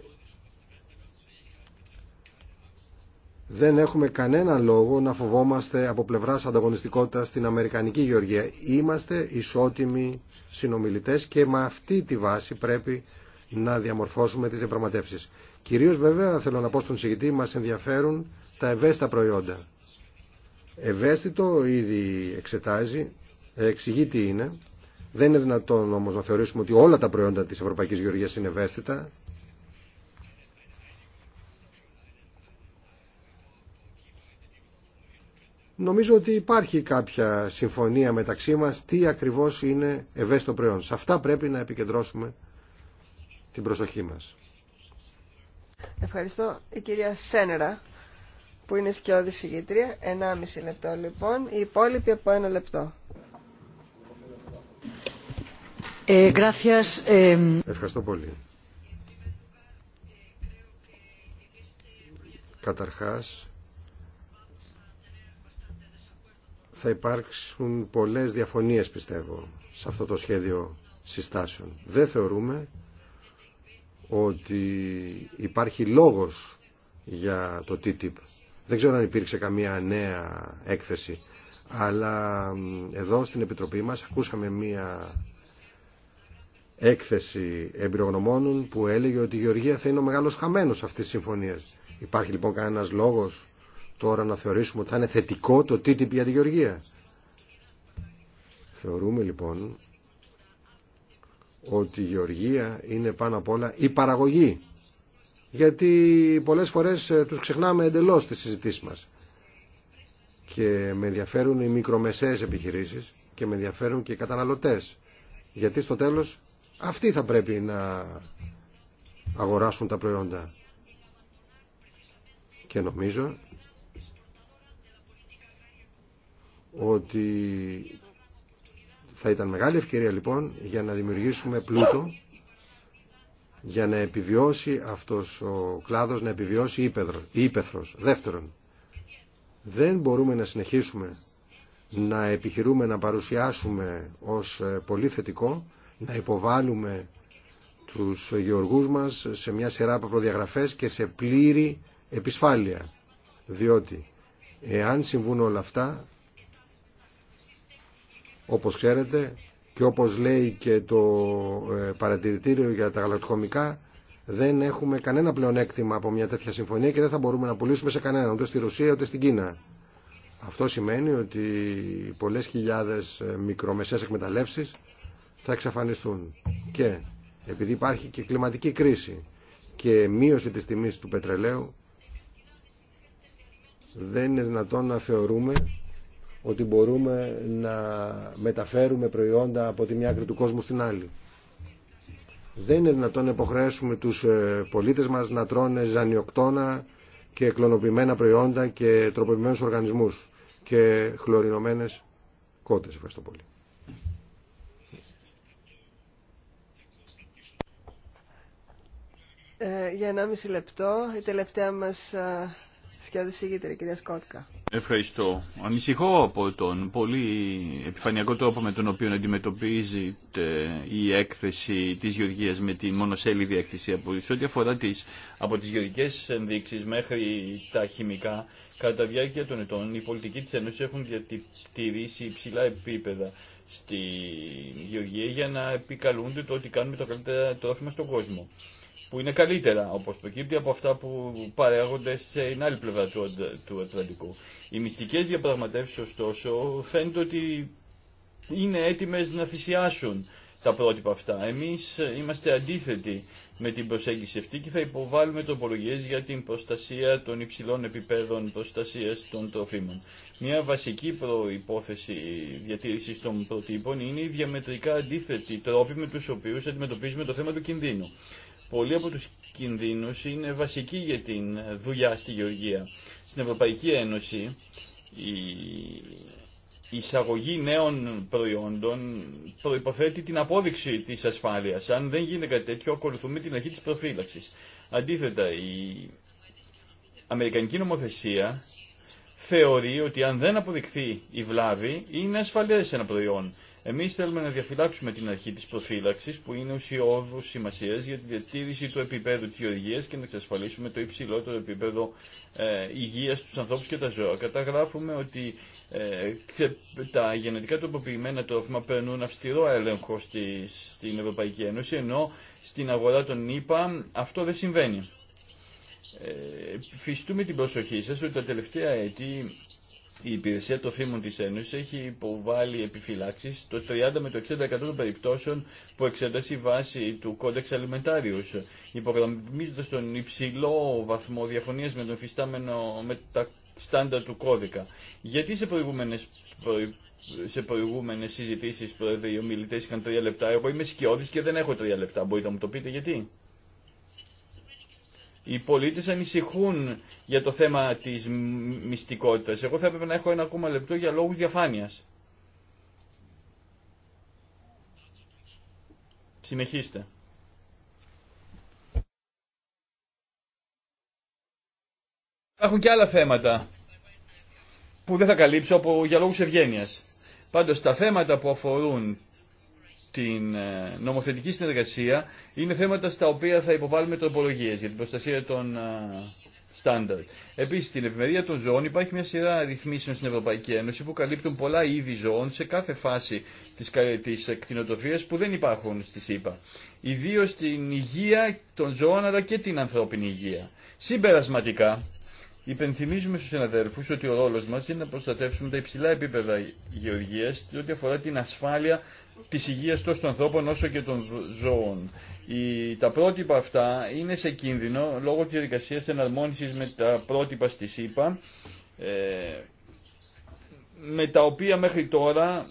δεν έχουμε κανένα λόγο να φοβόμαστε από πλευρά ανταγωνιστικότητα στην Αμερικανική Γεωργία. Είμαστε ισότιμοι συνομιλητές και με αυτή τη βάση πρέπει να διαμορφώσουμε τι διαπραγματεύσει. Κυρίω βέβαια θέλω να πω στον συγκητή μα ενδιαφέρουν τα ευαίσθητα προϊόντα. Ευαίσθητο ήδη εξετάζει, εξηγεί τι είναι. Δεν είναι δυνατόν όμω να θεωρήσουμε ότι όλα τα προϊόντα τη Ευρωπαϊκή Γεωργίας είναι ευαίσθητα. Νομίζω ότι υπάρχει κάποια συμφωνία μεταξύ μας τι ακριβώς είναι ευαίσθητο προϊόν. Σε αυτά πρέπει να επικεντρώσουμε την προσοχή μας. Ευχαριστώ η κυρία Σένερα που είναι σκιώδη συγγήτρια. 1,5 λεπτό λοιπόν, η υπόλοιπη από ένα λεπτό. Ε, gracias, ε... Ευχαριστώ πολύ. Καταρχάς, θα υπάρξουν πολλές διαφωνίες πιστεύω σε αυτό το σχέδιο συστάσεων. Δεν θεωρούμε ότι υπάρχει λόγος για το TTIP. Δεν ξέρω αν υπήρξε καμία νέα έκθεση, αλλά εδώ στην Επιτροπή μας ακούσαμε μία έκθεση εμπειρογνωμόνων που έλεγε ότι η Γεωργία θα είναι ο μεγάλος χαμένος αυτής της συμφωνίας. Υπάρχει λοιπόν κανένας λόγος τώρα να θεωρήσουμε ότι θα είναι θετικό το TTIP για τη Γεωργία. Θεωρούμε λοιπόν ότι η Γεωργία είναι πάνω απ' όλα η παραγωγή. Γιατί πολλές φορές ε, τους ξεχνάμε εντελώς τις συζητήσεις μας. Και με ενδιαφέρουν οι μικρομεσαίες επιχειρήσεις και με ενδιαφέρουν και οι καταναλωτές. Γιατί στο τέλος αυτοί θα πρέπει να αγοράσουν τα προϊόντα. Και νομίζω ότι θα ήταν μεγάλη ευκαιρία λοιπόν για να δημιουργήσουμε πλούτο για να επιβιώσει αυτός ο κλάδος, να επιβιώσει ύπεθρος. Δεύτερον, δεν μπορούμε να συνεχίσουμε να επιχειρούμε να παρουσιάσουμε ως ε, πολύ θετικό, να υποβάλουμε τους γεωργούς μας σε μια σειρά από προδιαγραφές και σε πλήρη επισφάλεια. Διότι εάν συμβούν όλα αυτά όπως ξέρετε και όπως λέει και το ε, παρατηρητήριο για τα γαλακτοκομικά, δεν έχουμε κανένα πλεονέκτημα από μια τέτοια συμφωνία και δεν θα μπορούμε να πουλήσουμε σε κανέναν, ούτε στη Ρωσία ούτε στην Κίνα. Αυτό σημαίνει ότι πολλές χιλιάδες ε, μικρομεσαίες εκμεταλλεύσεις θα εξαφανιστούν. Και επειδή υπάρχει και κλιματική κρίση και μείωση της τιμής του πετρελαίου, δεν είναι δυνατόν να θεωρούμε ότι μπορούμε να μεταφέρουμε προϊόντα από τη μια άκρη του κόσμου στην άλλη. Δεν είναι δυνατόν να υποχρέσουμε τους ε, πολίτες μας να τρώνε ζανιοκτόνα και κλωνοποιημένα προϊόντα και τροποποιημένους οργανισμούς και χλωρινωμένες κότες. Ευχαριστώ πολύ. Ε, για λεπτό η τελευταία μας ε, Σκιώδη κυρία Σκότκα. Ευχαριστώ. Ανησυχώ από τον πολύ επιφανειακό τρόπο με τον οποίο αντιμετωπίζεται η έκθεση τη γεωργίας με τη μονοσέλιδη έκθεση από ό,τι αφορά τις, από τι γεωργικές ενδείξεις μέχρι τα χημικά. Κατά διάρκεια των ετών, οι πολιτικοί τη Ένωση έχουν διατηρήσει υψηλά επίπεδα στη γεωργία για να επικαλούνται το ότι κάνουμε το καλύτερο τρόφιμα στον κόσμο που είναι καλύτερα, όπως προκύπτει από αυτά που παρέχονται σε την άλλη πλευρά του, του Ατλαντικού. Οι μυστικές διαπραγματεύσεις, ωστόσο, φαίνεται ότι είναι έτοιμες να θυσιάσουν τα πρότυπα αυτά. Εμείς είμαστε αντίθετοι με την προσέγγιση αυτή και θα υποβάλουμε τροπολογίες για την προστασία των υψηλών επιπέδων προστασίας των τροφίμων. Μια βασική προϋπόθεση διατήρησης των προτύπων είναι οι διαμετρικά αντίθετοι τρόποι με τους οποίους αντιμετωπίζουμε το θέμα του κινδύνου πολλοί από τους κινδύνους είναι βασικοί για την δουλειά στη γεωργία. Στην Ευρωπαϊκή Ένωση η εισαγωγή νέων προϊόντων προϋποθέτει την απόδειξη της ασφάλειας. Αν δεν γίνεται κάτι τέτοιο, ακολουθούμε την αρχή της προφύλαξης. Αντίθετα, η Αμερικανική νομοθεσία θεωρεί ότι αν δεν αποδειχθεί η βλάβη, είναι ασφαλές ένα προϊόν. Εμείς θέλουμε να διαφυλάξουμε την αρχή της προφύλαξης, που είναι ουσιώδου σημασία για τη διατήρηση του επίπεδου της υγείας και να εξασφαλίσουμε το υψηλότερο επίπεδο ε, υγείας στους ανθρώπους και τα ζώα. Καταγράφουμε ότι ε, τα γενετικά τροποποιημένα τρόφιμα περνούν αυστηρό έλεγχο στη, στην Ευρωπαϊκή Ένωση, ενώ στην αγορά των ΗΠΑ αυτό δεν συμβαίνει. Ε, φυστούμε την προσοχή σας ότι τα τελευταία έτη η υπηρεσία των τροφίμων της Ένωσης έχει υποβάλει επιφυλάξεις το 30 με το 60% των περιπτώσεων που εξέτασε η βάση του κόντεξ αλιμεντάριους, υπογραμμίζοντας τον υψηλό βαθμό διαφωνίας με τον φυστάμενο με τα στάντα του κώδικα. Γιατί σε προηγούμενες, σε προηγούμενες συζητήσεις, πρόεδρε, οι ομιλητές είχαν τρία λεπτά, εγώ είμαι σκιώδης και δεν έχω τρία λεπτά. Μπορείτε να μου το πείτε γιατί οι πολίτες ανησυχούν για το θέμα της μυστικότητας. Εγώ θα έπρεπε να έχω ένα ακόμα λεπτό για λόγους διαφάνειας. Συνεχίστε. Υπάρχουν και άλλα θέματα που δεν θα καλύψω από, για λόγους ευγένειας. Πάντως τα θέματα που αφορούν την ε, νομοθετική συνεργασία είναι θέματα στα οποία θα υποβάλουμε τροπολογίες για την προστασία των ε, στάνταρτ. Επίσης, στην ευημερία των ζώων υπάρχει μια σειρά ρυθμίσεων στην Ευρωπαϊκή Ένωση που καλύπτουν πολλά είδη ζώων σε κάθε φάση της κτηνοτροφίας που δεν υπάρχουν στη ΣΥΠΑ. Ιδίως την υγεία των ζώων αλλά και την ανθρώπινη υγεία. Συμπερασματικά, Υπενθυμίζουμε στους συναδέλφου ότι ο ρόλος μας είναι να προστατεύσουμε τα υψηλά επίπεδα γεωργία ό,τι αφορά την ασφάλεια τη υγεία τόσο των ανθρώπων όσο και των ζώων. Η, τα πρότυπα αυτά είναι σε κίνδυνο λόγω της διαδικασία εναρμόνιση με τα πρότυπα στη ΣΥΠΑ ε, με τα οποία μέχρι τώρα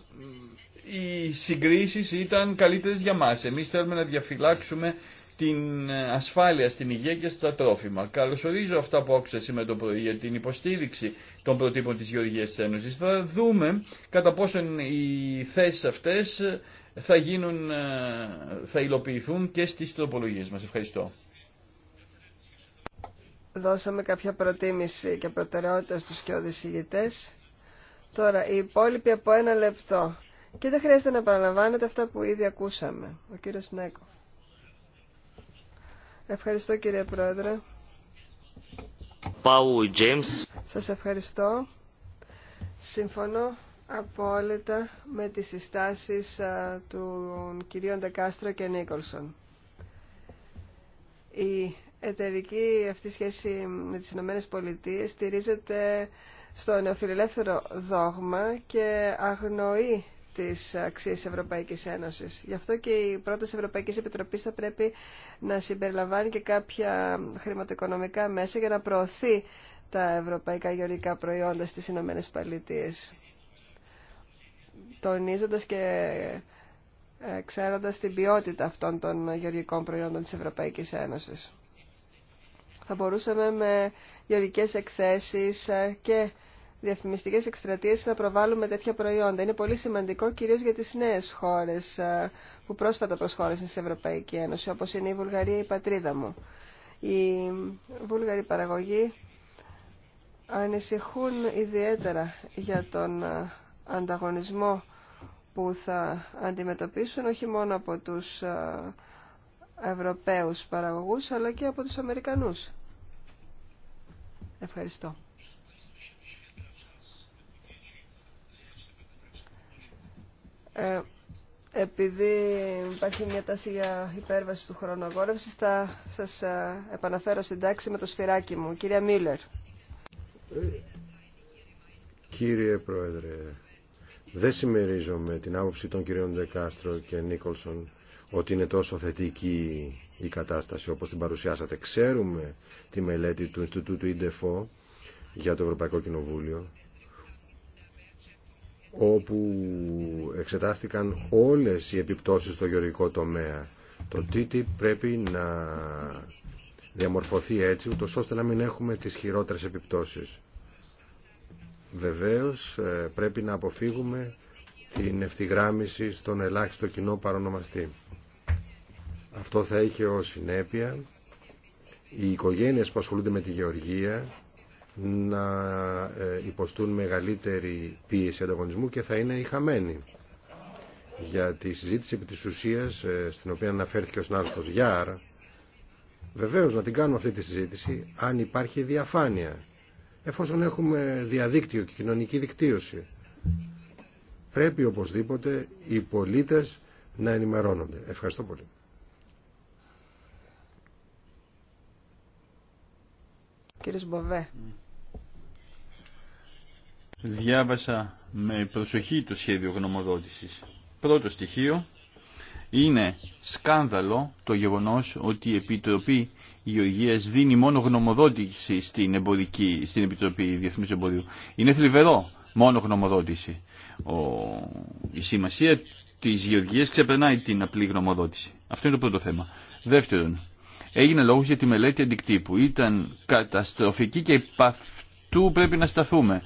οι συγκρίσει ήταν καλύτερες για μας. Εμείς θέλουμε να διαφυλάξουμε την ε, ασφάλεια, στην υγεία και στα τρόφιμα. Καλωσορίζω αυτά που άκουσα σήμερα το πρωί για την υποστήριξη των προτύπων της Γεωργίας της Ένωσης. Θα δούμε κατά πόσον οι θέσεις αυτές θα, γίνουν, ε, θα υλοποιηθούν και στις τροπολογίες μας. Ευχαριστώ. Δώσαμε κάποια προτίμηση και προτεραιότητα στους και ηγητές. Τώρα, οι υπόλοιποι από ένα λεπτό. Και δεν χρειάζεται να παραλαμβάνετε αυτά που ήδη ακούσαμε. Ο κύριος Νέκο. Ευχαριστώ κύριε Πρόεδρε. Πάου Σας ευχαριστώ. Συμφωνώ απόλυτα με τις συστάσεις του κυρίων Ντεκάστρο και Νίκολσον. Η εταιρική αυτή σχέση με τις Ηνωμένες Πολιτείες στηρίζεται στο νεοφιλελεύθερο δόγμα και αγνοεί τις αξίες Ευρωπαϊκής Ένωσης. Γι' αυτό και η πρόταση ευρωπαϊκή Επιτροπής θα πρέπει να συμπεριλαμβάνει και κάποια χρηματοοικονομικά μέσα για να προωθεί τα ευρωπαϊκά γεωργικά προϊόντα στις Ηνωμένες Πολιτείε, Τονίζοντας και ε, ξέροντας την ποιότητα αυτών των γεωργικών προϊόντων της Ευρωπαϊκής Ένωσης. Θα μπορούσαμε με γεωργικές εκθέσεις ε, και διαφημιστικές εκστρατείες να προβάλλουμε τέτοια προϊόντα. Είναι πολύ σημαντικό κυρίως για τις νέες χώρες ε, που πρόσφατα προσχώρησαν στην Ευρωπαϊκή Ένωση, όπως είναι η Βουλγαρία, η πατρίδα μου. Οι βούλγαροι παραγωγοί ανησυχούν ιδιαίτερα για τον ε, ανταγωνισμό που θα αντιμετωπίσουν όχι μόνο από τους ε, Ευρωπαίους παραγωγούς αλλά και από τους Αμερικανούς. Ευχαριστώ. Ε, επειδή υπάρχει μια τάση για υπέρβαση του χρόνου αγορεύση, θα σας ε, επαναφέρω στην τάξη με το σφυράκι μου. Κυρία Μίλλερ. Κύριε Πρόεδρε, δεν συμμερίζομαι την άποψη των κυρίων Ντεκάστρο και Νίκολσον ότι είναι τόσο θετική η κατάσταση όπως την παρουσιάσατε. Ξέρουμε τη μελέτη του Ινστιτούτου Ιντεφό για το Ευρωπαϊκό Κοινοβούλιο όπου εξετάστηκαν όλες οι επιπτώσεις στο γεωργικό τομέα. Το TTIP πρέπει να διαμορφωθεί έτσι, ούτως ώστε να μην έχουμε τις χειρότερες επιπτώσεις. Βεβαίως ε, πρέπει να αποφύγουμε την ευθυγράμμιση στον ελάχιστο κοινό παρονομαστή. Αυτό θα είχε ως συνέπεια οι οικογένειες που ασχολούνται με τη γεωργία να ε, υποστούν μεγαλύτερη πίεση ανταγωνισμού και θα είναι οι χαμένοι. Για τη συζήτηση επί της ουσίας, ε, στην οποία αναφέρθηκε ο συνάδελφος Γιάρ, βεβαίως να την κάνουμε αυτή τη συζήτηση αν υπάρχει διαφάνεια. Εφόσον έχουμε διαδίκτυο και κοινωνική δικτύωση, πρέπει οπωσδήποτε οι πολίτες να ενημερώνονται. Ευχαριστώ πολύ. Κύριε Σμποβέ mm διάβασα με προσοχή το σχέδιο γνωμοδότησης. Πρώτο στοιχείο είναι σκάνδαλο το γεγονός ότι η Επιτροπή Γεωργίας δίνει μόνο γνωμοδότηση στην, εμπορική, στην Επιτροπή Διεθνούς Εμπορίου. Είναι θλιβερό μόνο γνωμοδότηση. Ο, η σημασία της γεωργίας ξεπερνάει την απλή γνωμοδότηση. Αυτό είναι το πρώτο θέμα. Δεύτερον, έγινε λόγος για τη μελέτη αντικτύπου. Ήταν καταστροφική και επ' αυτού πρέπει να σταθούμε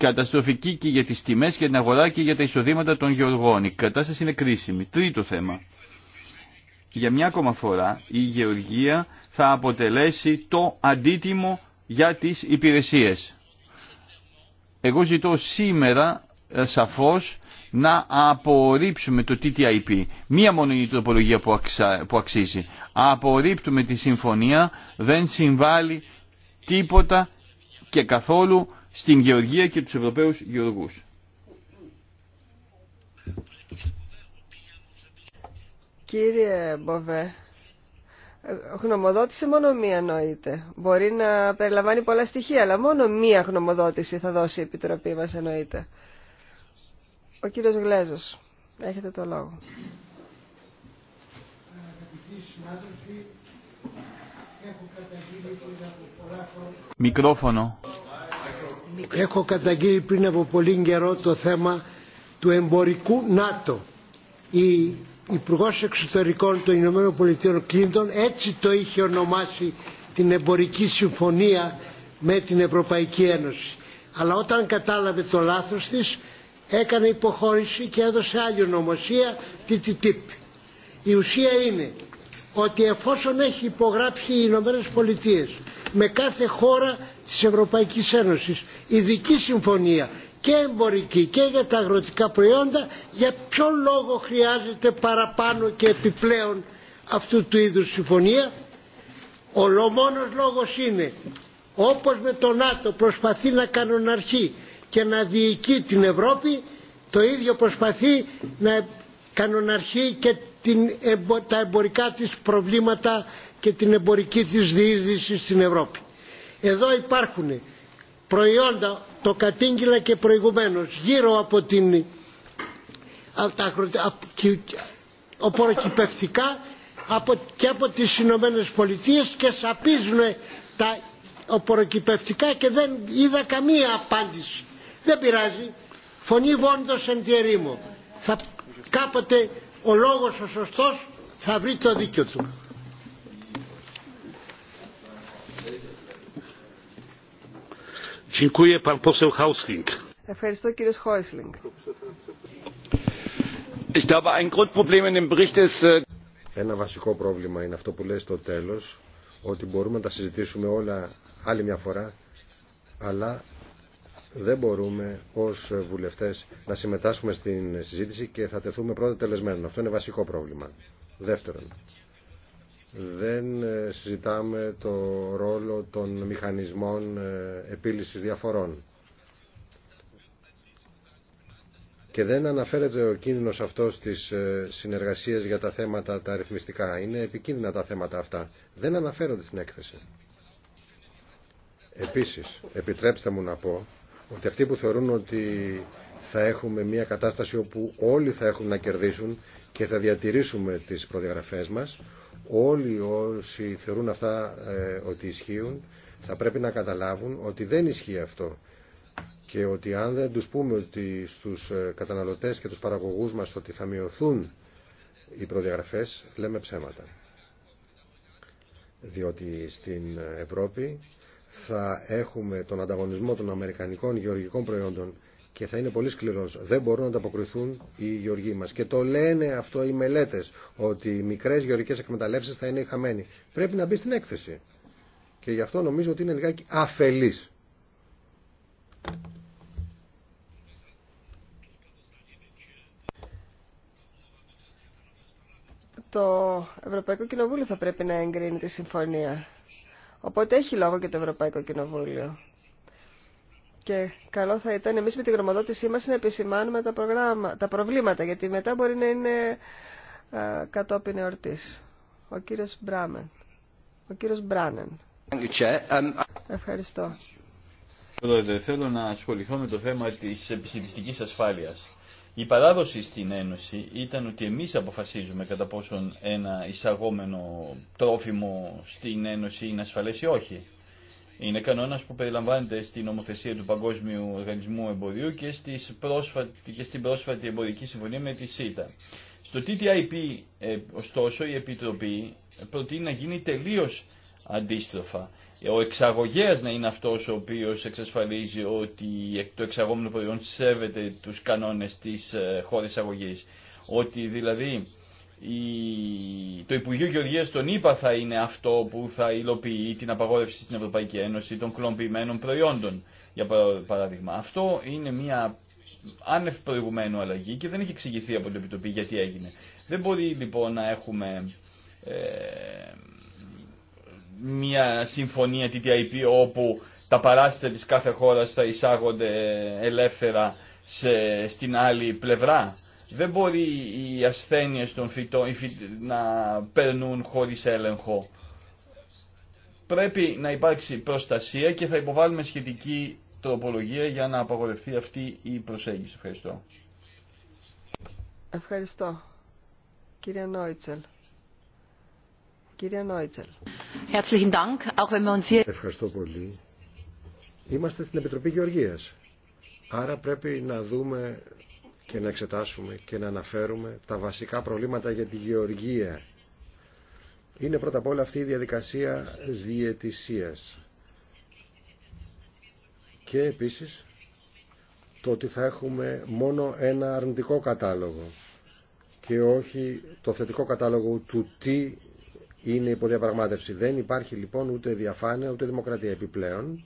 καταστροφική και για τις τιμές και την αγορά και για τα εισοδήματα των γεωργών. Η κατάσταση είναι κρίσιμη. Τρίτο θέμα. Για μια ακόμα φορά η γεωργία θα αποτελέσει το αντίτιμο για τις υπηρεσίες. Εγώ ζητώ σήμερα ε, σαφώς να απορρίψουμε το TTIP. Μία μόνο είναι η τροπολογία που, που αξίζει. Απορρίπτουμε τη συμφωνία, δεν συμβάλλει τίποτα και καθόλου στην γεωργία και τους Ευρωπαίους γεωργούς. Κύριε Μποβέ, γνωμοδότηση μόνο μία εννοείται. Μπορεί να περιλαμβάνει πολλά στοιχεία, αλλά μόνο μία γνωμοδότηση θα δώσει η Επιτροπή μας εννοείται. Ο κύριος Γλέζος, έχετε το λόγο. Μικρόφωνο έχω καταγγείλει πριν από πολύ καιρό το θέμα του εμπορικού ΝΑΤΟ. Η Υπουργό Εξωτερικών των Ηνωμένων Πολιτειών Κλίντον έτσι το είχε ονομάσει την εμπορική συμφωνία με την Ευρωπαϊκή Ένωση. Αλλά όταν κατάλαβε το λάθος της έκανε υποχώρηση και έδωσε άλλη ονομασία τη TTIP. Η ουσία είναι ότι εφόσον έχει υπογράψει οι Ηνωμένες με κάθε χώρα της Ευρωπαϊκής Ένωσης ειδική συμφωνία και εμπορική και για τα αγροτικά προϊόντα για ποιο λόγο χρειάζεται παραπάνω και επιπλέον αυτού του είδους συμφωνία ο μόνος λόγος είναι όπως με το ΝΑΤΟ προσπαθεί να κανοναρχεί και να διοικεί την Ευρώπη το ίδιο προσπαθεί να κανοναρχεί και την, τα εμπορικά της προβλήματα και την εμπορική της διείσδυση στην Ευρώπη. Εδώ υπάρχουν προϊόντα, το κατήγγυλα και προηγουμένως, γύρω από την από τα οποροκυπευτικά από, και από τις Ηνωμένε Πολιτείε και σαπίζουν τα οποροκυπευτικά και δεν είδα καμία απάντηση. Δεν πειράζει. Φωνή βόντος εν τη Θα, κάποτε ο λόγος ο σωστός θα βρει το δίκιο του. Ευχαριστώ äh, Ένα βασικό πρόβλημα είναι αυτό που λέει στο τέλος, ότι μπορούμε να τα συζητήσουμε όλα άλλη μια φορά, αλλά δεν μπορούμε ως βουλευτές να συμμετάσχουμε στην συζήτηση και θα τεθούμε πρώτα τελεσμένων. Αυτό είναι βασικό πρόβλημα. Δεύτερον, δεν ε, συζητάμε το ρόλο των μηχανισμών ε, επίλυσης διαφορών. Και δεν αναφέρεται ο κίνδυνος αυτός της ε, συνεργασίας για τα θέματα τα αριθμιστικά. Είναι επικίνδυνα τα θέματα αυτά. Δεν αναφέρονται στην έκθεση. Επίσης, επιτρέψτε μου να πω ότι αυτοί που θεωρούν ότι θα έχουμε μια κατάσταση όπου όλοι θα έχουν να κερδίσουν και θα διατηρήσουμε τις προδιαγραφές μας, Όλοι όσοι θεωρούν αυτά ε, ότι ισχύουν θα πρέπει να καταλάβουν ότι δεν ισχύει αυτό και ότι αν δεν τους πούμε ότι στους ε, καταναλωτές και τους παραγωγούς μας ότι θα μειωθούν οι προδιαγραφές, λέμε ψέματα. Διότι στην Ευρώπη θα έχουμε τον ανταγωνισμό των αμερικανικών γεωργικών προϊόντων και θα είναι πολύ σκληρός. Δεν μπορούν να ανταποκριθούν οι γεωργοί μα. Και το λένε αυτό οι μελέτε ότι οι μικρές γεωργικέ εκμεταλλεύσεις θα είναι χαμένοι. Πρέπει να μπει στην έκθεση. Και γι' αυτό νομίζω ότι είναι λιγάκι αφελή. Το Ευρωπαϊκό Κοινοβούλιο θα πρέπει να εγκρίνει τη συμφωνία. Οπότε έχει λόγο και το Ευρωπαϊκό Κοινοβούλιο. Και καλό θα ήταν εμείς με την γνωμοδότησή μας να επισημάνουμε τα, προβλήματα, γιατί μετά μπορεί να είναι α, κατόπιν εορτής. Ο κύριος Μπράμεν. Ο κύριος Μπράνεν. Um, Ευχαριστώ. Πρόεδρε, θέλω να ασχοληθώ με το θέμα της επιστημιστικής ασφάλειας. Η παράδοση στην Ένωση ήταν ότι εμείς αποφασίζουμε κατά πόσον ένα εισαγόμενο τρόφιμο στην Ένωση είναι ασφαλές ή όχι. Είναι κανόνα που περιλαμβάνεται στην νομοθεσία του Παγκόσμιου Οργανισμού Εμπορίου και, στις πρόσφατη, και στην πρόσφατη εμπορική συμφωνία με τη ΣΥΤΑ. Στο TTIP, ε, ωστόσο, η Επιτροπή προτείνει να γίνει τελείω αντίστροφα. Ο εξαγωγέα να είναι αυτός ο οποίος εξασφαλίζει ότι το εξαγόμενο προϊόν σέβεται τους κανόνες της ε, χώρα αγωγής. Ότι δηλαδή το Υπουργείο Γεωργίας τον είπα θα είναι αυτό που θα υλοποιεί την απαγόρευση στην Ευρωπαϊκή Ένωση των κλωμπημένων προϊόντων, για παράδειγμα. Αυτό είναι μια άνευ προηγουμένου αλλαγή και δεν έχει εξηγηθεί από την Επιτροπή γιατί έγινε. Δεν μπορεί λοιπόν να έχουμε ε, μια συμφωνία TTIP όπου τα παράστα της κάθε χώρας θα εισάγονται ελεύθερα σε, στην άλλη πλευρά δεν μπορεί οι ασθένειες των φυτών να περνούν χωρίς έλεγχο. Πρέπει να υπάρξει προστασία και θα υποβάλουμε σχετική τροπολογία για να απαγορευτεί αυτή η προσέγγιση. Ευχαριστώ. Ευχαριστώ. Κύριε Νόιτσελ. Κύριε Νόιτσελ. Ευχαριστώ πολύ. Είμαστε στην Επιτροπή Γεωργίας. Άρα πρέπει να δούμε και να εξετάσουμε και να αναφέρουμε τα βασικά προβλήματα για τη γεωργία. Είναι πρώτα απ' όλα αυτή η διαδικασία διαιτησίας. Και επίσης το ότι θα έχουμε μόνο ένα αρνητικό κατάλογο και όχι το θετικό κατάλογο του τι είναι υποδιαπραγμάτευση. Δεν υπάρχει λοιπόν ούτε διαφάνεια ούτε δημοκρατία επιπλέον.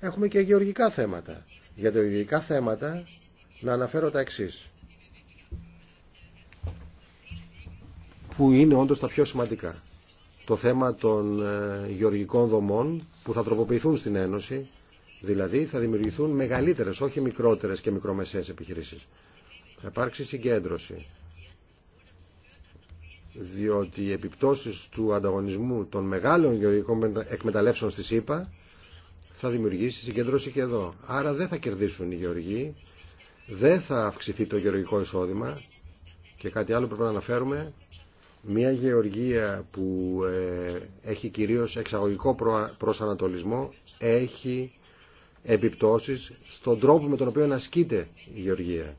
Έχουμε και γεωργικά θέματα. Για τα γεωργικά θέματα να αναφέρω τα εξή. που είναι όντω τα πιο σημαντικά το θέμα των ε, γεωργικών δομών που θα τροποποιηθούν στην Ένωση δηλαδή θα δημιουργηθούν μεγαλύτερες όχι μικρότερες και μικρομεσαίες επιχειρήσεις θα υπάρξει συγκέντρωση διότι οι επιπτώσεις του ανταγωνισμού των μεγάλων γεωργικών εκμεταλλεύσεων στη ΣΥΠΑ θα δημιουργήσει συγκέντρωση και εδώ. Άρα δεν θα κερδίσουν οι γεωργοί, δεν θα αυξηθεί το γεωργικό εισόδημα και κάτι άλλο πρέπει να αναφέρουμε μια γεωργία που ε, έχει κυρίως εξαγωγικό προσανατολισμό έχει επιπτώσεις στον τρόπο με τον οποίο ασκείται η γεωργία.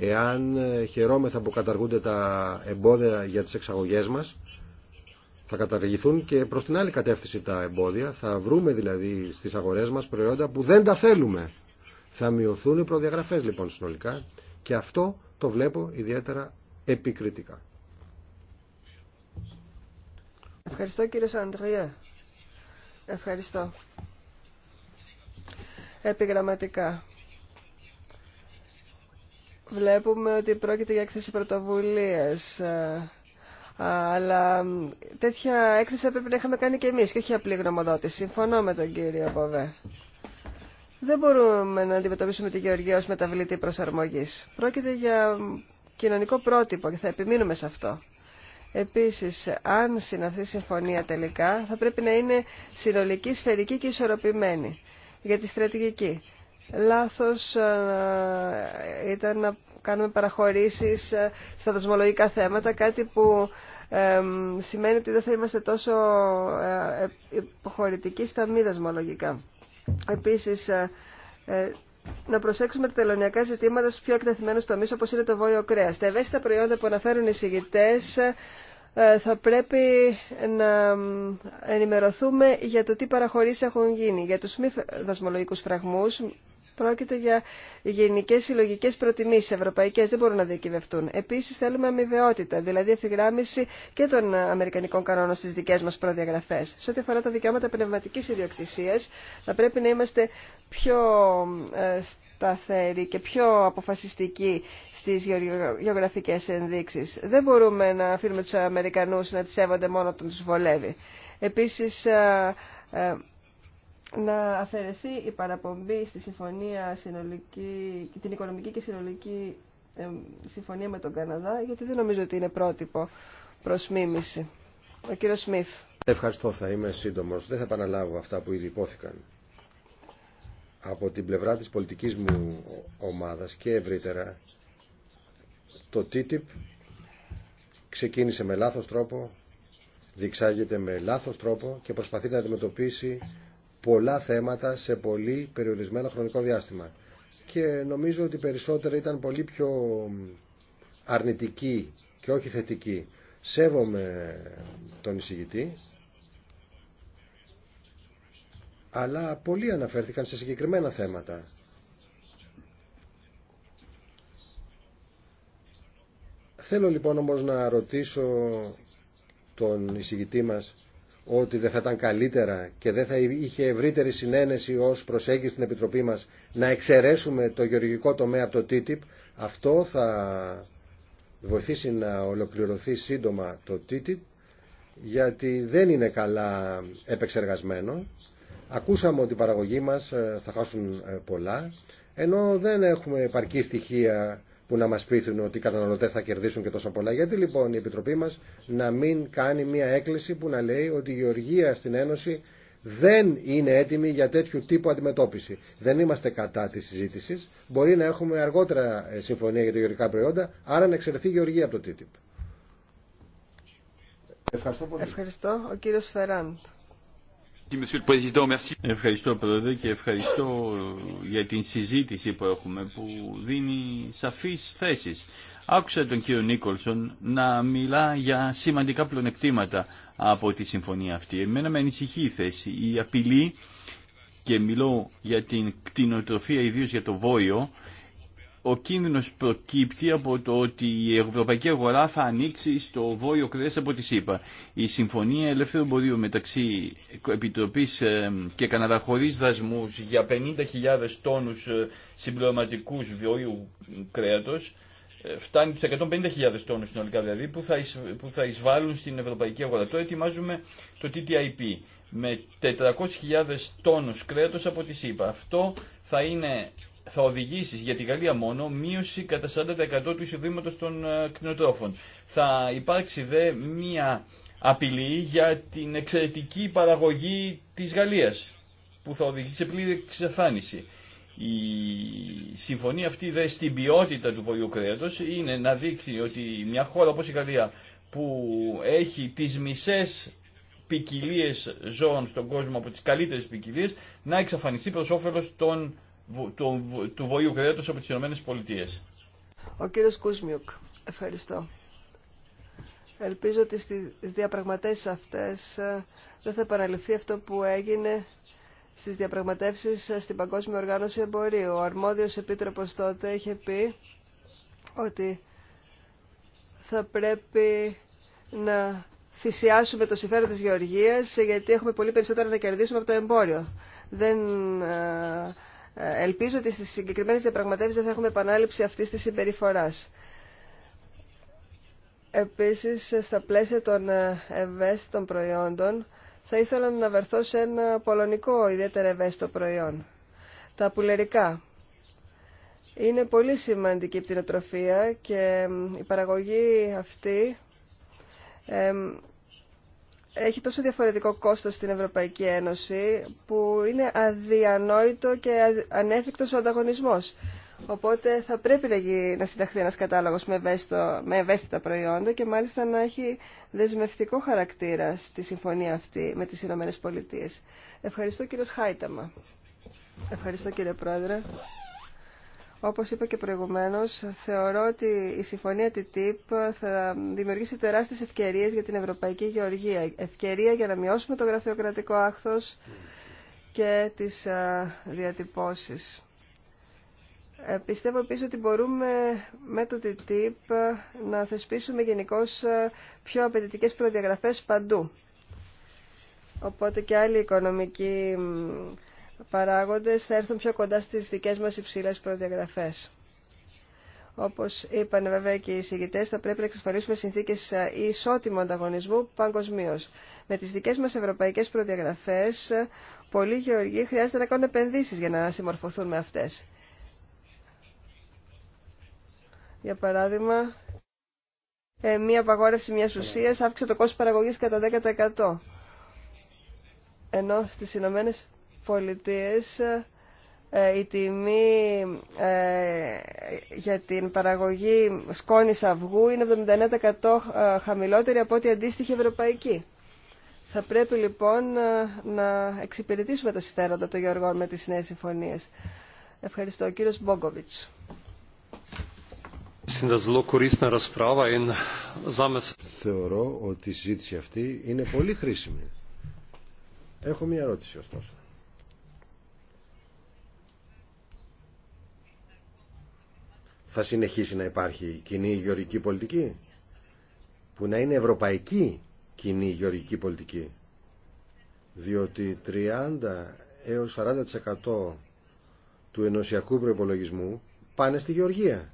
Εάν ε, χαιρόμεθα που καταργούνται τα εμπόδια για τις εξαγωγές μας, θα καταργηθούν και προς την άλλη κατεύθυνση τα εμπόδια. Θα βρούμε δηλαδή στις αγορές μας προϊόντα που δεν τα θέλουμε. Θα μειωθούν οι προδιαγραφές λοιπόν συνολικά και αυτό το βλέπω ιδιαίτερα επικριτικά. Ευχαριστώ κύριε Σαντριέ. Ευχαριστώ. Επιγραμματικά. Βλέπουμε ότι πρόκειται για έκθεση πρωτοβουλίας. Ε, αλλά τέτοια έκθεση έπρεπε να είχαμε κάνει και εμείς και όχι απλή γνωμοδότηση. Συμφωνώ με τον κύριο Ποβέ δεν μπορούμε να αντιμετωπίσουμε τη γεωργία ως μεταβλητή προσαρμογής. Πρόκειται για κοινωνικό πρότυπο και θα επιμείνουμε σε αυτό. Επίσης, αν συναθεί συμφωνία τελικά, θα πρέπει να είναι συνολική, σφαιρική και ισορροπημένη για τη στρατηγική. Λάθος ε, ήταν να κάνουμε παραχωρήσεις ε, στα δοσμολογικά θέματα, κάτι που σημαίνει ότι δεν θα είμαστε τόσο ε, υποχωρητικοί στα μη δασμολογικά. Επίσης, ε, ε, να προσέξουμε τα τελωνιακά ζητήματα στους πιο εκτεθειμένους τομείς, όπως είναι το βόλιο κρέας. Τα ευαίσθητα προϊόντα που αναφέρουν οι συγητές ε, θα πρέπει να ενημερωθούμε για το τι παραχωρήσεις έχουν γίνει, για τους μη δασμολογικούς φραγμούς, Πρόκειται για γενικέ συλλογικέ προτιμήσει ευρωπαϊκέ, δεν μπορούν να διακυβευτούν. Επίση, θέλουμε αμοιβαιότητα, δηλαδή ευθυγράμμιση και των Αμερικανικών κανόνων στι δικέ μα προδιαγραφέ. Σε ό,τι αφορά τα δικαιώματα πνευματική ιδιοκτησία, θα πρέπει να είμαστε πιο ε, σταθεροί και πιο αποφασιστικοί στι γεωγραφικέ ενδείξει. Δεν μπορούμε να αφήνουμε του Αμερικανού να τι σέβονται μόνο όταν του βολεύει. Επίση, ε, ε, να αφαιρεθεί η παραπομπή στη συμφωνία συνολική, την οικονομική και συνολική συμφωνία με τον Καναδά, γιατί δεν νομίζω ότι είναι πρότυπο προς μίμηση. Ο κύριος Σμιθ. Ευχαριστώ, θα είμαι σύντομος. Δεν θα επαναλάβω αυτά που ήδη υπόθηκαν. Από την πλευρά της πολιτικής μου ομάδας και ευρύτερα, το TTIP ξεκίνησε με λάθος τρόπο, διεξάγεται με λάθος τρόπο και προσπαθεί να αντιμετωπίσει πολλά θέματα σε πολύ περιορισμένο χρονικό διάστημα. Και νομίζω ότι περισσότερο ήταν πολύ πιο αρνητική και όχι θετική. Σέβομαι τον εισηγητή, αλλά πολλοί αναφέρθηκαν σε συγκεκριμένα θέματα. Θέλω λοιπόν όμως να ρωτήσω τον εισηγητή μας ότι δεν θα ήταν καλύτερα και δεν θα είχε ευρύτερη συνένεση ως προσέγγιση στην Επιτροπή μας να εξαιρέσουμε το γεωργικό τομέα από το TTIP, αυτό θα βοηθήσει να ολοκληρωθεί σύντομα το TTIP, γιατί δεν είναι καλά επεξεργασμένο. Ακούσαμε ότι οι παραγωγοί μας ε, θα χάσουν ε, πολλά, ενώ δεν έχουμε επαρκή στοιχεία που να μας πείθουν ότι οι καταναλωτέ θα κερδίσουν και τόσο πολλά. Γιατί λοιπόν η Επιτροπή μας να μην κάνει μια έκκληση που να λέει ότι η γεωργία στην Ένωση δεν είναι έτοιμη για τέτοιου τύπου αντιμετώπιση. Δεν είμαστε κατά τη συζήτηση. Μπορεί να έχουμε αργότερα ε, συμφωνία για τα γεωργικά προϊόντα, άρα να εξαιρεθεί η γεωργία από το TTIP. Ευχαριστώ πολύ. Ευχαριστώ. Ο κύριος Φεράντ. Ευχαριστώ Πρόεδρε και ευχαριστώ ε, για την συζήτηση που έχουμε που δίνει σαφείς θέσεις. Άκουσα τον κύριο Νίκολσον να μιλά για σημαντικά πλονεκτήματα από τη συμφωνία αυτή. Εμένα με ανησυχεί η θέση. Η απειλή και μιλώ για την κτηνοτροφία ιδίως για το βόλιο ο κίνδυνος προκύπτει από το ότι η ευρωπαϊκή αγορά θα ανοίξει στο βόρειο κρέας από τη ΣΥΠΑ. Η Συμφωνία Ελεύθερου Μπορείου μεταξύ Επιτροπής ε, και Καναδά χωρίς για 50.000 τόνους ε, συμπληρωματικούς βιοίου κρέατος ε, φτάνει τους 150.000 τόνους συνολικά δηλαδή που θα, θα εισβάλλουν στην ευρωπαϊκή αγορά. Τώρα ετοιμάζουμε το TTIP με 400.000 τόνους κρέατος από τη ΣΥΠΑ. Αυτό θα είναι θα οδηγήσει για τη Γαλλία μόνο μείωση κατά 40% του εισοδήματο των ε, κτηνοτρόφων. Θα υπάρξει δε μία απειλή για την εξαιρετική παραγωγή της Γαλλίας που θα οδηγήσει σε πλήρη εξαφάνιση. Η συμφωνία αυτή δε στην ποιότητα του βορειού κρέατος είναι να δείξει ότι μια χώρα όπως η Γαλλία που έχει τις μισές ποικιλίε ζώων στον κόσμο από τις καλύτερες ποικιλίε να εξαφανιστεί προς όφελος των του, του Βορείου από τις Ηνωμένες Πολιτείες. Ο κύριος Κούσμιουκ, ευχαριστώ. Ελπίζω ότι στις διαπραγματεύσεις αυτές ε, δεν θα παραλυφθεί αυτό που έγινε στις διαπραγματεύσεις ε, στην Παγκόσμια Οργάνωση Εμπορίου. Ο αρμόδιος επίτροπος τότε είχε πει ότι θα πρέπει να θυσιάσουμε το συμφέρον της Γεωργίας ε, γιατί έχουμε πολύ περισσότερα να κερδίσουμε από το εμπόριο. Δεν ελπίζω ότι στις συγκεκριμένες διαπραγματεύσεις δεν θα έχουμε επανάληψη αυτής της συμπεριφοράς. Επίσης, στα πλαίσια των ε, ευαίσθητων προϊόντων, θα ήθελα να αναβερθώ σε ένα πολωνικό ιδιαίτερα ευαίσθητο προϊόν. Τα πουλερικά. Είναι πολύ σημαντική η πτυνοτροφία και η παραγωγή αυτή ε, έχει τόσο διαφορετικό κόστος στην Ευρωπαϊκή Ένωση που είναι αδιανόητο και ανέφικτος ο ανταγωνισμός. Οπότε θα πρέπει να συνταχθεί ένας κατάλογος με, ευαίσθητο, με ευαίσθητα προϊόντα και μάλιστα να έχει δεσμευτικό χαρακτήρα στη συμφωνία αυτή με τις Ηνωμένες Πολιτείες. Ευχαριστώ κύριο Χάιταμα. Ευχαριστώ κύριε Πρόεδρε. Όπως είπα και προηγουμένως, θεωρώ ότι η συμφωνία TTIP θα δημιουργήσει τεράστιες ευκαιρίες για την Ευρωπαϊκή Γεωργία. Ευκαιρία για να μειώσουμε το γραφειοκρατικό άχθος και τις διατυπώσεις. Ε, πιστεύω επίσης ότι μπορούμε με το TTIP να θεσπίσουμε γενικώ πιο απαιτητικέ προδιαγραφές παντού. Οπότε και άλλη οικονομική παράγοντες θα έρθουν πιο κοντά στις δικές μας υψηλές προδιαγραφές. Όπως είπαν βέβαια και οι εισηγητές, θα πρέπει να εξασφαλίσουμε συνθήκες ε, ισότιμου ανταγωνισμού παγκοσμίω. Με τις δικές μας ευρωπαϊκές προδιαγραφές, ε, πολλοί γεωργοί χρειάζεται να κάνουν επενδύσεις για να συμμορφωθούν με αυτές. Για παράδειγμα, ε, μία απαγόρευση μιας ουσίας αύξησε το κόστος παραγωγής κατά 10%. Ενώ στις Ηνωμένες Πολιτείες ε, η τιμή ε, για την παραγωγή σκόνης αυγού είναι 79% ε, χαμηλότερη από ό,τι αντίστοιχη ευρωπαϊκή. Θα πρέπει λοιπόν να εξυπηρετήσουμε τα συμφέροντα των Γεωργών με τις νέες συμφωνίες. Ευχαριστώ. Ο κύριος Μπόγκοβιτς. Θεωρώ ότι η συζήτηση αυτή είναι πολύ χρήσιμη. Έχω μία ερώτηση ωστόσο. θα συνεχίσει να υπάρχει κοινή γεωργική πολιτική που να είναι ευρωπαϊκή κοινή γεωργική πολιτική διότι 30 έως 40% του ενωσιακού προπολογισμού πάνε στη γεωργία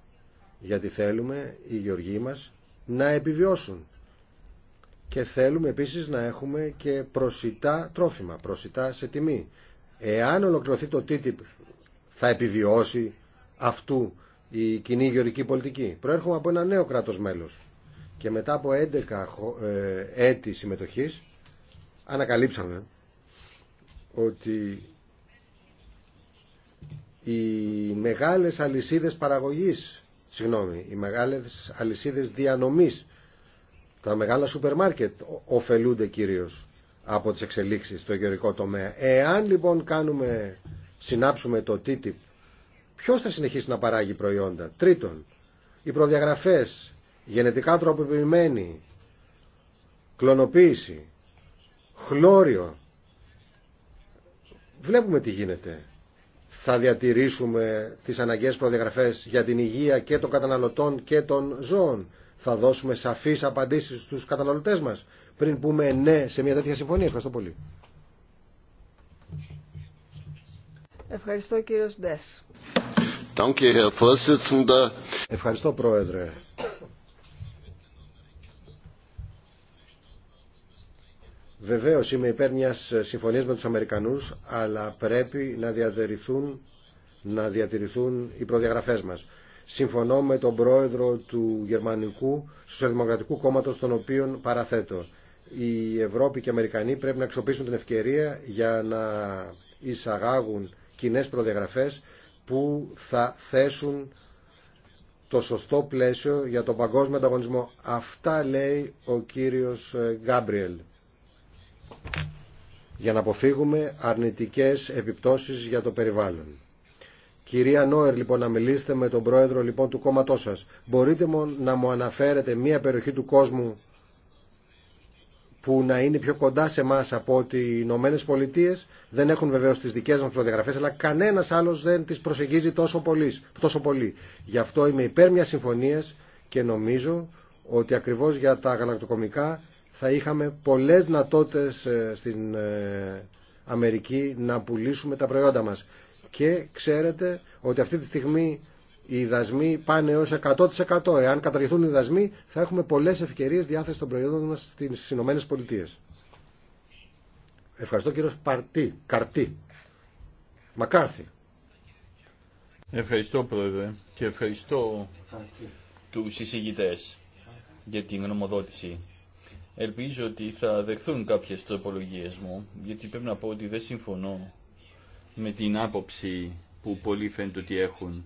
γιατί θέλουμε οι γεωργοί μας να επιβιώσουν και θέλουμε επίσης να έχουμε και προσιτά τρόφιμα, προσιτά σε τιμή. Εάν ολοκληρωθεί το TTIP θα επιβιώσει αυτού η κοινή γεωρική πολιτική. Προέρχομαι από ένα νέο κράτος μέλος και μετά από 11 ε, έτη συμμετοχής ανακαλύψαμε ότι οι μεγάλες αλυσίδες παραγωγής, συγγνώμη, οι μεγάλες αλυσίδες διανομής, τα μεγάλα σούπερ μάρκετ ωφελούνται κυρίως από τις εξελίξεις στο γεωρικό τομέα. Εάν λοιπόν κάνουμε, συνάψουμε το TTIP Ποιο θα συνεχίσει να παράγει προϊόντα. Τρίτον, οι προδιαγραφές, γενετικά τροποποιημένη, κλωνοποίηση, χλώριο. Βλέπουμε τι γίνεται. Θα διατηρήσουμε τις αναγκαίες προδιαγραφές για την υγεία και των καταναλωτών και των ζώων. Θα δώσουμε σαφείς απαντήσεις στους καταναλωτές μας πριν πούμε ναι σε μια τέτοια συμφωνία. Ευχαριστώ πολύ. Ευχαριστώ κύριος Ντες. Ευχαριστώ πρόεδρε. Βεβαίως είμαι υπέρ μιας συμφωνίας με τους Αμερικανούς, αλλά πρέπει να διατηρηθούν, να διατηρηθούν οι προδιαγραφές μας. Συμφωνώ με τον πρόεδρο του Γερμανικού Σοσιαλδημοκρατικού Κόμματος, τον οποίο παραθέτω. Η Ευρώπη και οι Αμερικανοί πρέπει να αξιοποιήσουν την ευκαιρία για να εισαγάγουν κοινέ προδιαγραφές που θα θέσουν το σωστό πλαίσιο για τον παγκόσμιο ανταγωνισμό. Αυτά λέει ο κύριος ε, Γκάμπριελ για να αποφύγουμε αρνητικές επιπτώσεις για το περιβάλλον. Κυρία Νόερ, λοιπόν, να μιλήσετε με τον πρόεδρο λοιπόν, του κόμματός σας. Μπορείτε μόνο να μου αναφέρετε μία περιοχή του κόσμου που να είναι πιο κοντά σε εμά από ότι οι Ηνωμένε Πολιτείε. Δεν έχουν βεβαίω τι δικέ μα προδιαγραφέ, αλλά κανένα άλλο δεν τι προσεγγίζει τόσο πολύ, τόσο πολύ. Γι' αυτό είμαι υπέρ μια συμφωνία και νομίζω ότι ακριβώ για τα γαλακτοκομικά θα είχαμε πολλέ δυνατότητε ε, στην ε, Αμερική να πουλήσουμε τα προϊόντα μα. Και ξέρετε ότι αυτή τη στιγμή οι δασμοί πάνε έως 100%. Εάν καταργηθούν οι δασμοί θα έχουμε πολλές ευκαιρίες διάθεση των προϊόντων μας στις Ηνωμένες Πολιτείες. Ευχαριστώ κύριο Παρτί, Καρτί, Μακάρθη. Ευχαριστώ πρόεδρε και ευχαριστώ τους εισηγητές για την γνωμοδότηση. Ελπίζω ότι θα δεχθούν κάποιες τροπολογίες μου, γιατί πρέπει να πω ότι δεν συμφωνώ με την άποψη που πολλοί φαίνεται ότι έχουν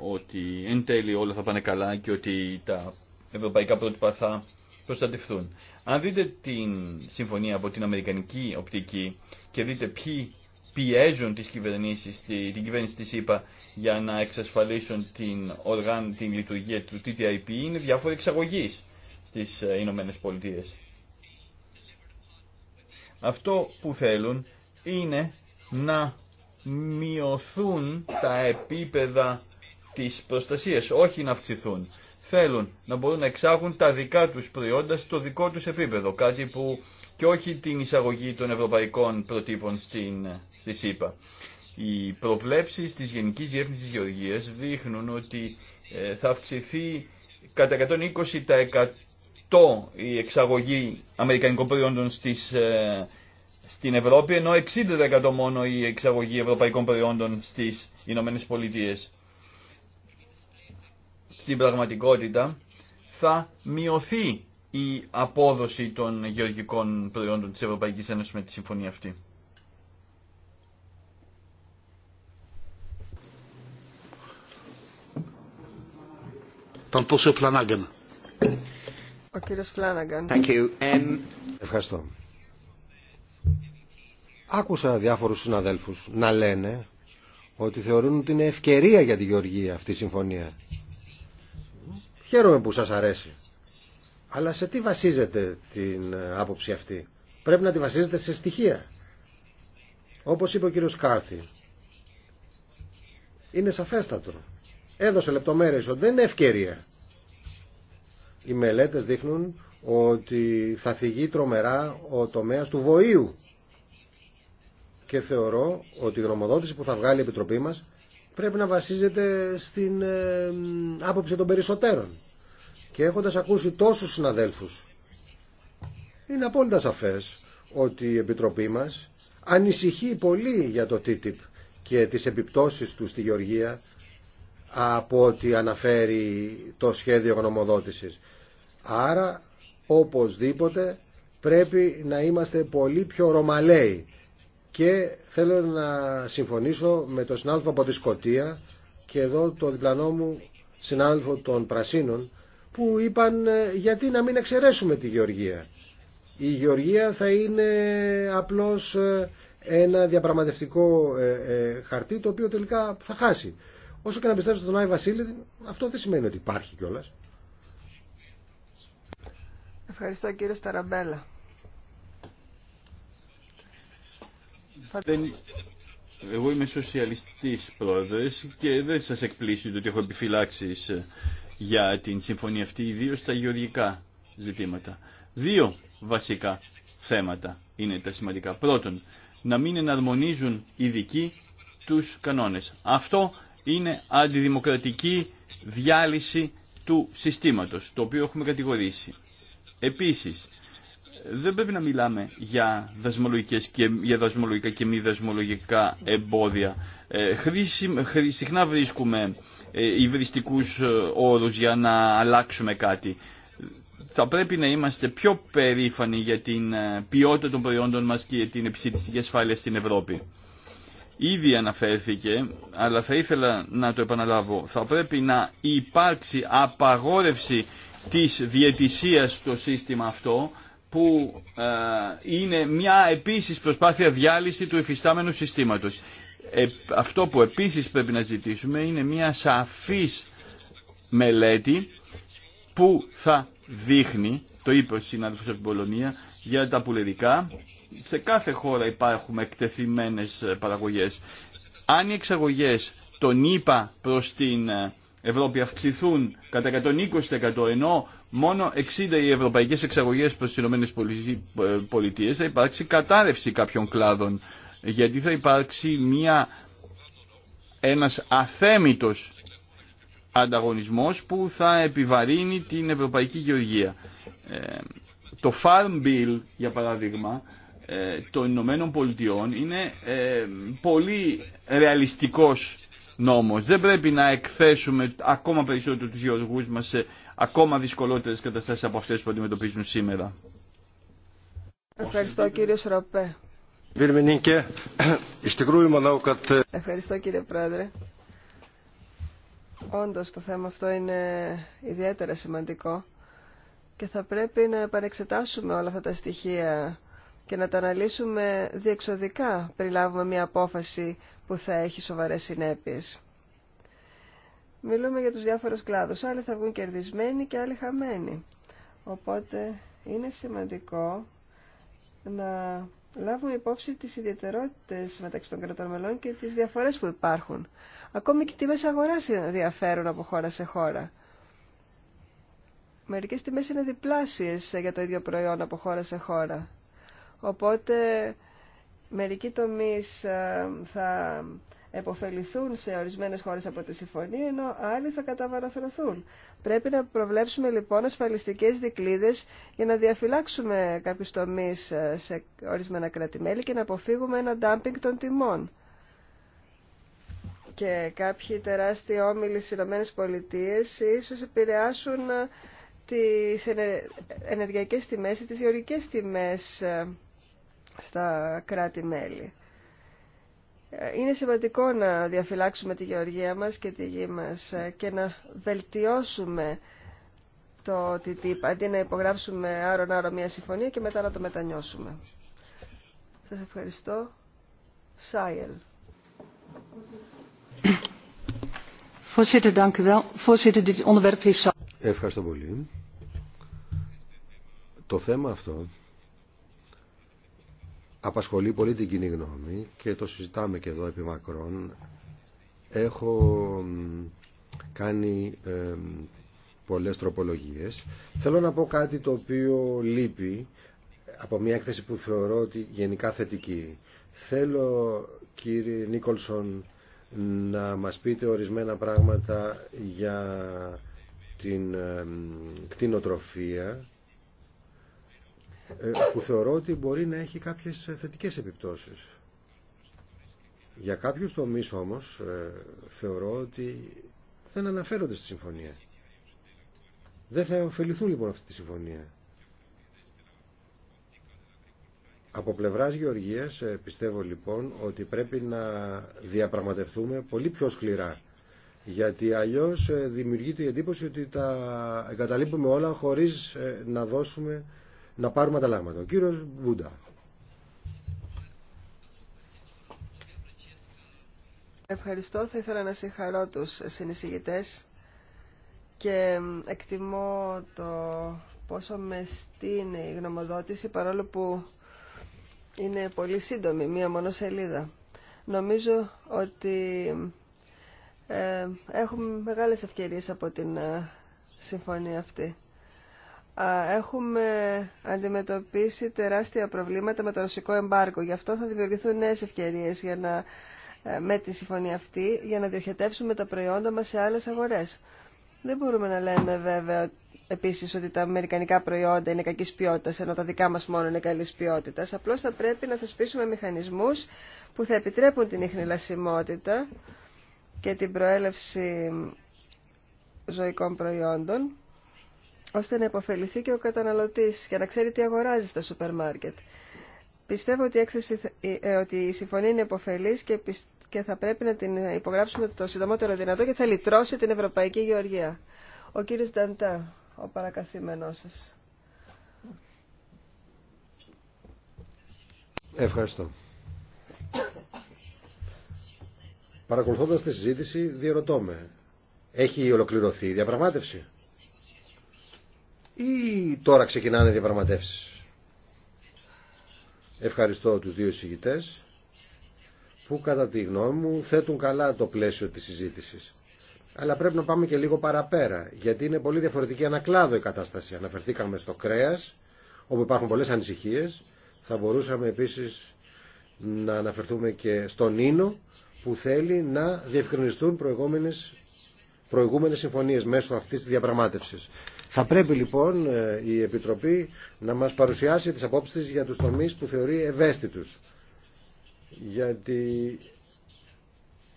ότι εν τέλει όλα θα πάνε καλά και ότι τα ευρωπαϊκά πρότυπα θα προστατευτούν. Αν δείτε την συμφωνία από την αμερικανική οπτική και δείτε ποιοι πιέζουν τις κυβερνήσεις, την κυβέρνηση της ΕΠΑ για να εξασφαλίσουν την, οργάν, την λειτουργία του TTIP είναι διάφοροι εξαγωγή στις ε, Ηνωμένε Πολιτείε. Αυτό που θέλουν είναι να μειωθούν τα επίπεδα Τις προστασίες όχι να αυξηθούν. Θέλουν να μπορούν να εξάγουν τα δικά τους προϊόντα στο δικό τους επίπεδο, κάτι που και όχι την εισαγωγή των ευρωπαϊκών προτύπων στην, στη ΣΥΠΑ. Οι προβλέψεις της Γενικής Διεύθυνσης Γεωργίας δείχνουν ότι ε, θα αυξηθεί κατά 120% η εξαγωγή αμερικανικών προϊόντων στις, ε, στην Ευρώπη, ενώ 60% μόνο η εξαγωγή ευρωπαϊκών προϊόντων στις Ηνωμένες Πολιτείες στην πραγματικότητα θα μειωθεί η απόδοση των γεωργικών προϊόντων της Ευρωπαϊκής Ένωσης με τη συμφωνία αυτή. Ο κύριος Φλάναγκαν. Ευχαριστώ. Άκουσα διάφορους συναδέλφους να λένε ότι θεωρούν ότι είναι ευκαιρία για τη Γεωργία αυτή η συμφωνία. Χαίρομαι που σας αρέσει. Αλλά σε τι βασίζεται την άποψη αυτή. Πρέπει να τη βασίζετε σε στοιχεία. Όπως είπε ο κύριος Κάρθη. Είναι σαφέστατο. Έδωσε λεπτομέρειες ότι δεν είναι ευκαιρία. Οι μελέτες δείχνουν ότι θα θυγεί τρομερά ο τομέας του βοήου. Και θεωρώ ότι η γνωμοδότηση που θα βγάλει η Επιτροπή μας πρέπει να βασίζεται στην ε, άποψη των περισσότερων. Και έχοντας ακούσει τόσους συναδέλφους, είναι απόλυτα σαφές ότι η Επιτροπή μας ανησυχεί πολύ για το TTIP και τις επιπτώσεις του στη Γεωργία από ό,τι αναφέρει το σχέδιο γνωμοδότησης. Άρα, οπωσδήποτε, πρέπει να είμαστε πολύ πιο ρωμαλαίοι και θέλω να συμφωνήσω με τον συνάδελφο από τη Σκωτία και εδώ το διπλανό μου συνάδελφο των Πρασίνων που είπαν ε, γιατί να μην εξαιρέσουμε τη Γεωργία. Η Γεωργία θα είναι απλώς ε, ένα διαπραγματευτικό ε, χαρτί το οποίο τελικά θα χάσει. Όσο και να πιστεύετε τον Άι Βασίλη, αυτό δεν σημαίνει ότι υπάρχει κιόλας. Ευχαριστώ κύριε Σταραμπέλα. Δεν... Εγώ είμαι σοσιαλιστής πρόεδρος και δεν σας εκπλήσει το ότι έχω επιφυλάξεις για την συμφωνία αυτή, ιδίω στα γεωργικά ζητήματα. Δύο βασικά θέματα είναι τα σημαντικά. Πρώτον, να μην εναρμονίζουν οι δικοί τους κανόνες. Αυτό είναι αντιδημοκρατική διάλυση του συστήματος, το οποίο έχουμε κατηγορήσει. Επίσης, δεν πρέπει να μιλάμε για, δασμολογικές και, για δασμολογικά και μη δασμολογικά εμπόδια. Ε, συχνά βρίσκουμε ε, υβριστικούς ε, όρους για να αλλάξουμε κάτι. Θα πρέπει να είμαστε πιο περήφανοι για την ε, ποιότητα των προϊόντων μας και την επιστημιστική ασφάλεια στην Ευρώπη. Ήδη αναφέρθηκε, αλλά θα ήθελα να το επαναλάβω. Θα πρέπει να υπάρξει απαγόρευση της διαιτησίας στο σύστημα αυτό που ε, είναι μια επίσης προσπάθεια διάλυση του εφιστάμενου συστήματος. Ε, αυτό που επίσης πρέπει να ζητήσουμε είναι μια σαφής μελέτη που θα δείχνει, το είπε ο συνάδελφος από την Πολωνία, για τα πουλερικά. Σε κάθε χώρα υπάρχουν εκτεθειμένες παραγωγές. Αν οι εξαγωγές των ΙΠΑ προς την Ευρώπη αυξηθούν κατά 120% ενώ μόνο 60 οι ευρωπαϊκές εξαγωγές προς τι ΗΠΑ θα υπάρξει κατάρρευση κάποιων κλάδων γιατί θα υπάρξει μια, ένας αθέμητος ανταγωνισμός που θα επιβαρύνει την ευρωπαϊκή γεωργία. Ε, το Farm Bill, για παράδειγμα, ε, των Ηνωμένων Πολιτειών είναι ε, πολύ ρεαλιστικός νόμος. Δεν πρέπει να εκθέσουμε ακόμα περισσότερο τους γεωργούς μας σε ακόμα δυσκολότερες καταστάσεις από αυτές που αντιμετωπίζουν σήμερα. Ευχαριστώ κύριε Σροπέ. Ε- Ευχαριστώ κύριε Πρόεδρε. Όντως το θέμα αυτό είναι ιδιαίτερα σημαντικό και θα πρέπει να επανεξετάσουμε όλα αυτά τα στοιχεία και να τα αναλύσουμε διεξοδικά πριν λάβουμε μια απόφαση που θα έχει σοβαρές συνέπειες. Μιλούμε για τους διάφορους κλάδους. Άλλοι θα βγουν κερδισμένοι και άλλοι χαμένοι. Οπότε είναι σημαντικό να λάβουμε υπόψη τις ιδιαιτερότητες μεταξύ των κρατών μελών και τις διαφορές που υπάρχουν. Ακόμη και οι τιμές αγοράς διαφέρουν από χώρα σε χώρα. Μερικές τιμές είναι διπλάσιες για το ίδιο προϊόν από χώρα σε χώρα. Οπότε μερικοί τομείς ε, θα εποφεληθούν σε ορισμένες χώρες από τη συμφωνία, ενώ άλλοι θα καταβαραθρωθούν. Πρέπει να προβλέψουμε λοιπόν ασφαλιστικές δικλείδες για να διαφυλάξουμε κάποιους τομείς ε, σε ορισμένα κρατημέλη και να αποφύγουμε ένα ντάμπινγκ των τιμών. Και κάποιοι τεράστιοι όμιλοι στις ΗΠΑ ίσως επηρεάσουν ε, τις ενεργειακές τιμές ή τις γεωργικές τιμές στα κράτη-μέλη. Είναι σημαντικό να διαφυλάξουμε τη γεωργία μας και τη γη μας και να βελτιώσουμε το TTIP, αντί να υπογράψουμε άρον-άρον μια συμφωνία και μετά να το μετανιώσουμε. Σας ευχαριστώ. Σάιελ. Ευχαριστώ πολύ. Το θέμα αυτό απασχολεί πολύ την κοινή γνώμη και το συζητάμε και εδώ επί μακρόν. Έχω κάνει ε, πολλές τροπολογίες. Θέλω να πω κάτι το οποίο λείπει από μια έκθεση που θεωρώ ότι γενικά θετική. Θέλω κύριε Νίκολσον να μας πείτε ορισμένα πράγματα για την ε, κτηνοτροφία ε, που θεωρώ ότι μπορεί να έχει κάποιες θετικές επιπτώσεις. Για κάποιους τομείς όμως ε, θεωρώ ότι δεν αναφέρονται στη συμφωνία. Δεν θα ωφεληθούν λοιπόν αυτή τη συμφωνία. Από πλευράς Γεωργίας ε, πιστεύω λοιπόν ότι πρέπει να διαπραγματευτούμε πολύ πιο σκληρά. Γιατί αλλιώς δημιουργείται η εντύπωση ότι τα εγκαταλείπουμε όλα χωρίς να δώσουμε να πάρουμε ανταλλάγματα. Ο κύριος Μπούντα. Ευχαριστώ. Θα ήθελα να συγχαρώ τους συνεισηγητές και εκτιμώ το πόσο μεστή είναι η γνωμοδότηση παρόλο που είναι πολύ σύντομη, μία μόνο σελίδα. Νομίζω ότι ε, έχουμε μεγάλες ευκαιρίες από την ε, συμφωνία αυτή έχουμε αντιμετωπίσει τεράστια προβλήματα με το ρωσικό εμπάρκο. Γι' αυτό θα δημιουργηθούν νέες ευκαιρίες ε, με τη συμφωνία αυτή για να διοχετεύσουμε τα προϊόντα μας σε άλλες αγορές. Δεν μπορούμε να λέμε βέβαια επίσης ότι τα αμερικανικά προϊόντα είναι κακής ποιότητας ενώ τα δικά μας μόνο είναι καλής ποιότητας. Απλώς θα πρέπει να θεσπίσουμε μηχανισμούς που θα επιτρέπουν την ιχνηλασιμότητα και την προέλευση ζωικών προϊόντων ώστε να υποφεληθεί και ο καταναλωτής για να ξέρει τι αγοράζει στα σούπερ μάρκετ. Πιστεύω ότι η, έκθεση, ε, ότι η συμφωνία είναι υποφελής και, και θα πρέπει να την υπογράψουμε το συντομότερο δυνατό και θα λυτρώσει την Ευρωπαϊκή Γεωργία. Ο κύριος Νταντά, ο παρακαθήμενός σας. Ευχαριστώ. Παρακολουθώντας τη συζήτηση, διερωτώ με. Έχει ολοκληρωθεί η διαπραγμάτευση ή τώρα ξεκινάνε διαπραγματεύσεις. Ευχαριστώ τους δύο συγητές που κατά τη γνώμη μου θέτουν καλά το πλαίσιο της συζήτησης. Αλλά πρέπει να πάμε και λίγο παραπέρα, γιατί είναι πολύ διαφορετική ανακλάδο η κατάσταση. Αναφερθήκαμε στο κρέας, όπου υπάρχουν πολλές ανησυχίες. Θα μπορούσαμε επίσης να αναφερθούμε και στον Ίνο, που θέλει να διευκρινιστούν προηγούμενες, προηγούμενες συμφωνίες μέσω αυτής της διαπραγμάτευσης. Θα πρέπει λοιπόν ε, η Επιτροπή να μας παρουσιάσει τις απόψεις για τους τομείς που θεωρεί ευαίσθητους. Γιατί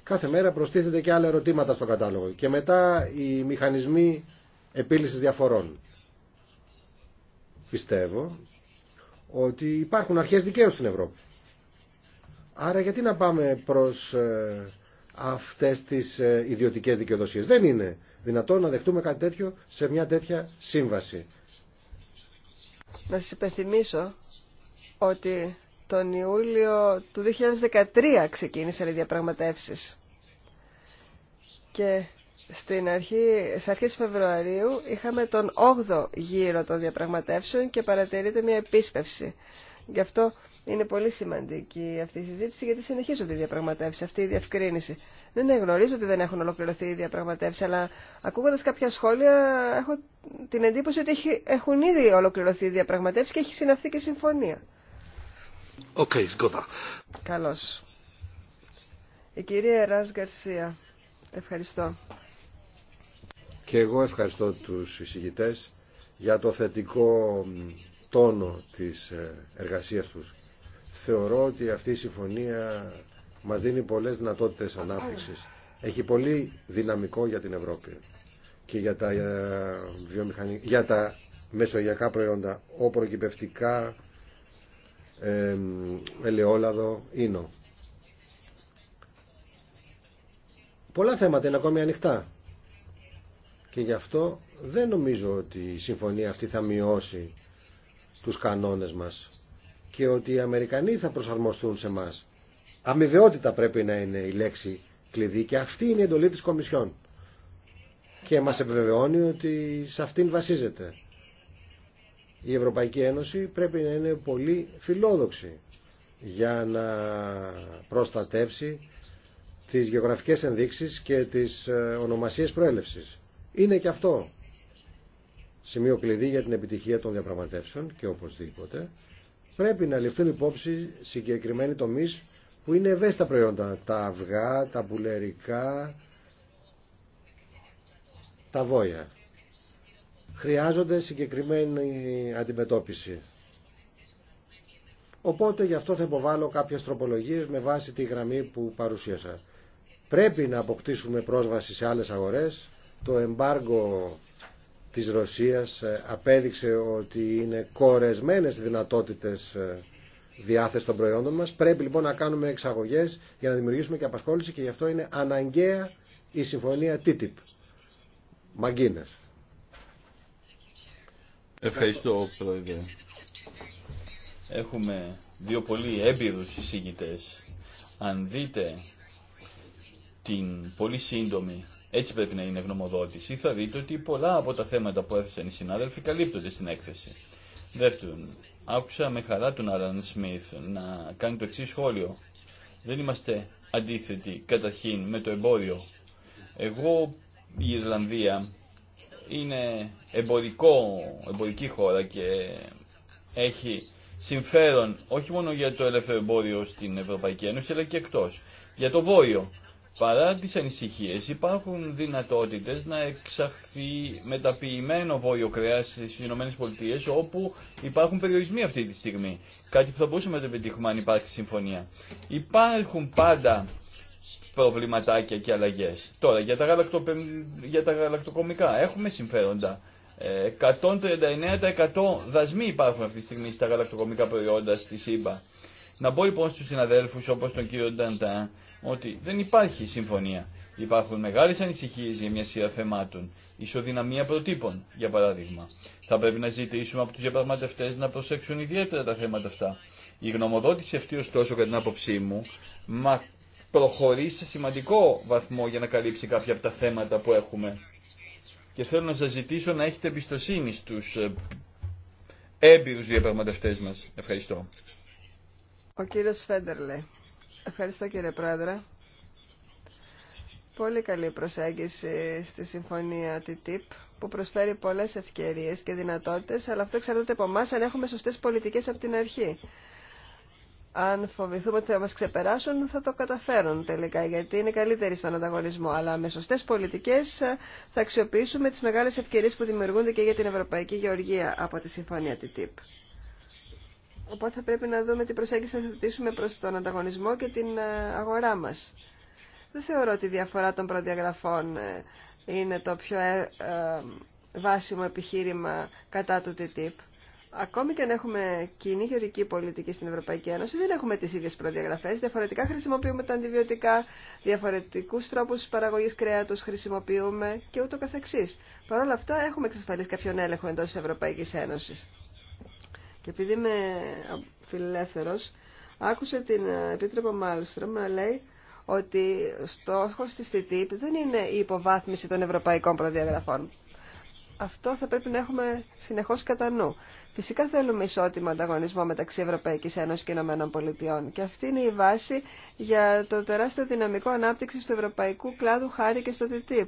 κάθε μέρα προστίθεται και άλλα ερωτήματα στο κατάλογο. Και μετά οι μηχανισμοί επίλυσης διαφορών. Πιστεύω ότι υπάρχουν αρχές δικαίου στην Ευρώπη. Άρα γιατί να πάμε προς ε, αυτές τις ε, ιδιωτικές δικαιοδοσίες. Δεν είναι δυνατόν να δεχτούμε κάτι τέτοιο σε μια τέτοια σύμβαση. Να σας υπενθυμίσω ότι τον Ιούλιο του 2013 ξεκίνησαν οι διαπραγματεύσεις και στην αρχή, σε Φεβρουαρίου είχαμε τον 8ο γύρο των διαπραγματεύσεων και παρατηρείται μια επίσπευση. Γι' αυτό είναι πολύ σημαντική αυτή η συζήτηση γιατί συνεχίζονται οι διαπραγματεύσει, αυτή η διευκρίνηση. Ναι, ναι, γνωρίζω ότι δεν έχουν ολοκληρωθεί οι διαπραγματεύσει, αλλά ακούγοντα κάποια σχόλια έχω την εντύπωση ότι έχουν ήδη ολοκληρωθεί οι διαπραγματεύσει και έχει συναυθεί και συμφωνία. Οκ, okay, Καλώ. Η κυρία Ερά Γκαρσία. Ευχαριστώ. Και εγώ ευχαριστώ του εισηγητές για το θετικό τόνο της ε, εργασίας τους θεωρώ ότι αυτή η συμφωνία μας δίνει πολλές δυνατότητες ανάπτυξης. Έχει πολύ δυναμικό για την Ευρώπη και για τα, ε, για τα μεσογειακά προϊόντα, οπροκυπευτικά, ε, ελαιόλαδο, ίνο. Πολλά θέματα είναι ακόμη ανοιχτά. Και γι' αυτό δεν νομίζω ότι η συμφωνία αυτή θα μειώσει τους κανόνες μας και ότι οι Αμερικανοί θα προσαρμοστούν σε εμά. Αμοιβαιότητα πρέπει να είναι η λέξη κλειδί και αυτή είναι η εντολή της Κομισιόν. Και μα επιβεβαιώνει ότι σε αυτήν βασίζεται. Η Ευρωπαϊκή Ένωση πρέπει να είναι πολύ φιλόδοξη για να προστατεύσει τις γεωγραφικές ενδείξεις και τις ε, ονομασίες προέλευση Είναι και αυτό σημείο κλειδί για την επιτυχία των διαπραγματεύσεων και οπωσδήποτε Πρέπει να ληφθούν υπόψη συγκεκριμένοι τομεί που είναι ευαίσθητα προϊόντα. Τα αυγά, τα πουλερικά, τα βόια. Χρειάζονται συγκεκριμένη αντιμετώπιση. Οπότε γι' αυτό θα υποβάλω κάποιες τροπολογίες με βάση τη γραμμή που παρουσίασα. Πρέπει να αποκτήσουμε πρόσβαση σε άλλες αγορές. Το εμπάργο της Ρωσίας ε, απέδειξε ότι είναι κορεσμένες οι δυνατότητες ε, διάθεση των προϊόντων μας. Πρέπει λοιπόν να κάνουμε εξαγωγές για να δημιουργήσουμε και απασχόληση και γι' αυτό είναι αναγκαία η συμφωνία TTIP. Μαγκίνες. Ευχαριστώ πρόεδρε. Έχουμε δύο πολύ έμπειρους εισηγητές. Αν δείτε την πολύ σύντομη έτσι πρέπει να είναι γνωμοδότηση. Θα δείτε ότι πολλά από τα θέματα που έθεσαν οι συνάδελφοι καλύπτονται στην έκθεση. Δεύτερον, άκουσα με χαρά τον Άραν Σμιθ να κάνει το εξή σχόλιο. Δεν είμαστε αντίθετοι καταρχήν με το εμπόριο. Εγώ η Ιρλανδία είναι εμπορικό, εμπορική χώρα και έχει συμφέρον όχι μόνο για το ελεύθερο εμπόριο στην Ευρωπαϊκή Ένωση αλλά και εκτός. Για το βόρειο Παρά τις ανησυχίες υπάρχουν δυνατότητες να εξαχθεί μεταποιημένο βόλιο κρέας στις ΗΠΑ όπου υπάρχουν περιορισμοί αυτή τη στιγμή. Κάτι που θα μπορούσαμε να το επιτύχουμε αν υπάρχει συμφωνία. Υπάρχουν πάντα προβληματάκια και αλλαγές. Τώρα για τα, γαλακτο... για τα γαλακτοκομικά έχουμε συμφέροντα. 139% ε, δασμοί υπάρχουν αυτή τη στιγμή στα γαλακτοκομικά προϊόντα στη ΣΥΠΑ. Να μπω λοιπόν στους συναδέλφους όπως τον κύριο Νταντά ότι δεν υπάρχει συμφωνία. Υπάρχουν μεγάλες ανησυχίες για μια σειρά θεμάτων. Ισοδυναμία προτύπων, για παράδειγμα. Θα πρέπει να ζητήσουμε από τους διαπραγματευτές να προσέξουν ιδιαίτερα τα θέματα αυτά. Η γνωμοδότηση αυτή, ωστόσο, κατά την άποψή μου, μα προχωρεί σε σημαντικό βαθμό για να καλύψει κάποια από τα θέματα που έχουμε. Και θέλω να σας ζητήσω να έχετε εμπιστοσύνη στους ε, έμπειρους διαπραγματευτές μας. Ευχαριστώ. Ο Φέντερλε. Ευχαριστώ κύριε Πρόεδρε. Πολύ καλή προσέγγιση στη συμφωνία TTIP που προσφέρει πολλές ευκαιρίες και δυνατότητες, αλλά αυτό εξαρτάται από εμά αν έχουμε σωστές πολιτικές από την αρχή. Αν φοβηθούμε ότι θα μας ξεπεράσουν, θα το καταφέρουν τελικά, γιατί είναι καλύτεροι στον ανταγωνισμό. Αλλά με σωστές πολιτικές θα αξιοποιήσουμε τις μεγάλες ευκαιρίες που δημιουργούνται και για την Ευρωπαϊκή Γεωργία από τη συμφωνία TTIP. Οπότε θα πρέπει να δούμε τι προσέγγιση θα θετήσουμε προς τον ανταγωνισμό και την ε, αγορά μας. Δεν θεωρώ ότι η διαφορά των προδιαγραφών ε, είναι το πιο ε, βάσιμο επιχείρημα κατά του TTIP. Ακόμη και αν έχουμε κοινή γεωρική πολιτική στην Ευρωπαϊκή Ένωση, δεν έχουμε τις ίδιες προδιαγραφές. Διαφορετικά χρησιμοποιούμε τα αντιβιωτικά, διαφορετικούς τρόπους παραγωγής κρέατος χρησιμοποιούμε και ούτω καθεξής. Παρ' όλα αυτά έχουμε εξασφαλίσει κάποιον έλεγχο εντός της Ευρωπαϊκής Ένωσης. Και επειδή είμαι φιλελεύθερος, άκουσε την ε, Επίτροπο Μάλστρομ να λέει ότι στόχος της ΤΤΙΠ δεν είναι η υποβάθμιση των ευρωπαϊκών προδιαγραφών. Αυτό θα πρέπει να έχουμε συνεχώς κατά νου. Φυσικά θέλουμε ισότιμο ανταγωνισμό μεταξύ Ευρωπαϊκής Ένωσης και Ηνωμένων Πολιτειών και αυτή είναι η βάση για το τεράστιο δυναμικό ανάπτυξη του ευρωπαϊκού κλάδου χάρη και στο TTIP.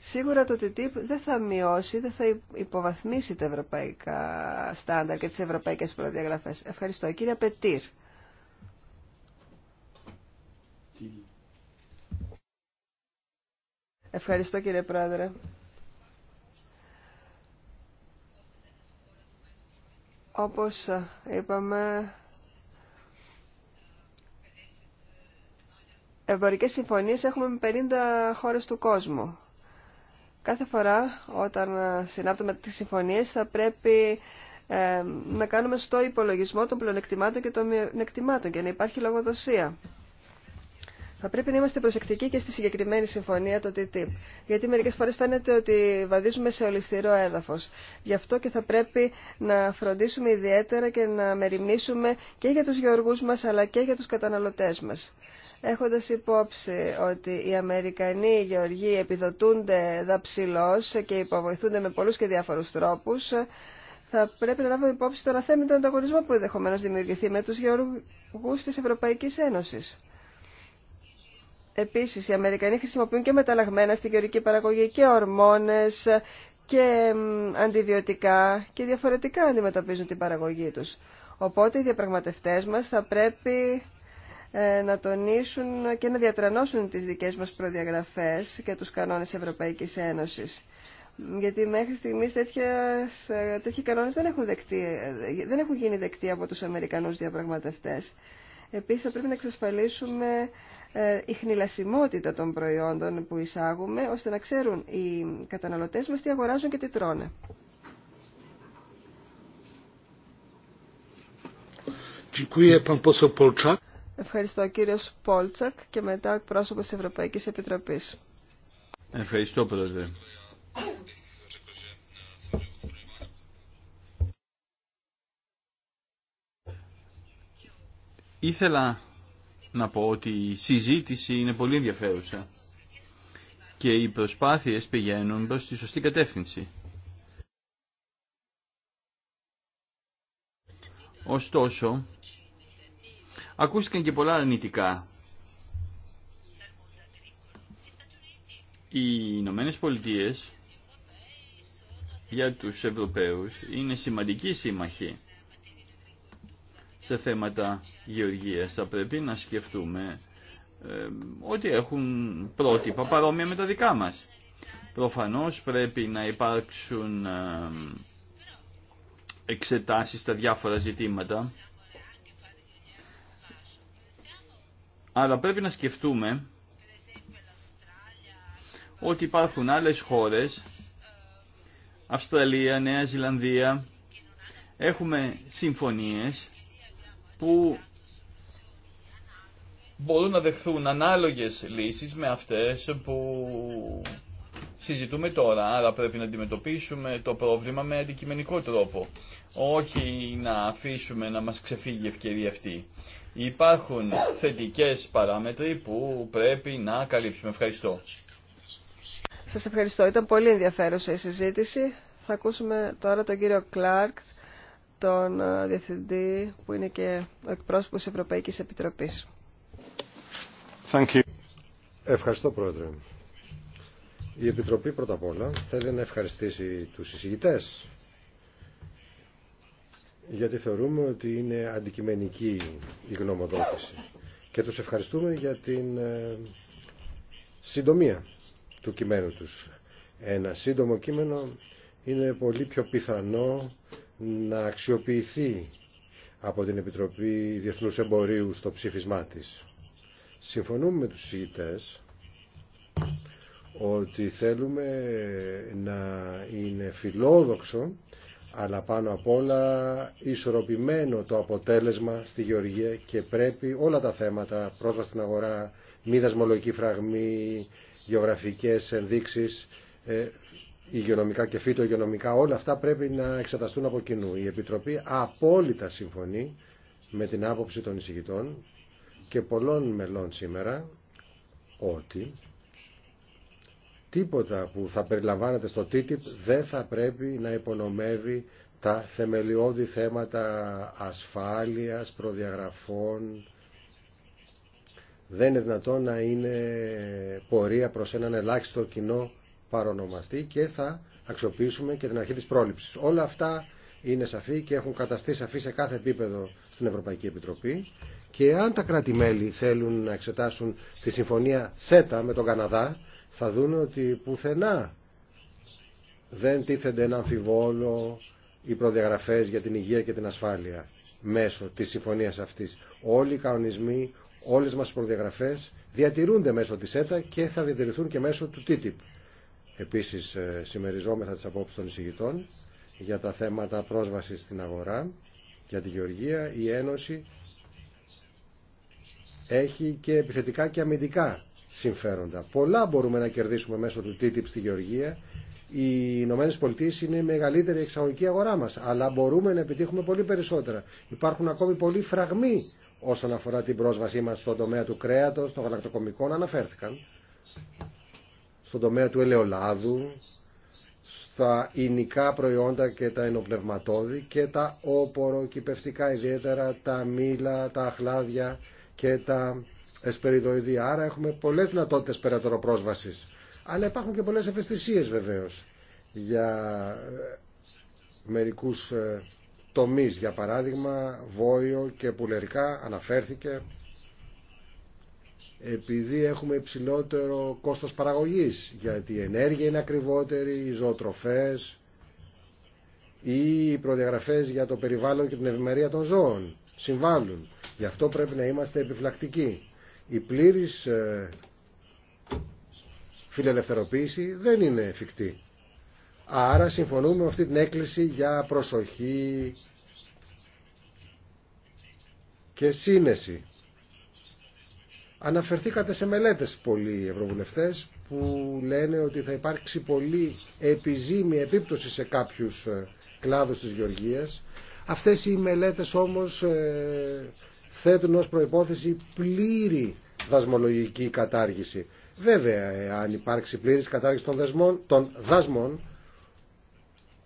Σίγουρα το TTIP δεν θα μειώσει, δεν θα υποβαθμίσει τα ευρωπαϊκά στάνταρ και τις ευρωπαϊκές προδιαγραφές. Ευχαριστώ. Κύριε Πετήρ. Ευχαριστώ κύριε Πρόεδρε. Όπως είπαμε, εμπορικές συμφωνίες έχουμε με 50 χώρες του κόσμου. Κάθε φορά όταν ε, συνάπτουμε τις συμφωνίες θα πρέπει ε, να κάνουμε στο υπολογισμό των πλεονεκτημάτων και των μειονεκτημάτων και να υπάρχει λογοδοσία. Θα πρέπει να είμαστε προσεκτικοί και στη συγκεκριμένη συμφωνία, το TTIP. Γιατί μερικές φορές φαίνεται ότι βαδίζουμε σε ολιστηρό έδαφος. Γι' αυτό και θα πρέπει να φροντίσουμε ιδιαίτερα και να μεριμνήσουμε και για τους γεωργούς μας αλλά και για τους καταναλωτές μας έχοντας υπόψη ότι οι Αμερικανοί γεωργοί επιδοτούνται δαψιλώς και υποβοηθούνται με πολλούς και διάφορους τρόπους, θα πρέπει να λάβουμε υπόψη τώρα θέμη τον ανταγωνισμό που ενδεχομένω δημιουργηθεί με τους γεωργούς της Ευρωπαϊκής Ένωσης. Επίσης, οι Αμερικανοί χρησιμοποιούν και μεταλλαγμένα στην γεωργική παραγωγή και ορμόνες και αντιβιωτικά και διαφορετικά αντιμετωπίζουν την παραγωγή τους. Οπότε οι διαπραγματευτές μας θα πρέπει ε, να τονίσουν και να διατρανώσουν τις δικές μας προδιαγραφές και τους κανόνες Ευρωπαϊκής Ένωσης. Γιατί μέχρι στιγμής τέτοιες, ε, τέτοιοι κανόνες δεν έχουν, δεκτεί, ε, δεν έχουν γίνει δεκτοί από τους Αμερικανούς διαπραγματευτές. Επίσης θα πρέπει να εξασφαλίσουμε η χνηλασιμότητα των προϊόντων που εισάγουμε, ώστε να ξέρουν οι καταναλωτές μας τι αγοράζουν και τι τρώνε. Dziękuję pan Ευχαριστώ κύριος Πόλτσακ και μετά εκπρόσωπος της Ευρωπαϊκής Επιτροπής. Ευχαριστώ πρόεδρε. Ήθελα να πω ότι η συζήτηση είναι πολύ ενδιαφέρουσα και οι προσπάθειες πηγαίνουν προς τη σωστή κατεύθυνση. Ωστόσο, Ακούστηκαν και πολλά αρνητικά. Οι Ηνωμένε Πολιτείε για τους Ευρωπαίους είναι σημαντική σύμμαχη σε θέματα γεωργίας. Θα πρέπει να σκεφτούμε ε, ότι έχουν πρότυπα παρόμοια με τα δικά μας. Προφανώς πρέπει να υπάρξουν ε, εξετάσεις στα διάφορα ζητήματα Αλλά πρέπει να σκεφτούμε ότι υπάρχουν άλλες χώρες, Αυστραλία, Νέα Ζηλανδία, έχουμε συμφωνίες που μπορούν να δεχθούν ανάλογες λύσεις με αυτές που Συζητούμε τώρα, άρα πρέπει να αντιμετωπίσουμε το πρόβλημα με αντικειμενικό τρόπο. Όχι να αφήσουμε να μας ξεφύγει η ευκαιρία αυτή. Υπάρχουν θετικές παράμετροι που πρέπει να καλύψουμε. Ευχαριστώ. Σας ευχαριστώ. Ήταν πολύ ενδιαφέρουσα η συζήτηση. Θα ακούσουμε τώρα τον κύριο Κλάρκ, τον ε, Διευθυντή που είναι και ο εκπρόσωπος Ευρωπαϊκής Επιτροπής. Ευχαριστώ Πρόεδρε. Η Επιτροπή πρώτα απ' όλα θέλει να ευχαριστήσει τους συζητητές γιατί θεωρούμε ότι είναι αντικειμενική η γνωμοδότηση και τους ευχαριστούμε για την ε, συντομία του κειμένου τους. Ένα σύντομο κείμενο είναι πολύ πιο πιθανό να αξιοποιηθεί από την Επιτροπή Διεθνούς Εμπορίου στο ψήφισμά της. Συμφωνούμε με τους συζητητές ότι θέλουμε να είναι φιλόδοξο αλλά πάνω απ' όλα ισορροπημένο το αποτέλεσμα στη γεωργία και πρέπει όλα τα θέματα, πρόσβαση στην αγορά, μη δασμολογική φραγμή, γεωγραφικές ενδείξεις, ε, υγειονομικά και φυτο όλα αυτά πρέπει να εξεταστούν από κοινού. Η Επιτροπή απόλυτα συμφωνεί με την άποψη των εισηγητών και πολλών μελών σήμερα ότι τίποτα που θα περιλαμβάνεται στο TTIP δεν θα πρέπει να υπονομεύει τα θεμελιώδη θέματα ασφάλειας, προδιαγραφών. Δεν είναι δυνατόν να είναι πορεία προς έναν ελάχιστο κοινό παρονομαστή και θα αξιοποιήσουμε και την αρχή της πρόληψης. Όλα αυτά είναι σαφή και έχουν καταστεί σαφή σε κάθε επίπεδο στην Ευρωπαϊκή Επιτροπή και αν τα κράτη-μέλη θέλουν να εξετάσουν τη συμφωνία ΣΕΤΑ με τον Καναδά θα δουν ότι πουθενά δεν τίθενται ένα αμφιβόλο οι προδιαγραφές για την υγεία και την ασφάλεια μέσω της συμφωνίας αυτής. Όλοι οι κανονισμοί, όλες μας οι προδιαγραφές διατηρούνται μέσω της ΕΤΑ και θα διατηρηθούν και μέσω του TTIP. Επίσης, ε, συμμεριζόμεθα τις απόψεις των εισηγητών για τα θέματα πρόσβασης στην αγορά, για τη γεωργία, η Ένωση έχει και επιθετικά και αμυντικά συμφέροντα. Πολλά μπορούμε να κερδίσουμε μέσω του TTIP στη Γεωργία. Οι Ηνωμένε Πολιτείε είναι η μεγαλύτερη εξαγωγική αγορά μα, αλλά μπορούμε να επιτύχουμε πολύ περισσότερα. Υπάρχουν ακόμη πολλοί φραγμοί όσον αφορά την πρόσβασή μα στον τομέα του κρέατο, των γαλακτοκομικών, αναφέρθηκαν. Στον τομέα του ελαιολάδου, στα ινικά προϊόντα και τα ενοπνευματόδη και τα όπορο, κυπευτικά ιδιαίτερα, τα μήλα, τα αχλάδια και τα εσπεριδοειδή. Άρα έχουμε πολλές δυνατότητε περαιτέρω Αλλά υπάρχουν και πολλές ευαισθησίε βεβαίως για ε, μερικούς ε, τομεί, Για παράδειγμα, βόιο και πουλερικά αναφέρθηκε επειδή έχουμε υψηλότερο κόστος παραγωγής, γιατί η ενέργεια είναι ακριβότερη, οι ζωοτροφές ή οι προδιαγραφές για το περιβάλλον και την ευημερία των ζώων συμβάλλουν. Γι' αυτό πρέπει να είμαστε επιφυλακτικοί η πλήρης ε, φιλελευθερωποίηση δεν είναι εφικτή. Άρα συμφωνούμε με αυτή την έκκληση για προσοχή και σύνεση. Αναφερθήκατε σε μελέτες πολλοί ευρωβουλευτές που λένε ότι θα υπάρξει πολύ επιζήμη επίπτωση σε κάποιους ε, κλάδους της γεωργίας. Αυτές οι μελέτες όμως ε, θέτουν ως προϋπόθεση πλήρη δασμολογική κατάργηση. Βέβαια, αν υπάρξει πλήρη κατάργηση των, δεσμών, των δασμών,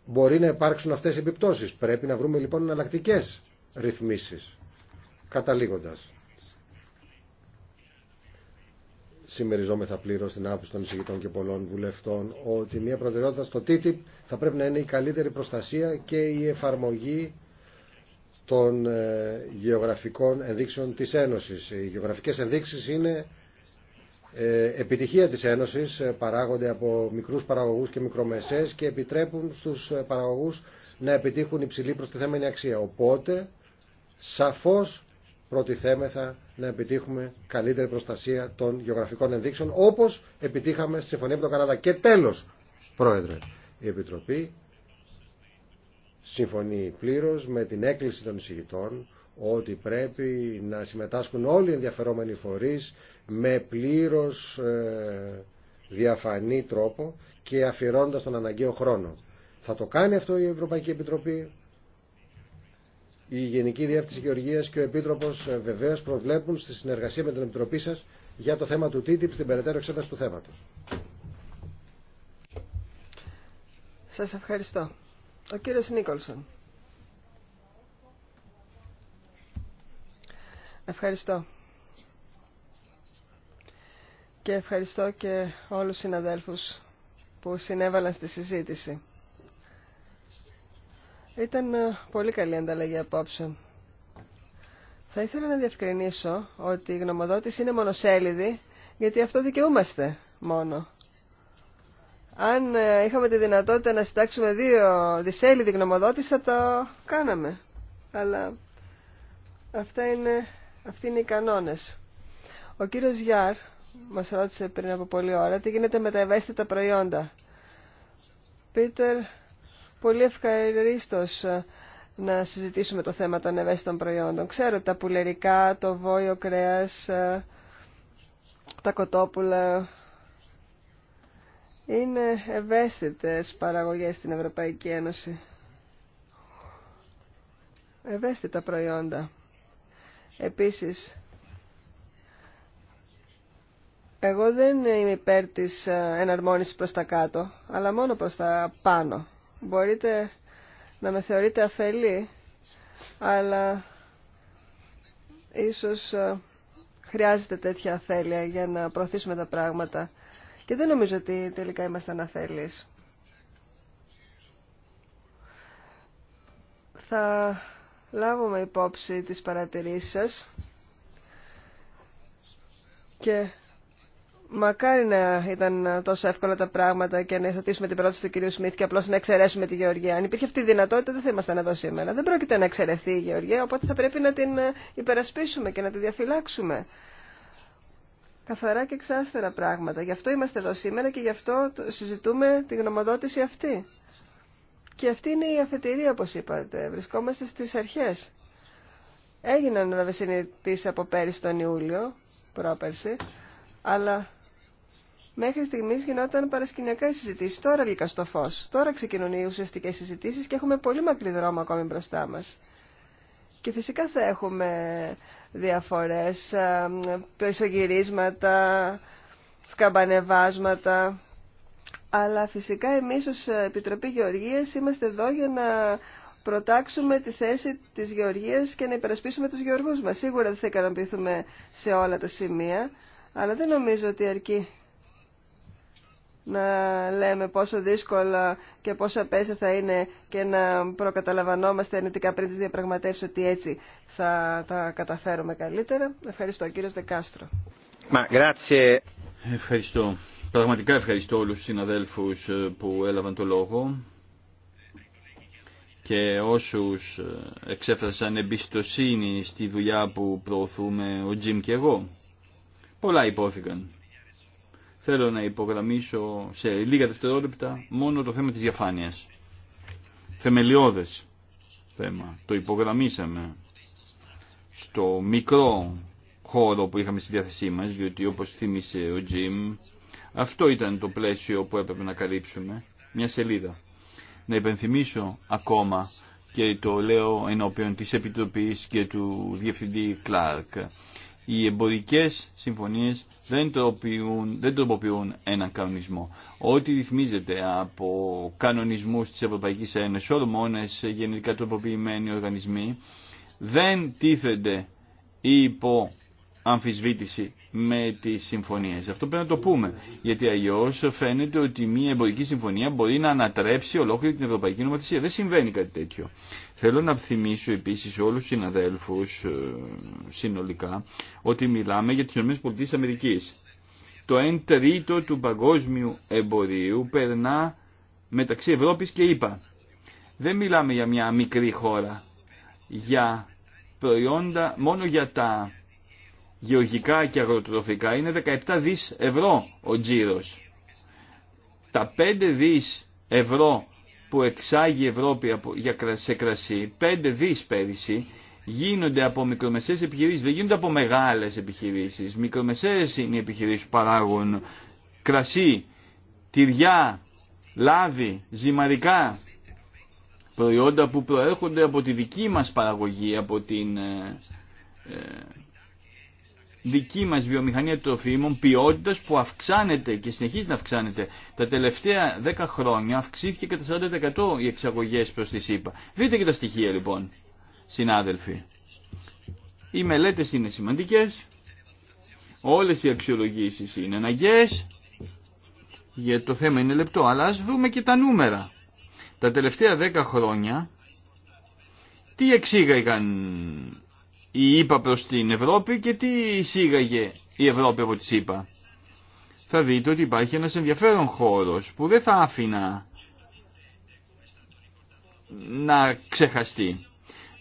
μπορεί να υπάρξουν αυτές οι επιπτώσεις. Πρέπει να βρούμε λοιπόν εναλλακτικέ ρυθμίσεις. Καταλήγοντας. Σημεριζόμεθα πλήρω την άποψη των εισηγητών και πολλών βουλευτών ότι μια προτεραιότητα στο TTIP θα πρέπει να είναι η καλύτερη προστασία και η εφαρμογή των ε, γεωγραφικών ενδείξεων της Ένωσης. Οι γεωγραφικές ενδείξεις είναι ε, επιτυχία της Ένωσης, ε, παράγονται από μικρούς παραγωγούς και μικρομεσές και επιτρέπουν στους παραγωγούς να επιτύχουν υψηλή προστιθέμενη αξία. Οπότε, σαφώς προτιθέμεθα να επιτύχουμε καλύτερη προστασία των γεωγραφικών ενδείξεων, όπως επιτύχαμε στη Συμφωνία με τον Καναδά. Και τέλος, Πρόεδρε, η Επιτροπή συμφωνεί πλήρως με την έκκληση των εισηγητών ότι πρέπει να συμμετάσχουν όλοι οι ενδιαφερόμενοι φορείς με πλήρως ε, διαφανή τρόπο και αφιερώντας τον αναγκαίο χρόνο. Θα το κάνει αυτό η Ευρωπαϊκή Επιτροπή. Η Γενική Διεύθυνση Γεωργίας και ο Επίτροπος ε, βεβαίως προβλέπουν στη συνεργασία με την Επιτροπή σας για το θέμα του TTIP στην περαιτέρω εξέταση του θέματος. Σας ευχαριστώ. Ο κύριος Νίκολσον. Ευχαριστώ. Και ευχαριστώ και όλους τους συναδέλφους που συνέβαλαν στη συζήτηση. Ήταν ε, πολύ καλή ανταλλαγή απόψε. Θα ήθελα να διευκρινίσω ότι η γνωμοδότηση είναι μονοσέλιδη, γιατί αυτό δικαιούμαστε μόνο. Αν ε, είχαμε τη δυνατότητα να συντάξουμε δύο δισέλιδη γνωμοδότηση θα το κάναμε. Αλλά αυτά είναι, αυτοί είναι οι κανόνες. Ο κύριος Γιάρ μας ρώτησε πριν από πολλή ώρα τι γίνεται με τα ευαίσθητα προϊόντα. Πίτερ, πολύ ευχαρίστως ε, να συζητήσουμε το θέμα των ευαίσθητων προϊόντων. Ξέρω τα πουλερικά, το βόιο κρέας, ε, τα κοτόπουλα, είναι ευαίσθητες παραγωγές στην Ευρωπαϊκή Ένωση. Ευαίσθητα προϊόντα. Επίσης, εγώ δεν είμαι υπέρ της ε, εναρμόνισης προς τα κάτω, αλλά μόνο προς τα πάνω. Μπορείτε να με θεωρείτε αφελή, αλλά ίσως ε, χρειάζεται τέτοια αφέλεια για να προωθήσουμε τα πράγματα και δεν νομίζω ότι τελικά ήμασταν αφέλεις. Θα λάβουμε υπόψη τις παρατηρήσεις σας και μακάρι να ήταν τόσο εύκολα τα πράγματα και να εθετήσουμε την πρόταση του κυρίου Σμιθ και απλώς να εξαιρέσουμε τη Γεωργία. Αν υπήρχε αυτή η δυνατότητα δεν θα ήμασταν εδώ σήμερα. Δεν πρόκειται να εξαιρεθεί η Γεωργία, οπότε θα πρέπει να την υπερασπίσουμε και να τη διαφυλάξουμε καθαρά και εξάστερα πράγματα. Γι' αυτό είμαστε εδώ σήμερα και γι' αυτό συζητούμε τη γνωμοδότηση αυτή. Και αυτή είναι η αφετηρία, όπως είπατε. Βρισκόμαστε στις αρχές. Έγιναν βέβαια συνειδητής από πέρυσι τον Ιούλιο, πρόπερση, αλλά μέχρι στιγμής γινόταν παρασκηνιακά οι συζητήσεις. Τώρα βγήκα στο φως. Τώρα ξεκινούν οι ουσιαστικές συζητήσεις και έχουμε πολύ μακρύ δρόμο ακόμη μπροστά μας. Και φυσικά θα έχουμε διαφορές, ε, πεσογυρίσματα, σκαμπανεβάσματα. Αλλά φυσικά εμείς ως Επιτροπή Γεωργίας είμαστε εδώ για να προτάξουμε τη θέση της Γεωργίας και να υπερασπίσουμε τους Γεωργούς μας. Σίγουρα δεν θα ικανοποιηθούμε σε όλα τα σημεία, αλλά δεν νομίζω ότι αρκεί να λέμε πόσο δύσκολα και πόσο απέσια θα είναι και να προκαταλαμβανόμαστε ενετικά πριν τις διαπραγματεύσεις ότι έτσι θα τα καταφέρουμε καλύτερα. Ευχαριστώ κύριο Δεκάστρο. Μα, ευχαριστώ. Πραγματικά ευχαριστώ όλους τους συναδέλφους ε, που έλαβαν το λόγο και όσους ε, εξέφρασαν εμπιστοσύνη στη δουλειά που προωθούμε ο Τζιμ και εγώ. Πολλά υπόθηκαν. Θέλω να υπογραμμίσω σε λίγα δευτερόλεπτα μόνο το θέμα της διαφάνειας. Θεμελιώδες θέμα. Το υπογραμμίσαμε στο μικρό χώρο που είχαμε στη διάθεσή μας, διότι όπως θύμισε ο Τζιμ, αυτό ήταν το πλαίσιο που έπρεπε να καλύψουμε, μια σελίδα. Να υπενθυμίσω ακόμα και το λέω ενώπιον της Επιτροπής και του Διευθυντή Κλάρκ οι εμπορικέ συμφωνίες δεν τροποποιούν, δεν τροποποιούν έναν κανονισμό. Ό,τι ρυθμίζεται από κανονισμούς της Ευρωπαϊκής Ένωσης, ορμόνες, γενικά τροποποιημένοι οργανισμοί, δεν τίθενται υπό αμφισβήτηση με τι συμφωνίες. Αυτό πρέπει να το πούμε, γιατί αλλιώ φαίνεται ότι μια εμπορική συμφωνία μπορεί να ανατρέψει ολόκληρη την Ευρωπαϊκή Νομοθεσία. Δεν συμβαίνει κάτι τέτοιο. Θέλω να θυμίσω επίσης όλους τους συναδέλφους ε, συνολικά ότι μιλάμε για τις ΗΠΑ. Το 1 τρίτο του παγκόσμιου εμπορίου περνά μεταξύ Ευρώπης και ΗΠΑ. Δεν μιλάμε για μια μικρή χώρα, για προϊόντα, μόνο για τα γεωργικά και αγροτροφικά είναι 17 δις ευρώ ο τζίρος. Τα 5 δις ευρώ που εξάγει η Ευρώπη σε κρασί, 5 δις πέρυσι, γίνονται από μικρομεσαίες επιχειρήσεις, δεν γίνονται από μεγάλες επιχειρήσεις. Μικρομεσαίες είναι οι επιχειρήσεις που παράγουν κρασί, τυριά, λάδι, ζυμαρικά, προϊόντα που προέρχονται από τη δική μας παραγωγή, από την ε, ε, δική μας βιομηχανία τροφίμων ποιότητας που αυξάνεται και συνεχίζει να αυξάνεται. Τα τελευταία 10 χρόνια αυξήθηκε κατά 40% οι εξαγωγές προς τη ΣΥΠΑ. Δείτε και τα στοιχεία λοιπόν, συνάδελφοι. Οι μελέτες είναι σημαντικές, όλες οι αξιολογήσεις είναι αναγκαίες, γιατί το θέμα είναι λεπτό, αλλά ας δούμε και τα νούμερα. Τα τελευταία 10 χρόνια τι εξήγαγαν η ΕΠΑ προς την Ευρώπη και τι εισήγαγε η Ευρώπη από τη ΕΠΑ. Θα δείτε ότι υπάρχει ένας ενδιαφέρον χώρος που δεν θα άφηνα να ξεχαστεί.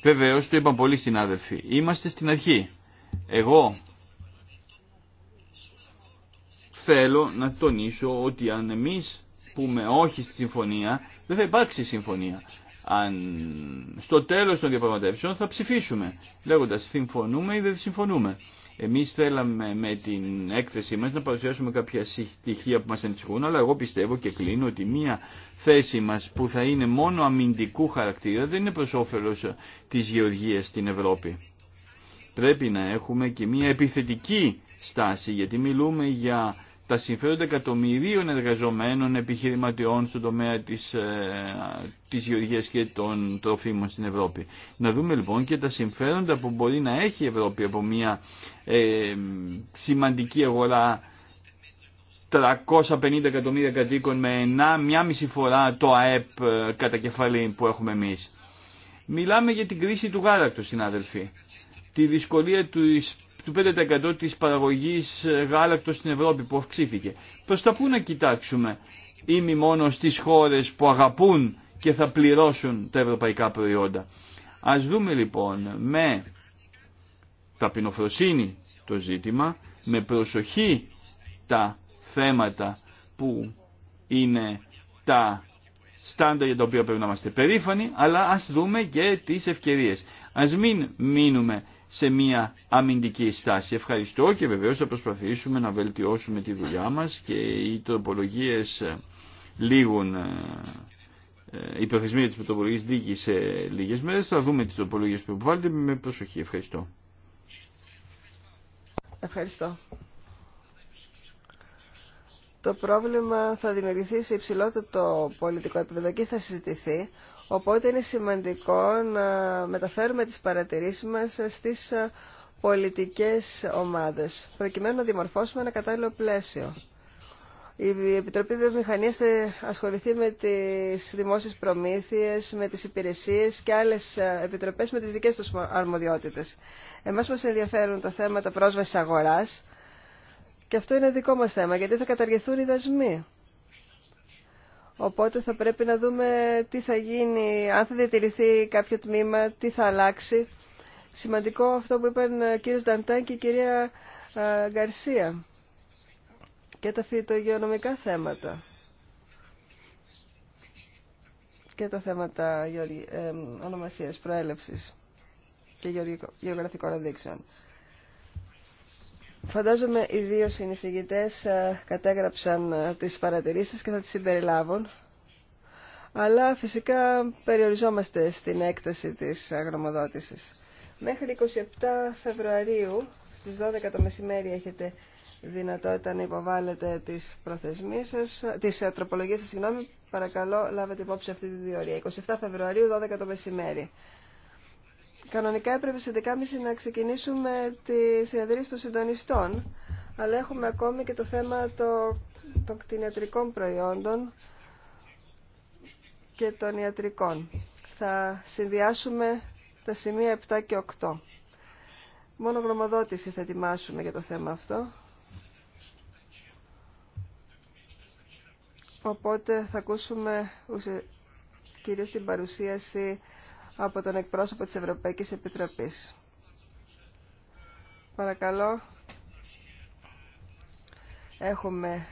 Βεβαίω, το είπαν πολλοί συνάδελφοι, είμαστε στην αρχή. Εγώ θέλω να τονίσω ότι αν εμεί πούμε όχι στη συμφωνία, δεν θα υπάρξει συμφωνία αν στο τέλος των διαπραγματεύσεων θα ψηφίσουμε λέγοντας συμφωνούμε ή δεν συμφωνούμε. Εμείς θέλαμε με την έκθεσή μας να παρουσιάσουμε κάποια στοιχεία που μας ανησυχούν, αλλά εγώ πιστεύω και κλείνω ότι μία θέση μας που θα είναι μόνο αμυντικού χαρακτήρα δεν είναι προς όφελος της γεωργίας στην Ευρώπη. Πρέπει να έχουμε και μία επιθετική στάση, γιατί μιλούμε για τα συμφέροντα εκατομμυρίων εργαζομένων επιχειρηματιών στον τομέα της, ε, της γεωργίας και των τροφίμων στην Ευρώπη. Να δούμε λοιπόν και τα συμφέροντα που μπορεί να έχει η Ευρώπη από μια ε, σημαντική αγορά 350 εκατομμύρια κατοίκων με 1,5 φορά το ΑΕΠ ε, κατά κεφαλή που έχουμε εμείς. Μιλάμε για την κρίση του γάλακτος, συνάδελφοι. Τη δυσκολία του του 5% της παραγωγής γάλακτος στην Ευρώπη που αυξήθηκε. Προς τα πού να κοιτάξουμε, ήμι μόνο στις χώρες που να κοιταξουμε η μη μονο στις χωρες που αγαπουν και θα πληρώσουν τα ευρωπαϊκά προϊόντα. Ας δούμε λοιπόν με ταπεινοφροσύνη το ζήτημα, με προσοχή τα θέματα που είναι τα στάντα για τα οποία πρέπει να είμαστε περήφανοι, αλλά ας δούμε και τις ευκαιρίες. Ας μην μείνουμε σε μια αμυντική στάση. Ευχαριστώ και βεβαίως θα προσπαθήσουμε να βελτιώσουμε τη δουλειά μας και οι τροπολογίες ε, λίγων οι ε, ε, προθεσμοί της τροπολογίας δίκη σε λίγες μέρες. Θα δούμε τις τροπολογίες που βάλετε με προσοχή. Ευχαριστώ. Ευχαριστώ. Το πρόβλημα θα δημιουργηθεί σε υψηλότερο πολιτικό επίπεδο και θα συζητηθεί. Οπότε είναι σημαντικό να μεταφέρουμε τις παρατηρήσεις μας στις πολιτικές ομάδες, προκειμένου να δημορφώσουμε ένα κατάλληλο πλαίσιο. Η Επιτροπή Βιομηχανίας θα ασχοληθεί με τις δημόσιες προμήθειες, με τις υπηρεσίες και άλλες επιτροπές με τις δικές τους αρμοδιότητες. Εμάς μας ενδιαφέρουν τα θέματα πρόσβασης αγοράς και αυτό είναι δικό μας θέμα, γιατί θα καταργηθούν οι δασμοί. Οπότε θα πρέπει να δούμε τι θα γίνει, αν θα διατηρηθεί κάποιο τμήμα, τι θα αλλάξει. Σημαντικό αυτό που είπαν ο ε, κύριος Νταντάν και η κυρία ε, Γκαρσία και τα φυτογεωνομικά θέματα και τα θέματα ε, ονομασίας προέλευσης και γεωγραφικών αδείξεων. Φαντάζομαι οι δύο συνεισηγητές ε, κατέγραψαν ε, τις παρατηρήσεις και θα τις συμπεριλάβουν. Αλλά φυσικά περιοριζόμαστε στην έκταση της αγρομοδότησης. Ε, Μέχρι 27 Φεβρουαρίου στις 12 το μεσημέρι έχετε δυνατότητα να υποβάλλετε τις προθεσμίες σας, τις τροπολογίες σας, συγγνώμη, παρακαλώ λάβετε υπόψη αυτή τη διορία. 27 Φεβρουαρίου, 12 το μεσημέρι. Κανονικά έπρεπε σε 11.30 να ξεκινήσουμε τη συνεδρία των συντονιστών, αλλά έχουμε ακόμη και το θέμα των κτηνιατρικών προϊόντων και των ιατρικών. Θα συνδυάσουμε τα σημεία 7 και 8. Μόνο γνωμοδότηση θα ετοιμάσουμε για το θέμα αυτό. Οπότε θα ακούσουμε κυρίως την παρουσίαση από τον εκπρόσωπο της Ευρωπαϊκής Επιτροπής. Παρακαλώ, έχουμε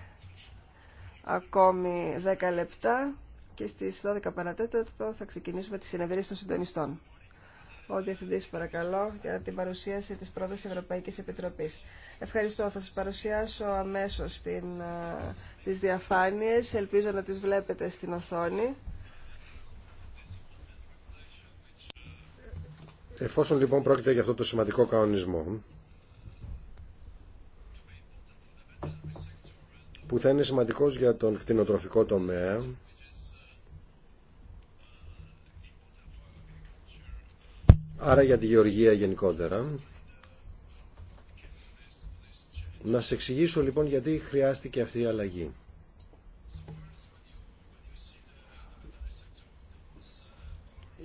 ακόμη 10 λεπτά και στις 12 παρατέταρτο θα ξεκινήσουμε τη συνεδρία των συντονιστών. Ο Διευθυντής παρακαλώ για την παρουσίαση της πρώτης Ευρωπαϊκής Επιτροπής. Ευχαριστώ. Θα σας παρουσιάσω αμέσως την, ε, τις διαφάνειες. Ελπίζω να τις βλέπετε στην οθόνη. Εφόσον λοιπόν πρόκειται για αυτό το σημαντικό κανονισμό που θα είναι σημαντικός για τον κτηνοτροφικό τομέα άρα για τη γεωργία γενικότερα να σε εξηγήσω λοιπόν γιατί χρειάστηκε αυτή η αλλαγή.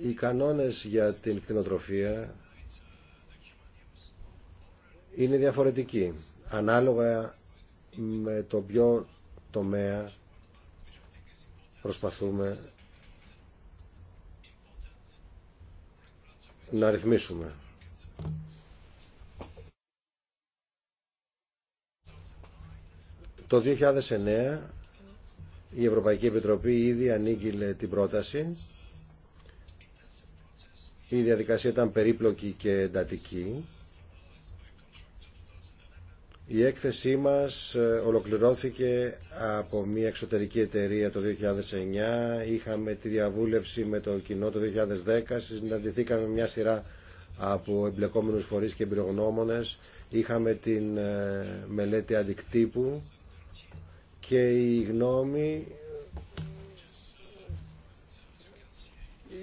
Οι κανόνες για την κτηνοτροφία είναι διαφορετικοί. Ανάλογα με το ποιο τομέα προσπαθούμε να ρυθμίσουμε. Το 2009 η Ευρωπαϊκή Επιτροπή ήδη ανήγγειλε την πρόταση η διαδικασία ήταν περίπλοκη και εντατική. Η έκθεσή μας ε, ολοκληρώθηκε από μια εξωτερική εταιρεία το 2009. Είχαμε τη διαβούλευση με το κοινό το 2010. Συναντηθήκαμε μια σειρά από εμπλεκόμενους φορείς και εμπειρογνώμονες. Είχαμε την ε, μελέτη αντικτύπου και η γνώμη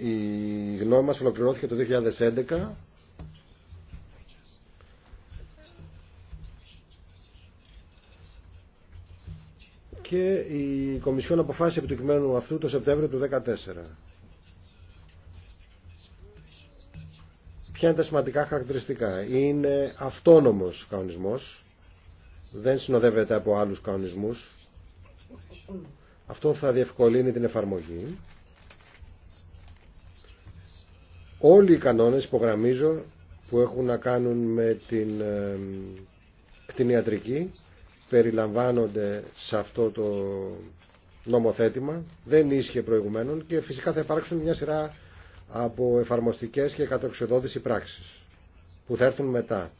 η γνώμη μας ολοκληρώθηκε το 2011 και η Κομισιόν αποφάσισε επί του κειμένου αυτού το Σεπτέμβριο του 2014. Ποια είναι τα σημαντικά χαρακτηριστικά. Είναι αυτόνομος κανονισμός, δεν συνοδεύεται από άλλους κανονισμούς. Αυτό θα διευκολύνει την εφαρμογή. Όλοι οι κανόνες υπογραμμίζω που έχουν να κάνουν με την κτηνιατρική περιλαμβάνονται σε αυτό το νομοθέτημα. Δεν ίσχυε προηγουμένων και φυσικά θα υπάρξουν μια σειρά από εφαρμοστικές και κατοξιοδότηση πράξεις που θα έρθουν μετά.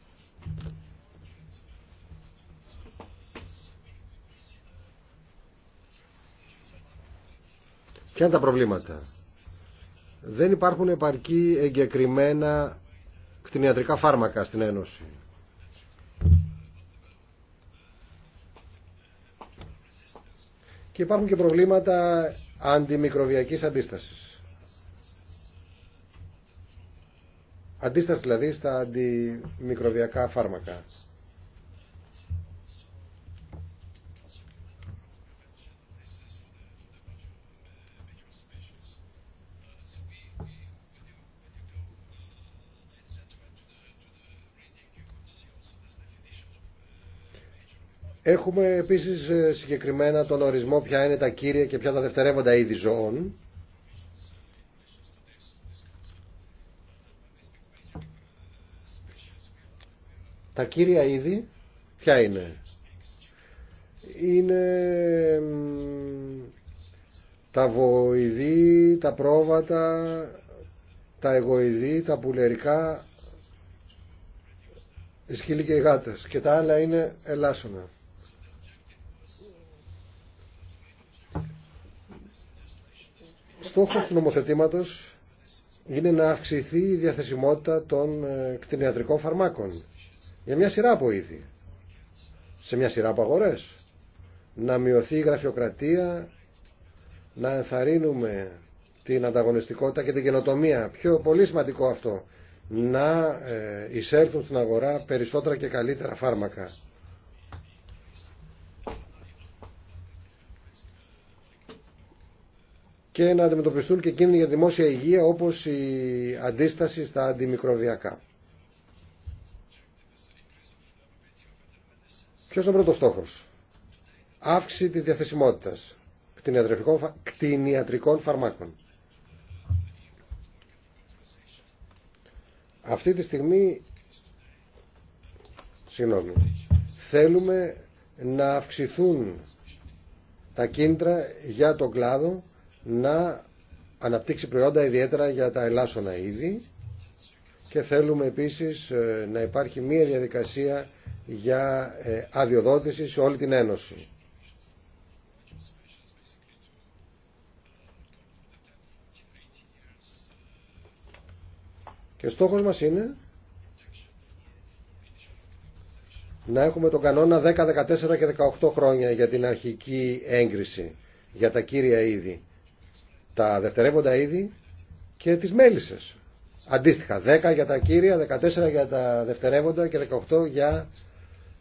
Ποια είναι τα προβλήματα δεν υπάρχουν επαρκή εγκεκριμένα κτηνιατρικά φάρμακα στην Ένωση. Και υπάρχουν και προβλήματα αντιμικροβιακής αντίστασης. Αντίσταση δηλαδή στα αντιμικροβιακά φάρμακα. Έχουμε επίσης ε, συγκεκριμένα τον ορισμό ποια είναι τα κύρια και ποια τα δευτερεύοντα είδη ζώων. Τα κύρια είδη ποια είναι. Είναι τα βοηδή, τα πρόβατα, τα εγωειδή, τα πουλερικά, οι σκύλοι και οι γάτες. Και τα άλλα είναι ελάσσονα. στόχο του νομοθετήματο είναι να αυξηθεί η διαθεσιμότητα των ε, κτηνιατρικών φαρμάκων για μια σειρά από είδη, σε μια σειρά από αγορές. Να μειωθεί η γραφειοκρατία, να ενθαρρύνουμε την ανταγωνιστικότητα και την καινοτομία. Πιο πολύ σημαντικό αυτό, να ε, εισέλθουν στην αγορά περισσότερα και καλύτερα φάρμακα. και να αντιμετωπιστούν και κίνδυνοι για δημόσια υγεία όπως η αντίσταση στα αντιμικροβιακά. Ποιο είναι ο πρώτο στόχο, Αύξηση τη διαθεσιμότητα κτηνιατρικών φαρμάκων. Αυτή τη στιγμή συγγνώμη, θέλουμε να αυξηθούν τα κίνητρα για τον κλάδο να αναπτύξει προϊόντα ιδιαίτερα για τα ελάσσονα είδη και θέλουμε επίσης ε, να υπάρχει μία διαδικασία για ε, αδειοδότηση σε όλη την Ένωση. Και στόχος μας είναι να έχουμε τον κανόνα 10, 14 και 18 χρόνια για την αρχική έγκριση για τα κύρια είδη τα δευτερεύοντα είδη και τις μέλισσες. Αντίστοιχα, 10 για τα κύρια, 14 για τα δευτερεύοντα και 18 για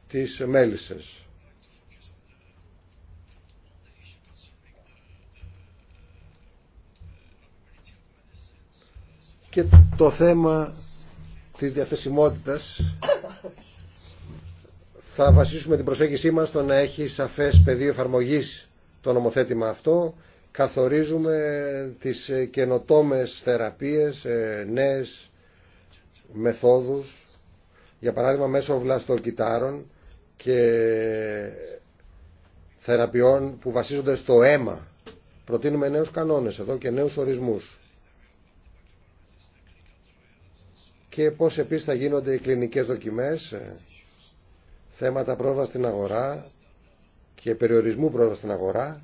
τις μέλισσες. Και το θέμα της διαθεσιμότητας θα βασίσουμε την προσέγγισή μας στο να έχει σαφές πεδίο εφαρμογής το νομοθέτημα αυτό καθορίζουμε τις ε, καινοτόμες θεραπείες, ε, νέες μεθόδους, για παράδειγμα μέσω βλαστοκυτάρων και θεραπείων που βασίζονται στο αίμα. Προτείνουμε νέους κανόνες εδώ και νέους ορισμούς. Και πώς επίσης θα γίνονται οι κλινικές δοκιμές, ε, θέματα πρόβα στην αγορά και περιορισμού πρόβα στην αγορά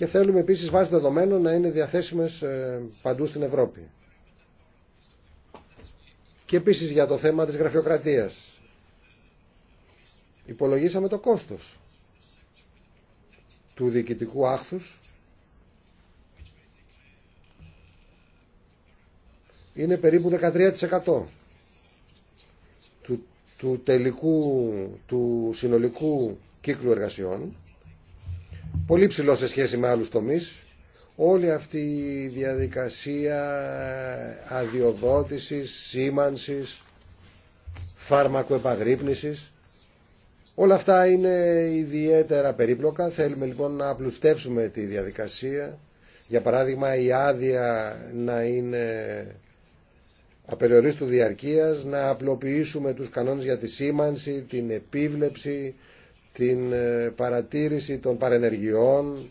και θέλουμε επίσης βάσει δεδομένων να είναι διαθέσιμες ε, παντού στην Ευρώπη. Και επίσης για το θέμα της γραφειοκρατίας. Υπολογίσαμε το κόστος του διοικητικού άχθους είναι περίπου 13% του, του τελικού του συνολικού κύκλου εργασιών πολύ ψηλό σε σχέση με άλλους τομείς. Όλη αυτή η διαδικασία αδειοδότησης, σήμανσης, φάρμακοεπαγρύπνησης, όλα αυτά είναι ιδιαίτερα περίπλοκα. Θέλουμε λοιπόν να απλουστεύσουμε τη διαδικασία. Για παράδειγμα η άδεια να είναι απεριορίστου διαρκείας, να απλοποιήσουμε τους κανόνες για τη σήμανση, την επίβλεψη, την ε, παρατήρηση των παρενεργειών.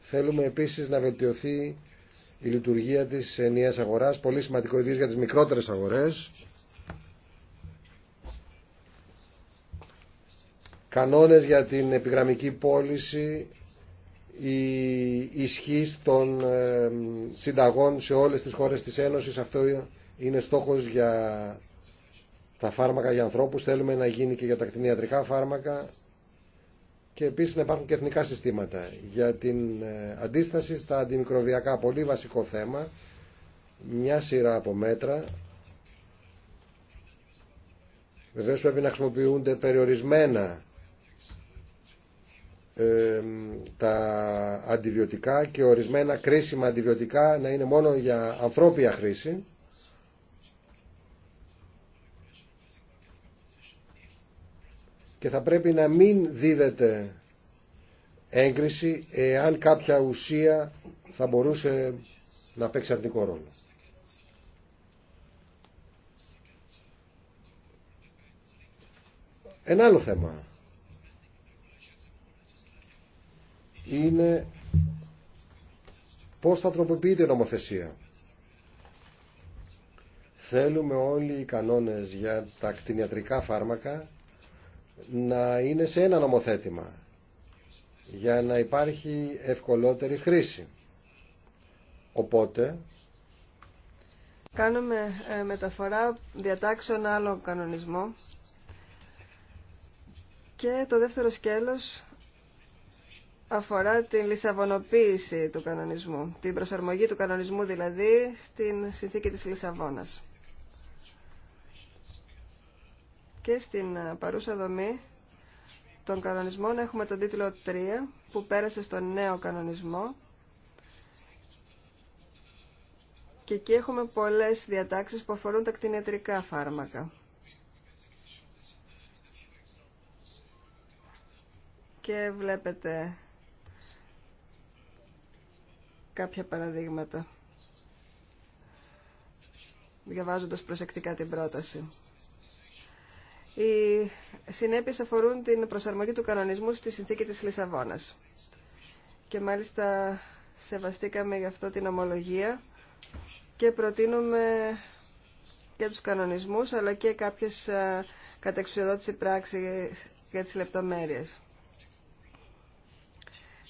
Θέλουμε επίσης να βελτιωθεί η λειτουργία της ενιαίας αγοράς, πολύ σημαντικό ιδίως για τις μικρότερες αγορές. Κανόνες για την επιγραμμική πώληση, η ισχύ των ε, συνταγών σε όλες τις χώρες της Ένωσης, αυτό είναι στόχος για τα φάρμακα για ανθρώπους, θέλουμε να γίνει και για τα κτηνιατρικά φάρμακα και επίσης να υπάρχουν και εθνικά συστήματα για την ε, αντίσταση στα αντιμικροβιακά. Πολύ βασικό θέμα, μια σειρά από μέτρα. Βεβαίως πρέπει να χρησιμοποιούνται περιορισμένα ε, τα αντιβιωτικά και ορισμένα κρίσιμα αντιβιωτικά να είναι μόνο για ανθρώπια χρήση και θα πρέπει να μην δίδεται έγκριση εάν κάποια ουσία θα μπορούσε να παίξει αρνητικό ρόλο. Ένα άλλο θέμα είναι πώς θα τροποποιείται η νομοθεσία. Θέλουμε όλοι οι κανόνες για τα κτηνιατρικά φάρμακα να είναι σε ένα νομοθέτημα για να υπάρχει ευκολότερη χρήση. Οπότε... Κάνουμε ε, μεταφορά διατάξεων άλλο κανονισμό και το δεύτερο σκέλος αφορά την λισαβονοποίηση του κανονισμού, την προσαρμογή του κανονισμού δηλαδή στην συνθήκη της Λισαβόνας. και στην ε, παρούσα δομή των κανονισμών έχουμε τον τίτλο 3 που πέρασε στον νέο κανονισμό και εκεί έχουμε πολλές διατάξεις που αφορούν τα κτηνιατρικά φάρμακα. Και βλέπετε κάποια παραδείγματα διαβάζοντας προσεκτικά την πρόταση. Οι συνέπειες αφορούν την προσαρμογή του κανονισμού στη συνθήκη της Λισαβόνας. Και μάλιστα σεβαστήκαμε γι' αυτό την ομολογία και προτείνουμε και τους κανονισμούς αλλά και κάποιες κατεξουσιοδότηση πράξεις για τις λεπτομέρειες.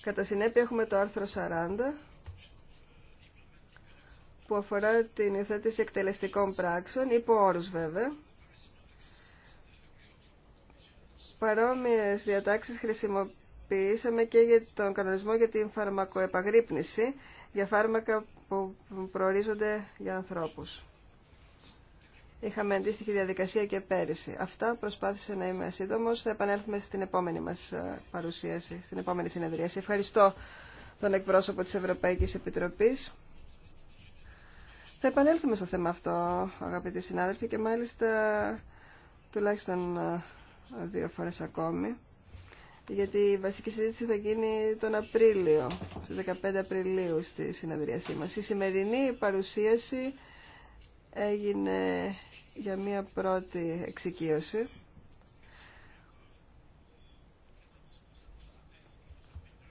Κατά συνέπεια έχουμε το άρθρο 40 που αφορά την υιοθέτηση εκτελεστικών πράξεων, υπό όρους βέβαια, παρόμοιες διατάξεις χρησιμοποιήσαμε και για τον κανονισμό για την φαρμακοεπαγρύπνηση για φάρμακα που προορίζονται για ανθρώπους. Είχαμε αντίστοιχη διαδικασία και πέρυσι. Αυτά προσπάθησα να είμαι σύντομο. Θα επανέλθουμε στην επόμενη μας ε, παρουσίαση, στην επόμενη συνεδρίαση. Ευχαριστώ τον εκπρόσωπο τη Ευρωπαϊκή Επιτροπή. Θα επανέλθουμε στο θέμα αυτό, αγαπητοί συνάδελφοι, και μάλιστα τουλάχιστον ε, δύο φορές ακόμη γιατί η βασική συζήτηση θα γίνει τον Απρίλιο, στις 15 Απριλίου στη συνεδρίασή μας. Η σημερινή παρουσίαση έγινε για μία πρώτη εξοικείωση.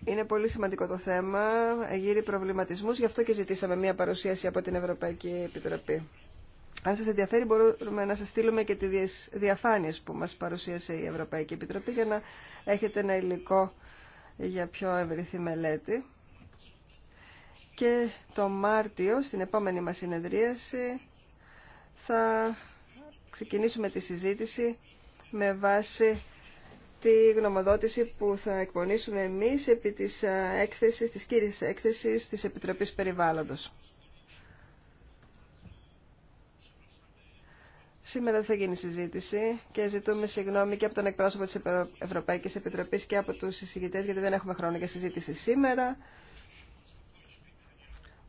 Είναι πολύ σημαντικό το θέμα, γύρει προβληματισμούς, γι' αυτό και ζητήσαμε μία παρουσίαση από την Ευρωπαϊκή Επιτροπή. Αν σας ενδιαφέρει μπορούμε να σας στείλουμε και τις διαφάνειες που μας παρουσίασε η Ευρωπαϊκή Επιτροπή για να έχετε ένα υλικό για πιο ευρυθή μελέτη. Και το Μάρτιο, στην επόμενη μας συνεδρίαση, θα ξεκινήσουμε τη συζήτηση με βάση τη γνωμοδότηση που θα εκπονήσουμε εμείς επί της ε, έκθεσης, της κύριης έκθεσης της Επιτροπής Περιβάλλοντος. Σήμερα δεν θα γίνει συζήτηση και ζητούμε συγγνώμη και από τον εκπρόσωπο της Ευρωπαϊκής Επιτροπής και από τους συζητητές γιατί δεν έχουμε χρόνο για συζήτηση σήμερα.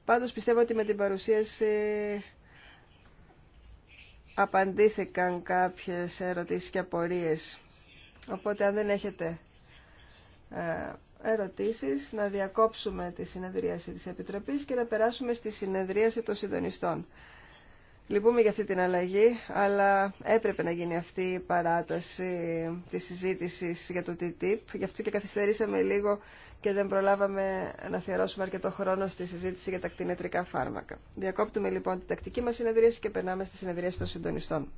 Πάντως πιστεύω ότι με την παρουσίαση απαντήθηκαν κάποιες ερωτήσεις και απορίες. Οπότε αν δεν έχετε ε, ερωτήσεις, να διακόψουμε τη συνεδρίαση της Επιτροπής και να περάσουμε στη συνεδρίαση των συντονιστών. Λυπούμε για αυτή την αλλαγή, αλλά έπρεπε να γίνει αυτή η παράταση της συζήτησης για το TTIP. Γι' αυτό και καθυστερήσαμε λίγο και δεν προλάβαμε να αφιερώσουμε αρκετό χρόνο στη συζήτηση για τα κτηνιατρικά φάρμακα. Διακόπτουμε λοιπόν την τακτική μας συνεδρίαση και περνάμε στη συνεδρίαση των συντονιστών.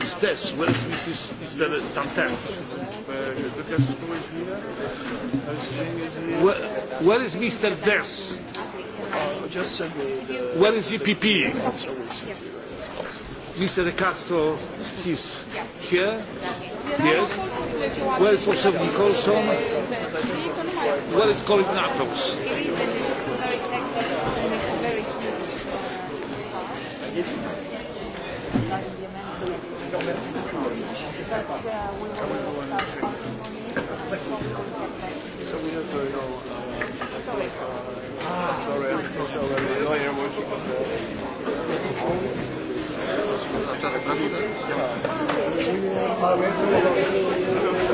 is this? is Is Where is Mr. Dess? Where is EPP? Mr. De Castro is here. Yes. Where is Professor Nicholson? Where is colleague Natos? so we have to know. Sorry. working on